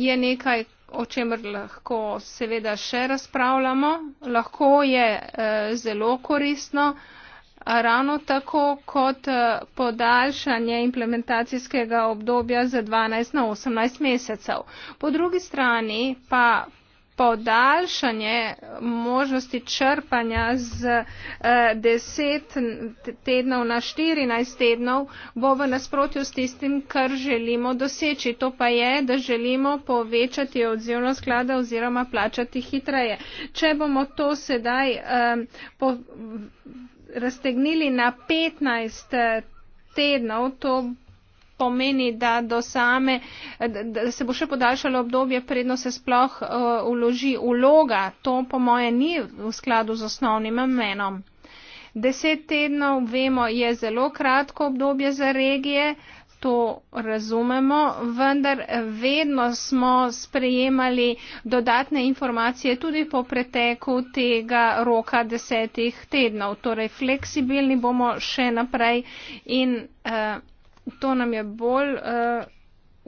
je nekaj, o čemer lahko seveda še razpravljamo. Lahko je e, zelo koristno. E, ravno tako kot eh, podaljšanje implementacijskega obdobja z 12 na 18 mesecev. Po drugi strani pa podaljšanje eh, možnosti črpanja z 10 eh, tednov na 14 tednov bo v nasprotju s tistim, kar želimo doseči. To pa je, da želimo povečati odzivnost sklada oziroma plačati hitreje. Če bomo to sedaj um, po raztegnili na 15 eh, tednov, to pomeni, da, same, da se bo še podaljšalo obdobje, predno se sploh uloži eh, uloga. To po moje ni v skladu z osnovnim menom. Deset tednov, vemo, je zelo kratko obdobje za regije to razumemo, vendar vedno smo sprejemali dodatne informacije tudi po preteku tega roka desetih tednov. Torej, fleksibilni bomo še naprej in eh, to nam je bolj eh,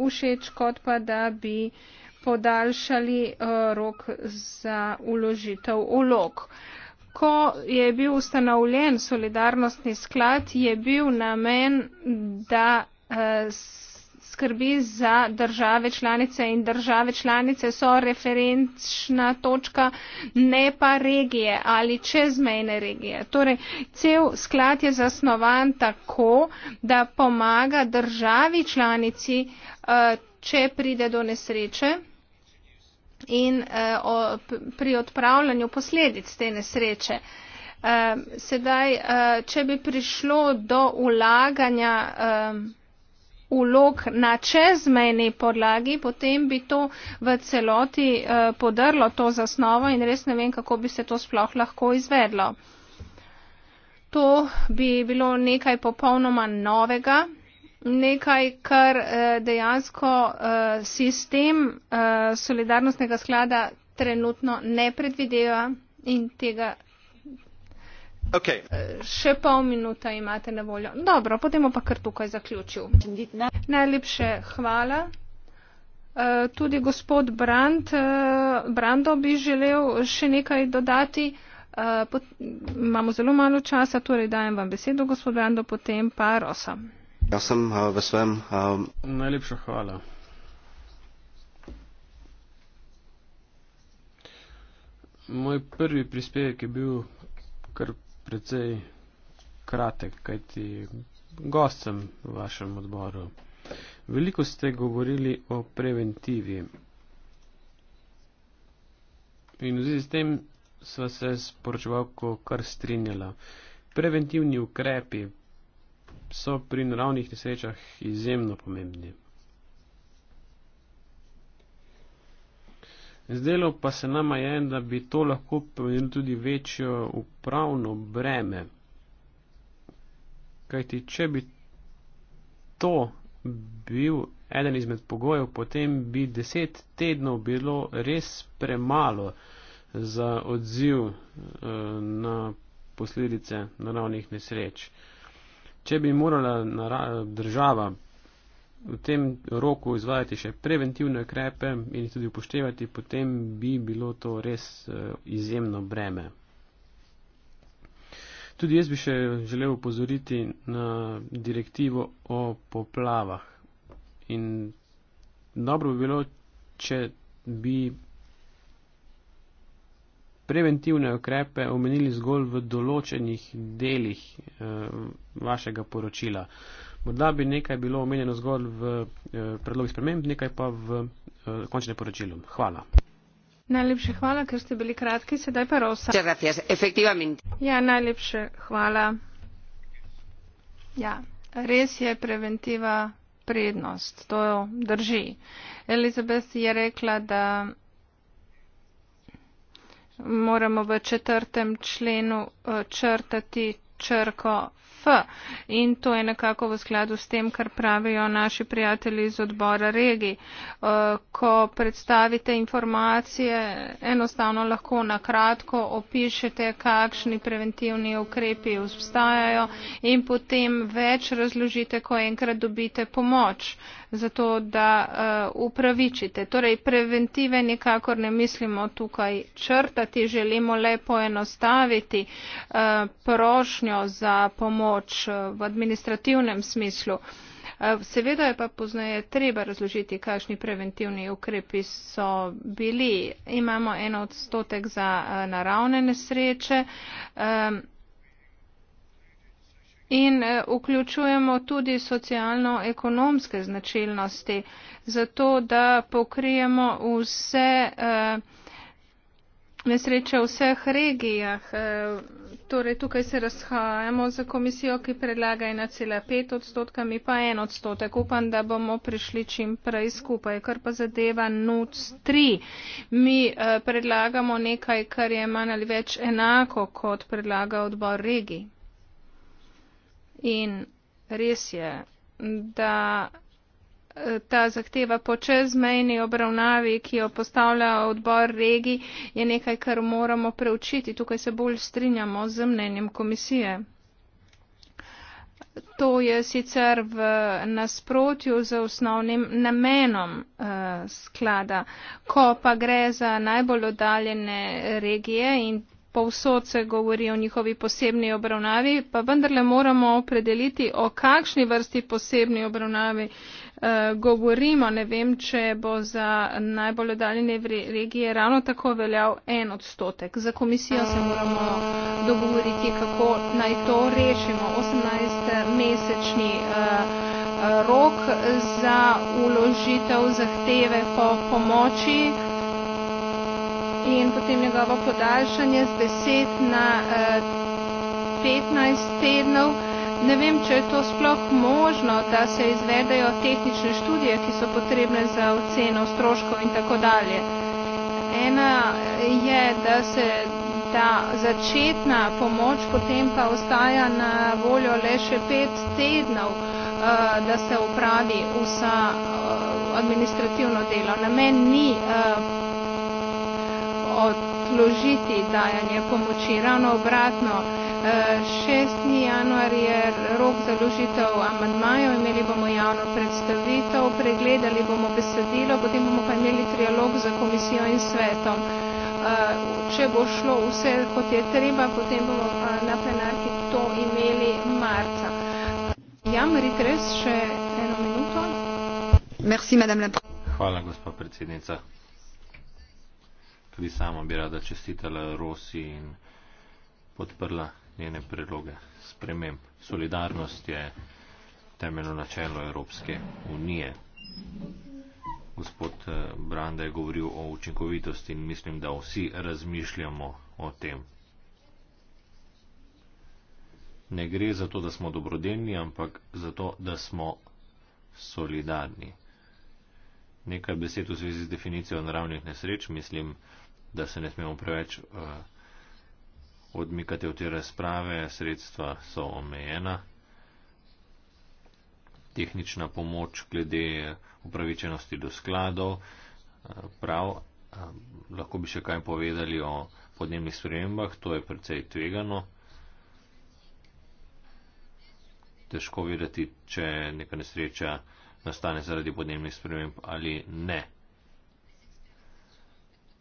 všeč, kot pa da bi podaljšali eh, rok za uložitev ulog. Ko je bil ustanovljen solidarnostni sklad, je bil namen, da Eh, skrbi za države članice in države članice so referenčna točka, ne pa regije ali čezmejne regije. Torej, cel sklad je zasnovan tako, da pomaga državi članici, eh, če pride do nesreče in eh, pri odpravljanju posledic te nesreče. Sedaj, če bi prišlo do ulaganja ulog na čezmejni podlagi, potem bi to v celoti eh, podrlo to zasnovo in res ne vem, kako bi se to sploh lahko izvedlo. To bi bilo nekaj popolnoma novega, nekaj, kar eh, dejansko eh, sistem solidarnostnega sklada trenutno ne predvideva in tega Še pol minuta imate na voljo. Dobro, potem pa kar tukaj zaključil. Najlepše hvala. Eh, tudi gospod Brand, eh, Brando bi želel še nekaj dodati. Eh, imamo zelo malo časa, torej dajem vam besedo, gospod Brando, potem pa Rosa. Ja sem v svem. Najlepša hvala. Moj prvi prispevek je bil kar precej kratek, kajti gost sem v vašem odboru. Veliko ste govorili o preventivi. In v zvezi s tem sva se s poročevalko kar strinjala. Preventivni ukrepi so pri naravnih nesrečah izjemno pomembni. Zdelo pa se nama je, da bi to lahko pomenilo tudi večjo upravno breme. Kajti, če bi to bil eden izmed pogojev, potem bi deset tednov bilo res premalo za odziv eh, na posledice naravnih nesreč. Če bi morala država v tem roku izvajati še preventivne ukrepe in jih tudi upoštevati, potem bi bilo to res eh, izjemno breme. Tudi jaz bi še želel upozoriti na direktivo o poplavah. In dobro bi bilo, če bi preventivne ukrepe omenili zgolj v določenih delih eh, vašega poročila. Morda bi nekaj bilo omenjeno zgolj v eh, predlogi sprememb, nekaj pa v eh, končnem poročilu. Hvala. Najlepše hvala, ker ste bili kratki, sedaj pa rosa. Ja, najlepše hvala. Ja, res je preventiva prednost, to drži. Elizabeth je rekla, da moramo v četrtem členu eh, črtati črko F. In to je nekako v skladu s tem, kar pravijo naši prijatelji iz odbora regi. Eh, ko predstavite informacije, enostavno lahko nakratko opišete, kakšni preventivni ukrepi obstajajo in potem več razložite, ko enkrat dobite pomoč za to, da eh, upravičite. Torej, preventive nikakor ne mislimo tukaj črtati, želimo le poenostaviti eh, prošnjo za pomoč pomoč eh, v administrativnem smislu. Eh, seveda je pa poznaje treba razložiti, kakšni preventivni ukrepi so bili. Imamo en odstotek za eh, naravne nesreče ehm, in vključujemo tudi socialno-ekonomske značilnosti, zato da pokrijemo vse nesreče v vseh regijah torej tukaj se razhajamo za komisijo, ki predlaga 1,5 odstotka, mi pa 1 odstotek. Upam, da bomo prišli čim prej skupaj, kar pa zadeva NUC 3. Mi eh, predlagamo nekaj, kar je manj ali več enako, kot predlaga odbor regi. In res je, da ta zahteva po čezmejni obravnavi, ki jo postavlja odbor regij, je nekaj, kar moramo preučiti. Tukaj se bolj strinjamo z mnenjem komisije. To je sicer v nasprotju z osnovnim namenom eh, sklada. Ko pa gre za najbolj oddaljene regije in povsod se govori o njihovi posebni obravnavi, pa vendarle moramo opredeliti, o kakšni vrsti posebni obravnavi eh, Eh, govorimo. Ne vem, če bo za najbolj oddaljene regije ravno tako veljal en odstotek. Za komisijo se moramo dogovoriti, kako naj to rešimo. 18-mesečni eh, eh, rok za uložitev zahteve po pomoči. In potem njegovo podaljšanje z 10 na eh, 15 tednov. Ne vem, če je to sploh možno, da se izvedejo tehnične študije, ki so potrebne za oceno stroškov in tako dalje. Ena je, da se ta začetna pomoč potem pa ostaja na voljo le še pet tednov, eh, da se upravi vsa eh, administrativno delo. Namen ni eh, od vložiti dajanje pomoči. Ravno obratno, 6. Eh, januar je rok za vložitev amandmajev, imeli bomo javno predstavitev, pregledali bomo besedilo, potem bomo pa imeli trialog za komisijo in svetom. Eh, če bo šlo vse, kot je treba, potem bomo eh, na plenarki to imeli marca. Ja, Marit, res še eno minuto. Merci, Hvala, gospod predsednica tudi sama bi rada čestitala Rosi in podprla njene predloge sprememb. Solidarnost je temeljno načelo Evropske unije. Gospod eh, Branda je govoril o učinkovitosti in mislim, da vsi razmišljamo o tem. Ne gre za to, da smo dobrodelni, ampak za to, da smo solidarni. Nekaj besed v zvezi z definicijo naravnih nesreč, mislim, da se ne smemo preveč uh, odmikati v te razprave, sredstva so omejena. Tehnična pomoč glede upravičenosti do skladov, eh, prav, eh, lahko bi še kaj povedali o podnebnih spremembah, to je precej tvegano. Težko videti, če neka nesreča nastane zaradi podnebnih sprememb ali ne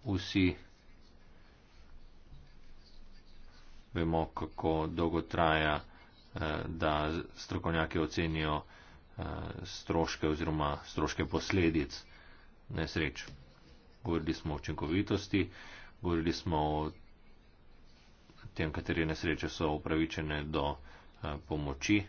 vsi vemo, kako dolgo traja, eh, da strokovnjaki ocenijo eh, stroške oziroma stroške posledic nesreč. Govorili smo o učinkovitosti, govorili smo o tem, kateri nesreče so upravičene do eh, pomoči.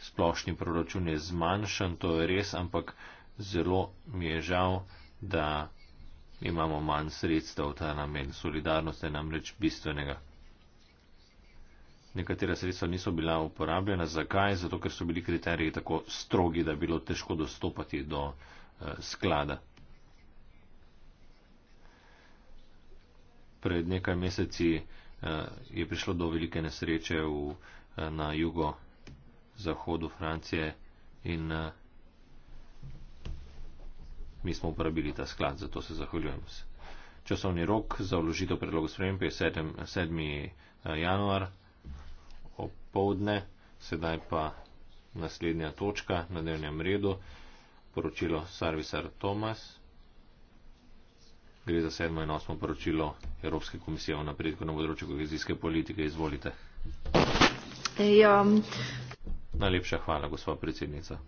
Splošni proračun je zmanjšan, to je res, ampak zelo mi je žal, da imamo manj sredstev v ta namen. Solidarnost je namreč bistvenega. Nekatera sredstva niso bila uporabljena. Zakaj? Zato, ker so bili kriteriji tako strogi, da je bilo težko dostopati do eh, sklada. Pred nekaj meseci eh, je prišlo do velike nesreče v, eh, na jugo zahodu Francije in eh, mi smo uporabili ta sklad, zato se zahvaljujem. Časovni rok za vložitev predloga sprememb je 7, 7. Eh, januar opovdne, sedaj pa naslednja točka na dnevnem redu, poročilo Sarvisar Tomas. Gre za 7. in 8. poročilo Evropske komisije o napredku na področju kohezijske politike. Izvolite. Ja. Najlepša hvala, gospod predsednica.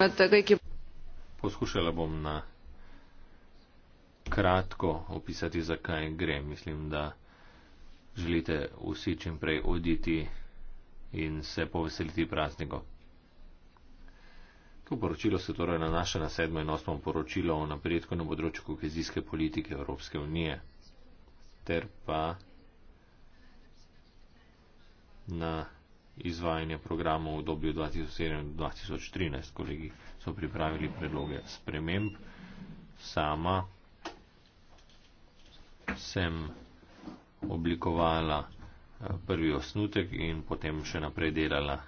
Na tega, ki poskušala bom na kratko opisati, zakaj gre. Mislim, da želite vsi čimprej oditi in se poveseliti praznikov. To poročilo se torej nanaša na sedmo in osmo poročilo o napredku na področju kohezijske politike Evropske unije, ter pa na izvajanja programa v obdobju 2007-2013. Kolegi so pripravili predloge sprememb. Sama sem oblikovala eh, prvi osnutek in potem še naprej delala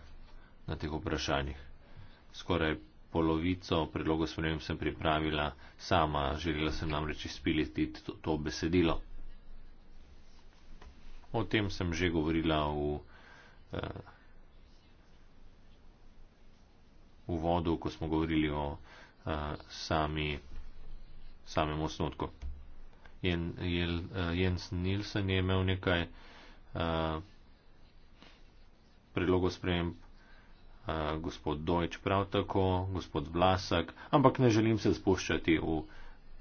na teh vprašanjih. Skoraj polovico predlogov sprememb sem pripravila sama, želela sem namreč izpiliti to, to besedilo. O tem sem že govorila v eh, uvodu, ko smo govorili o uh, sami, samem osnotku. In eh, Jens Nilsen je imel nekaj uh, predlogov sprememb, uh, gospod Deutsch prav tako, gospod Vlasak, ampak ne želim se spuščati v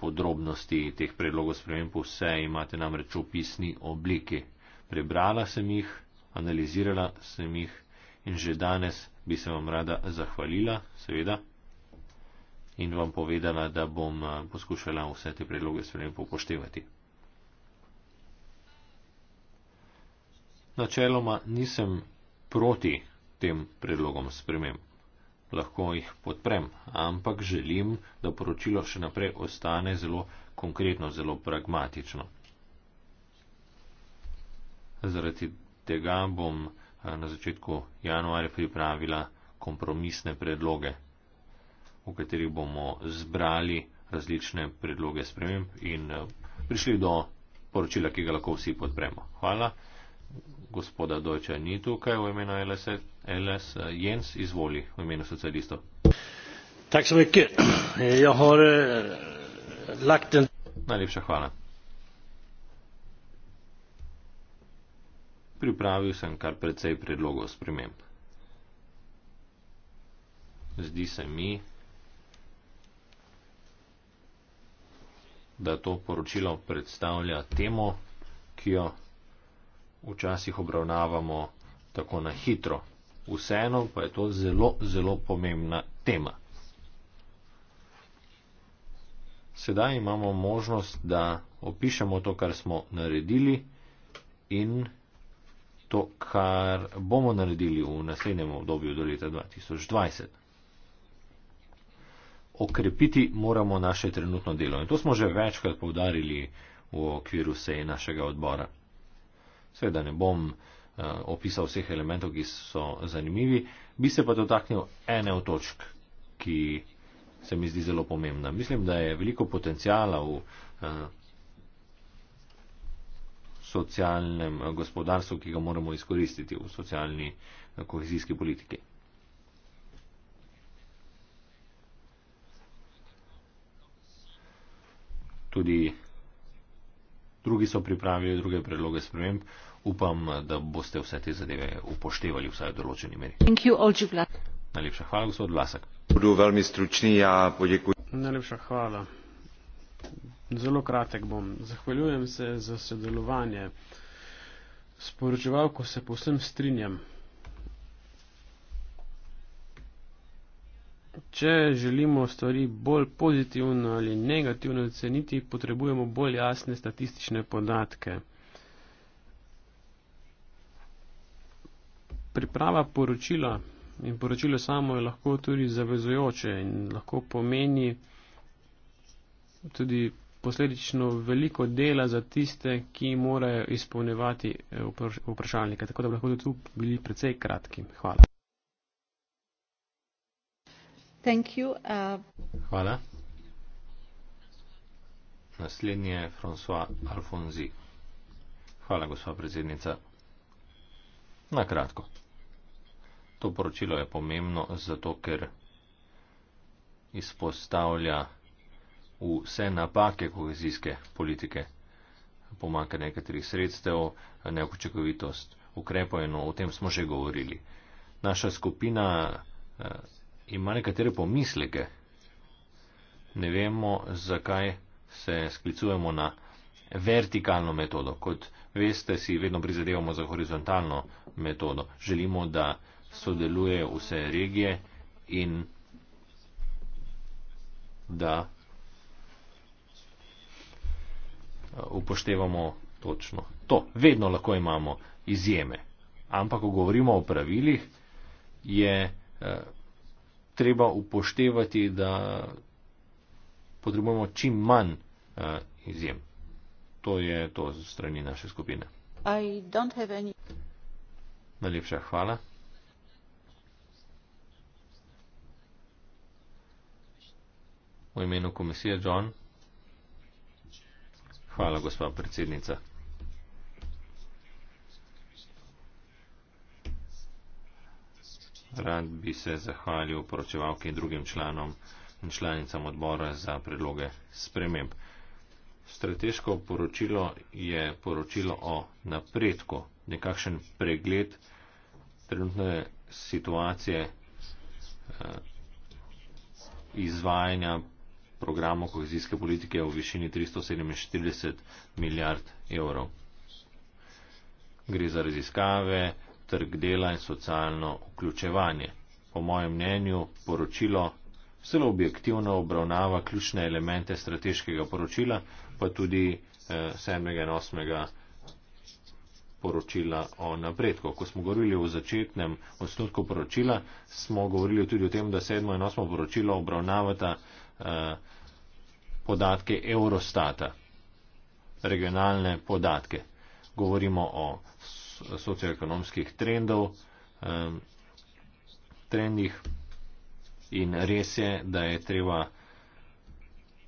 podrobnosti teh predlogov sprememb, vse imate namreč v pisni obliki. Prebrala sem jih, analizirala sem jih in že danes bi se vam rada zahvalila, seveda, in vam povedala, da bom eh, poskušala vse te predloge spremembo upoštevati. Načeloma nisem proti tem predlogom sprememb, lahko jih podprem, ampak želim, da poročilo še naprej ostane zelo konkretno, zelo pragmatično. Zaradi tega bom Eh, na začetku januarja pripravila kompromisne predloge, v katerih bomo zbrali različne predloge sprememb in eh, prišli do poročila, ki ga lahko vsi podpremo. Hvala. Gospoda Dojča ni tukaj v imenu LS. LS eh, Jens izvoli v imenu socialistov. Tak sem rekel, jaz hore lakten. Najlepša hvala. pripravil sem kar precej predlogov sprememb. Zdi se mi, da to poročilo predstavlja temo, ki jo včasih obravnavamo tako na hitro. Vseeno pa je to zelo, zelo pomembna tema. Sedaj imamo možnost, da opišemo to, kar smo naredili in to, kar bomo naredili v naslednjem obdobju do leta 2020. Okrepiti moramo naše trenutno delo in to smo že večkrat povdarili v okviru sej našega odbora. Seveda ne bom uh, opisal vseh elementov, ki so zanimivi, bi se pa dotaknil ene od točk, ki se mi zdi zelo pomembna. Mislim, da je veliko potencijala v uh, socialnem eh, gospodarstvu, ki ga moramo izkoristiti v socialni eh, kohezijski politiki. Tudi drugi so pripravili druge predloge sprememb. Upam, da boste vse te zadeve upoštevali vsaj v določeni meri. Najlepša hvala, gospod Vlasak. Budu velmi stručni, ja, podjekuj. Najlepša hvala. Zelo kratek bom. Zahvaljujem se za sodelovanje. Sporočevalko se povsem strinjam. Če želimo stvari bolj pozitivno ali negativno oceniti, potrebujemo bolj jasne statistične podatke. Priprava poročila in poročilo samo je lahko tudi zavezojoče in lahko pomeni tudi posledično veliko dela za tiste, ki morajo izpolnevati eh, vprašalnike. Tako da bi lahko tudi tu bili precej kratki. Hvala. You, uh... Hvala. Naslednji je François Alfonzi. Hvala, gospa predsednica. Nakratko. To poročilo je pomembno zato, ker izpostavlja vse napake kohezijske politike, pomankanje nekaterih sredstev, neučinkovitost ukrepov in o tem smo že govorili. Naša skupina eh, ima nekatere pomisleke. Ne vemo, zakaj se sklicujemo na vertikalno metodo. Kot veste, si vedno prizadevamo za horizontalno metodo. Želimo, da sodeluje vse regije in da upoštevamo točno to. Vedno lahko imamo izjeme. Ampak, ko govorimo o pravilih, je eh, treba upoštevati, da potrebujemo čim manj eh, izjem. To je to z strani naše skupine. Najlepša hvala. V imenu komisije John. Hvala, gospa predsednica. Rad bi se zahvalil poročevalki in drugim članom in članicam odbora za predloge sprememb. Strateško poročilo je poročilo o napredku, nekakšen pregled trenutne situacije eh, izvajanja programu kohezijske politike v višini 347 milijard evrov. Gre za raziskave, trg dela in socialno vključevanje. Po mojem mnenju poročilo zelo objektivno obravnava ključne elemente strateškega poročila, pa tudi 7. Eh, in 8. poročila o napredku. Ko smo govorili o začetnem osnutku poročila, smo govorili tudi o tem, da 7. in 8. poročilo obravnavata Eh, podatke Eurostata, regionalne podatke. Govorimo o socioekonomskih trendov, eh, trendih in res je, da je treba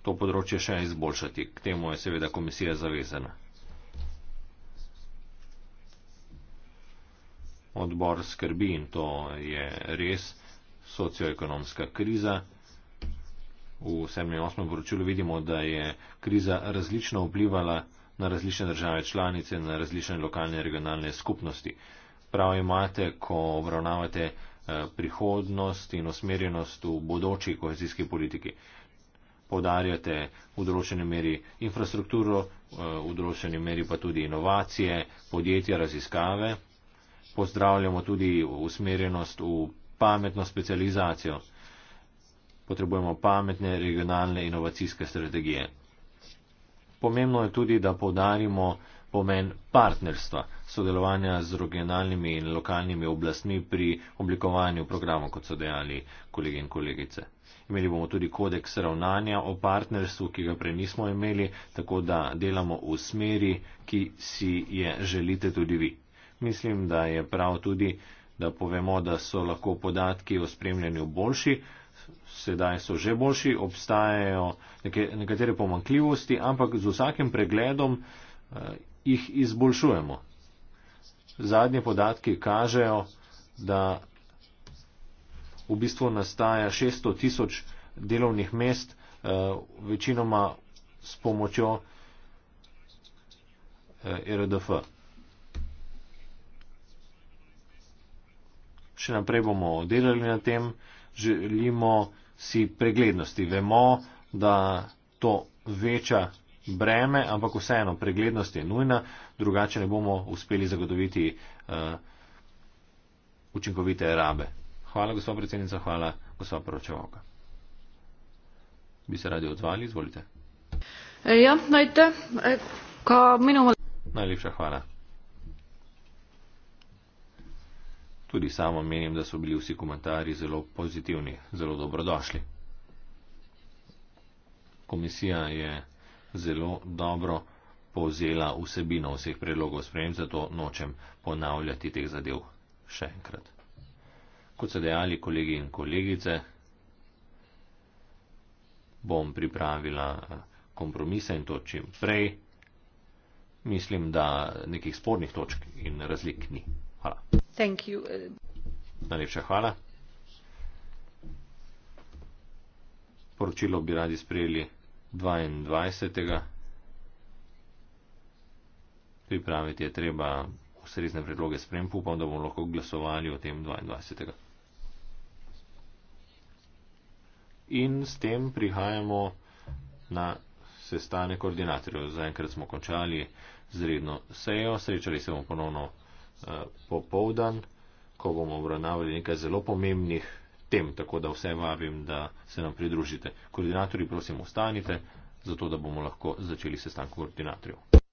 to področje še izboljšati. K temu je seveda komisija zavezana. Odbor skrbi in to je res socioekonomska kriza v 7. in 8. poročilu vidimo, da je kriza različno vplivala na različne države članice, na različne lokalne in regionalne skupnosti. Prav imate, ko obravnavate eh, prihodnost in osmerjenost v bodoči kohezijski politiki. Podarjate v določeni meri infrastrukturo, eh, v določeni meri pa tudi inovacije, podjetja, raziskave. Pozdravljamo tudi usmerjenost v pametno specializacijo potrebujemo pametne regionalne inovacijske strategije. Pomembno je tudi, da podarimo pomen partnerstva, sodelovanja z regionalnimi in lokalnimi oblastmi pri oblikovanju programov, kot so dejali kolegi in kolegice. Imeli bomo tudi kodeks ravnanja o partnerstvu, ki ga prej nismo imeli, tako da delamo v smeri, ki si je želite tudi vi. Mislim, da je prav tudi, da povemo, da so lahko podatki o spremljanju boljši, sedaj so že boljši, obstajajo neke, nekatere pomankljivosti, ampak z vsakim pregledom eh, jih izboljšujemo. Zadnje podatki kažejo, da v bistvu nastaja 600 tisoč delovnih mest, eh, večinoma s pomočjo eh, RDF. Še naprej bomo delali na tem želimo si preglednosti. Vemo, da to veča breme, ampak vseeno preglednost je nujna, drugače ne bomo uspeli zagotoviti uh, učinkovite rabe. Hvala, gospa predsednica, hvala, gospa poročevalka. Bi se radi odzvali, izvolite. Ja, najte, eh, ko minimo. Najlepša hvala. Tudi samo menim, da so bili vsi komentarji zelo pozitivni, zelo dobrodošli. Komisija je zelo dobro povzela vsebino vseh predlogov sprejem, zato nočem ponavljati teh zadev še enkrat. Kot so dejali kolegi in kolegice, bom pripravila eh, kompromise in to čim prej. Mislim, da nekih spornih točk in razlik ni. Hvala. Najlepša hvala. Poročilo bi radi sprejeli 22. Pripraviti je treba ustrezne predloge sprem, upam, da bomo lahko glasovali o tem 22. In s tem prihajamo na sestane koordinatorjev. Zaenkrat smo končali z redno sejo, srečali se bomo ponovno. Eh, popovdan, ko bomo obravnavali nekaj zelo pomembnih tem, tako da vse vabim, da se nam pridružite. Koordinatorji, prosim, ostanite, zato da bomo lahko začeli sestanek koordinatorjev.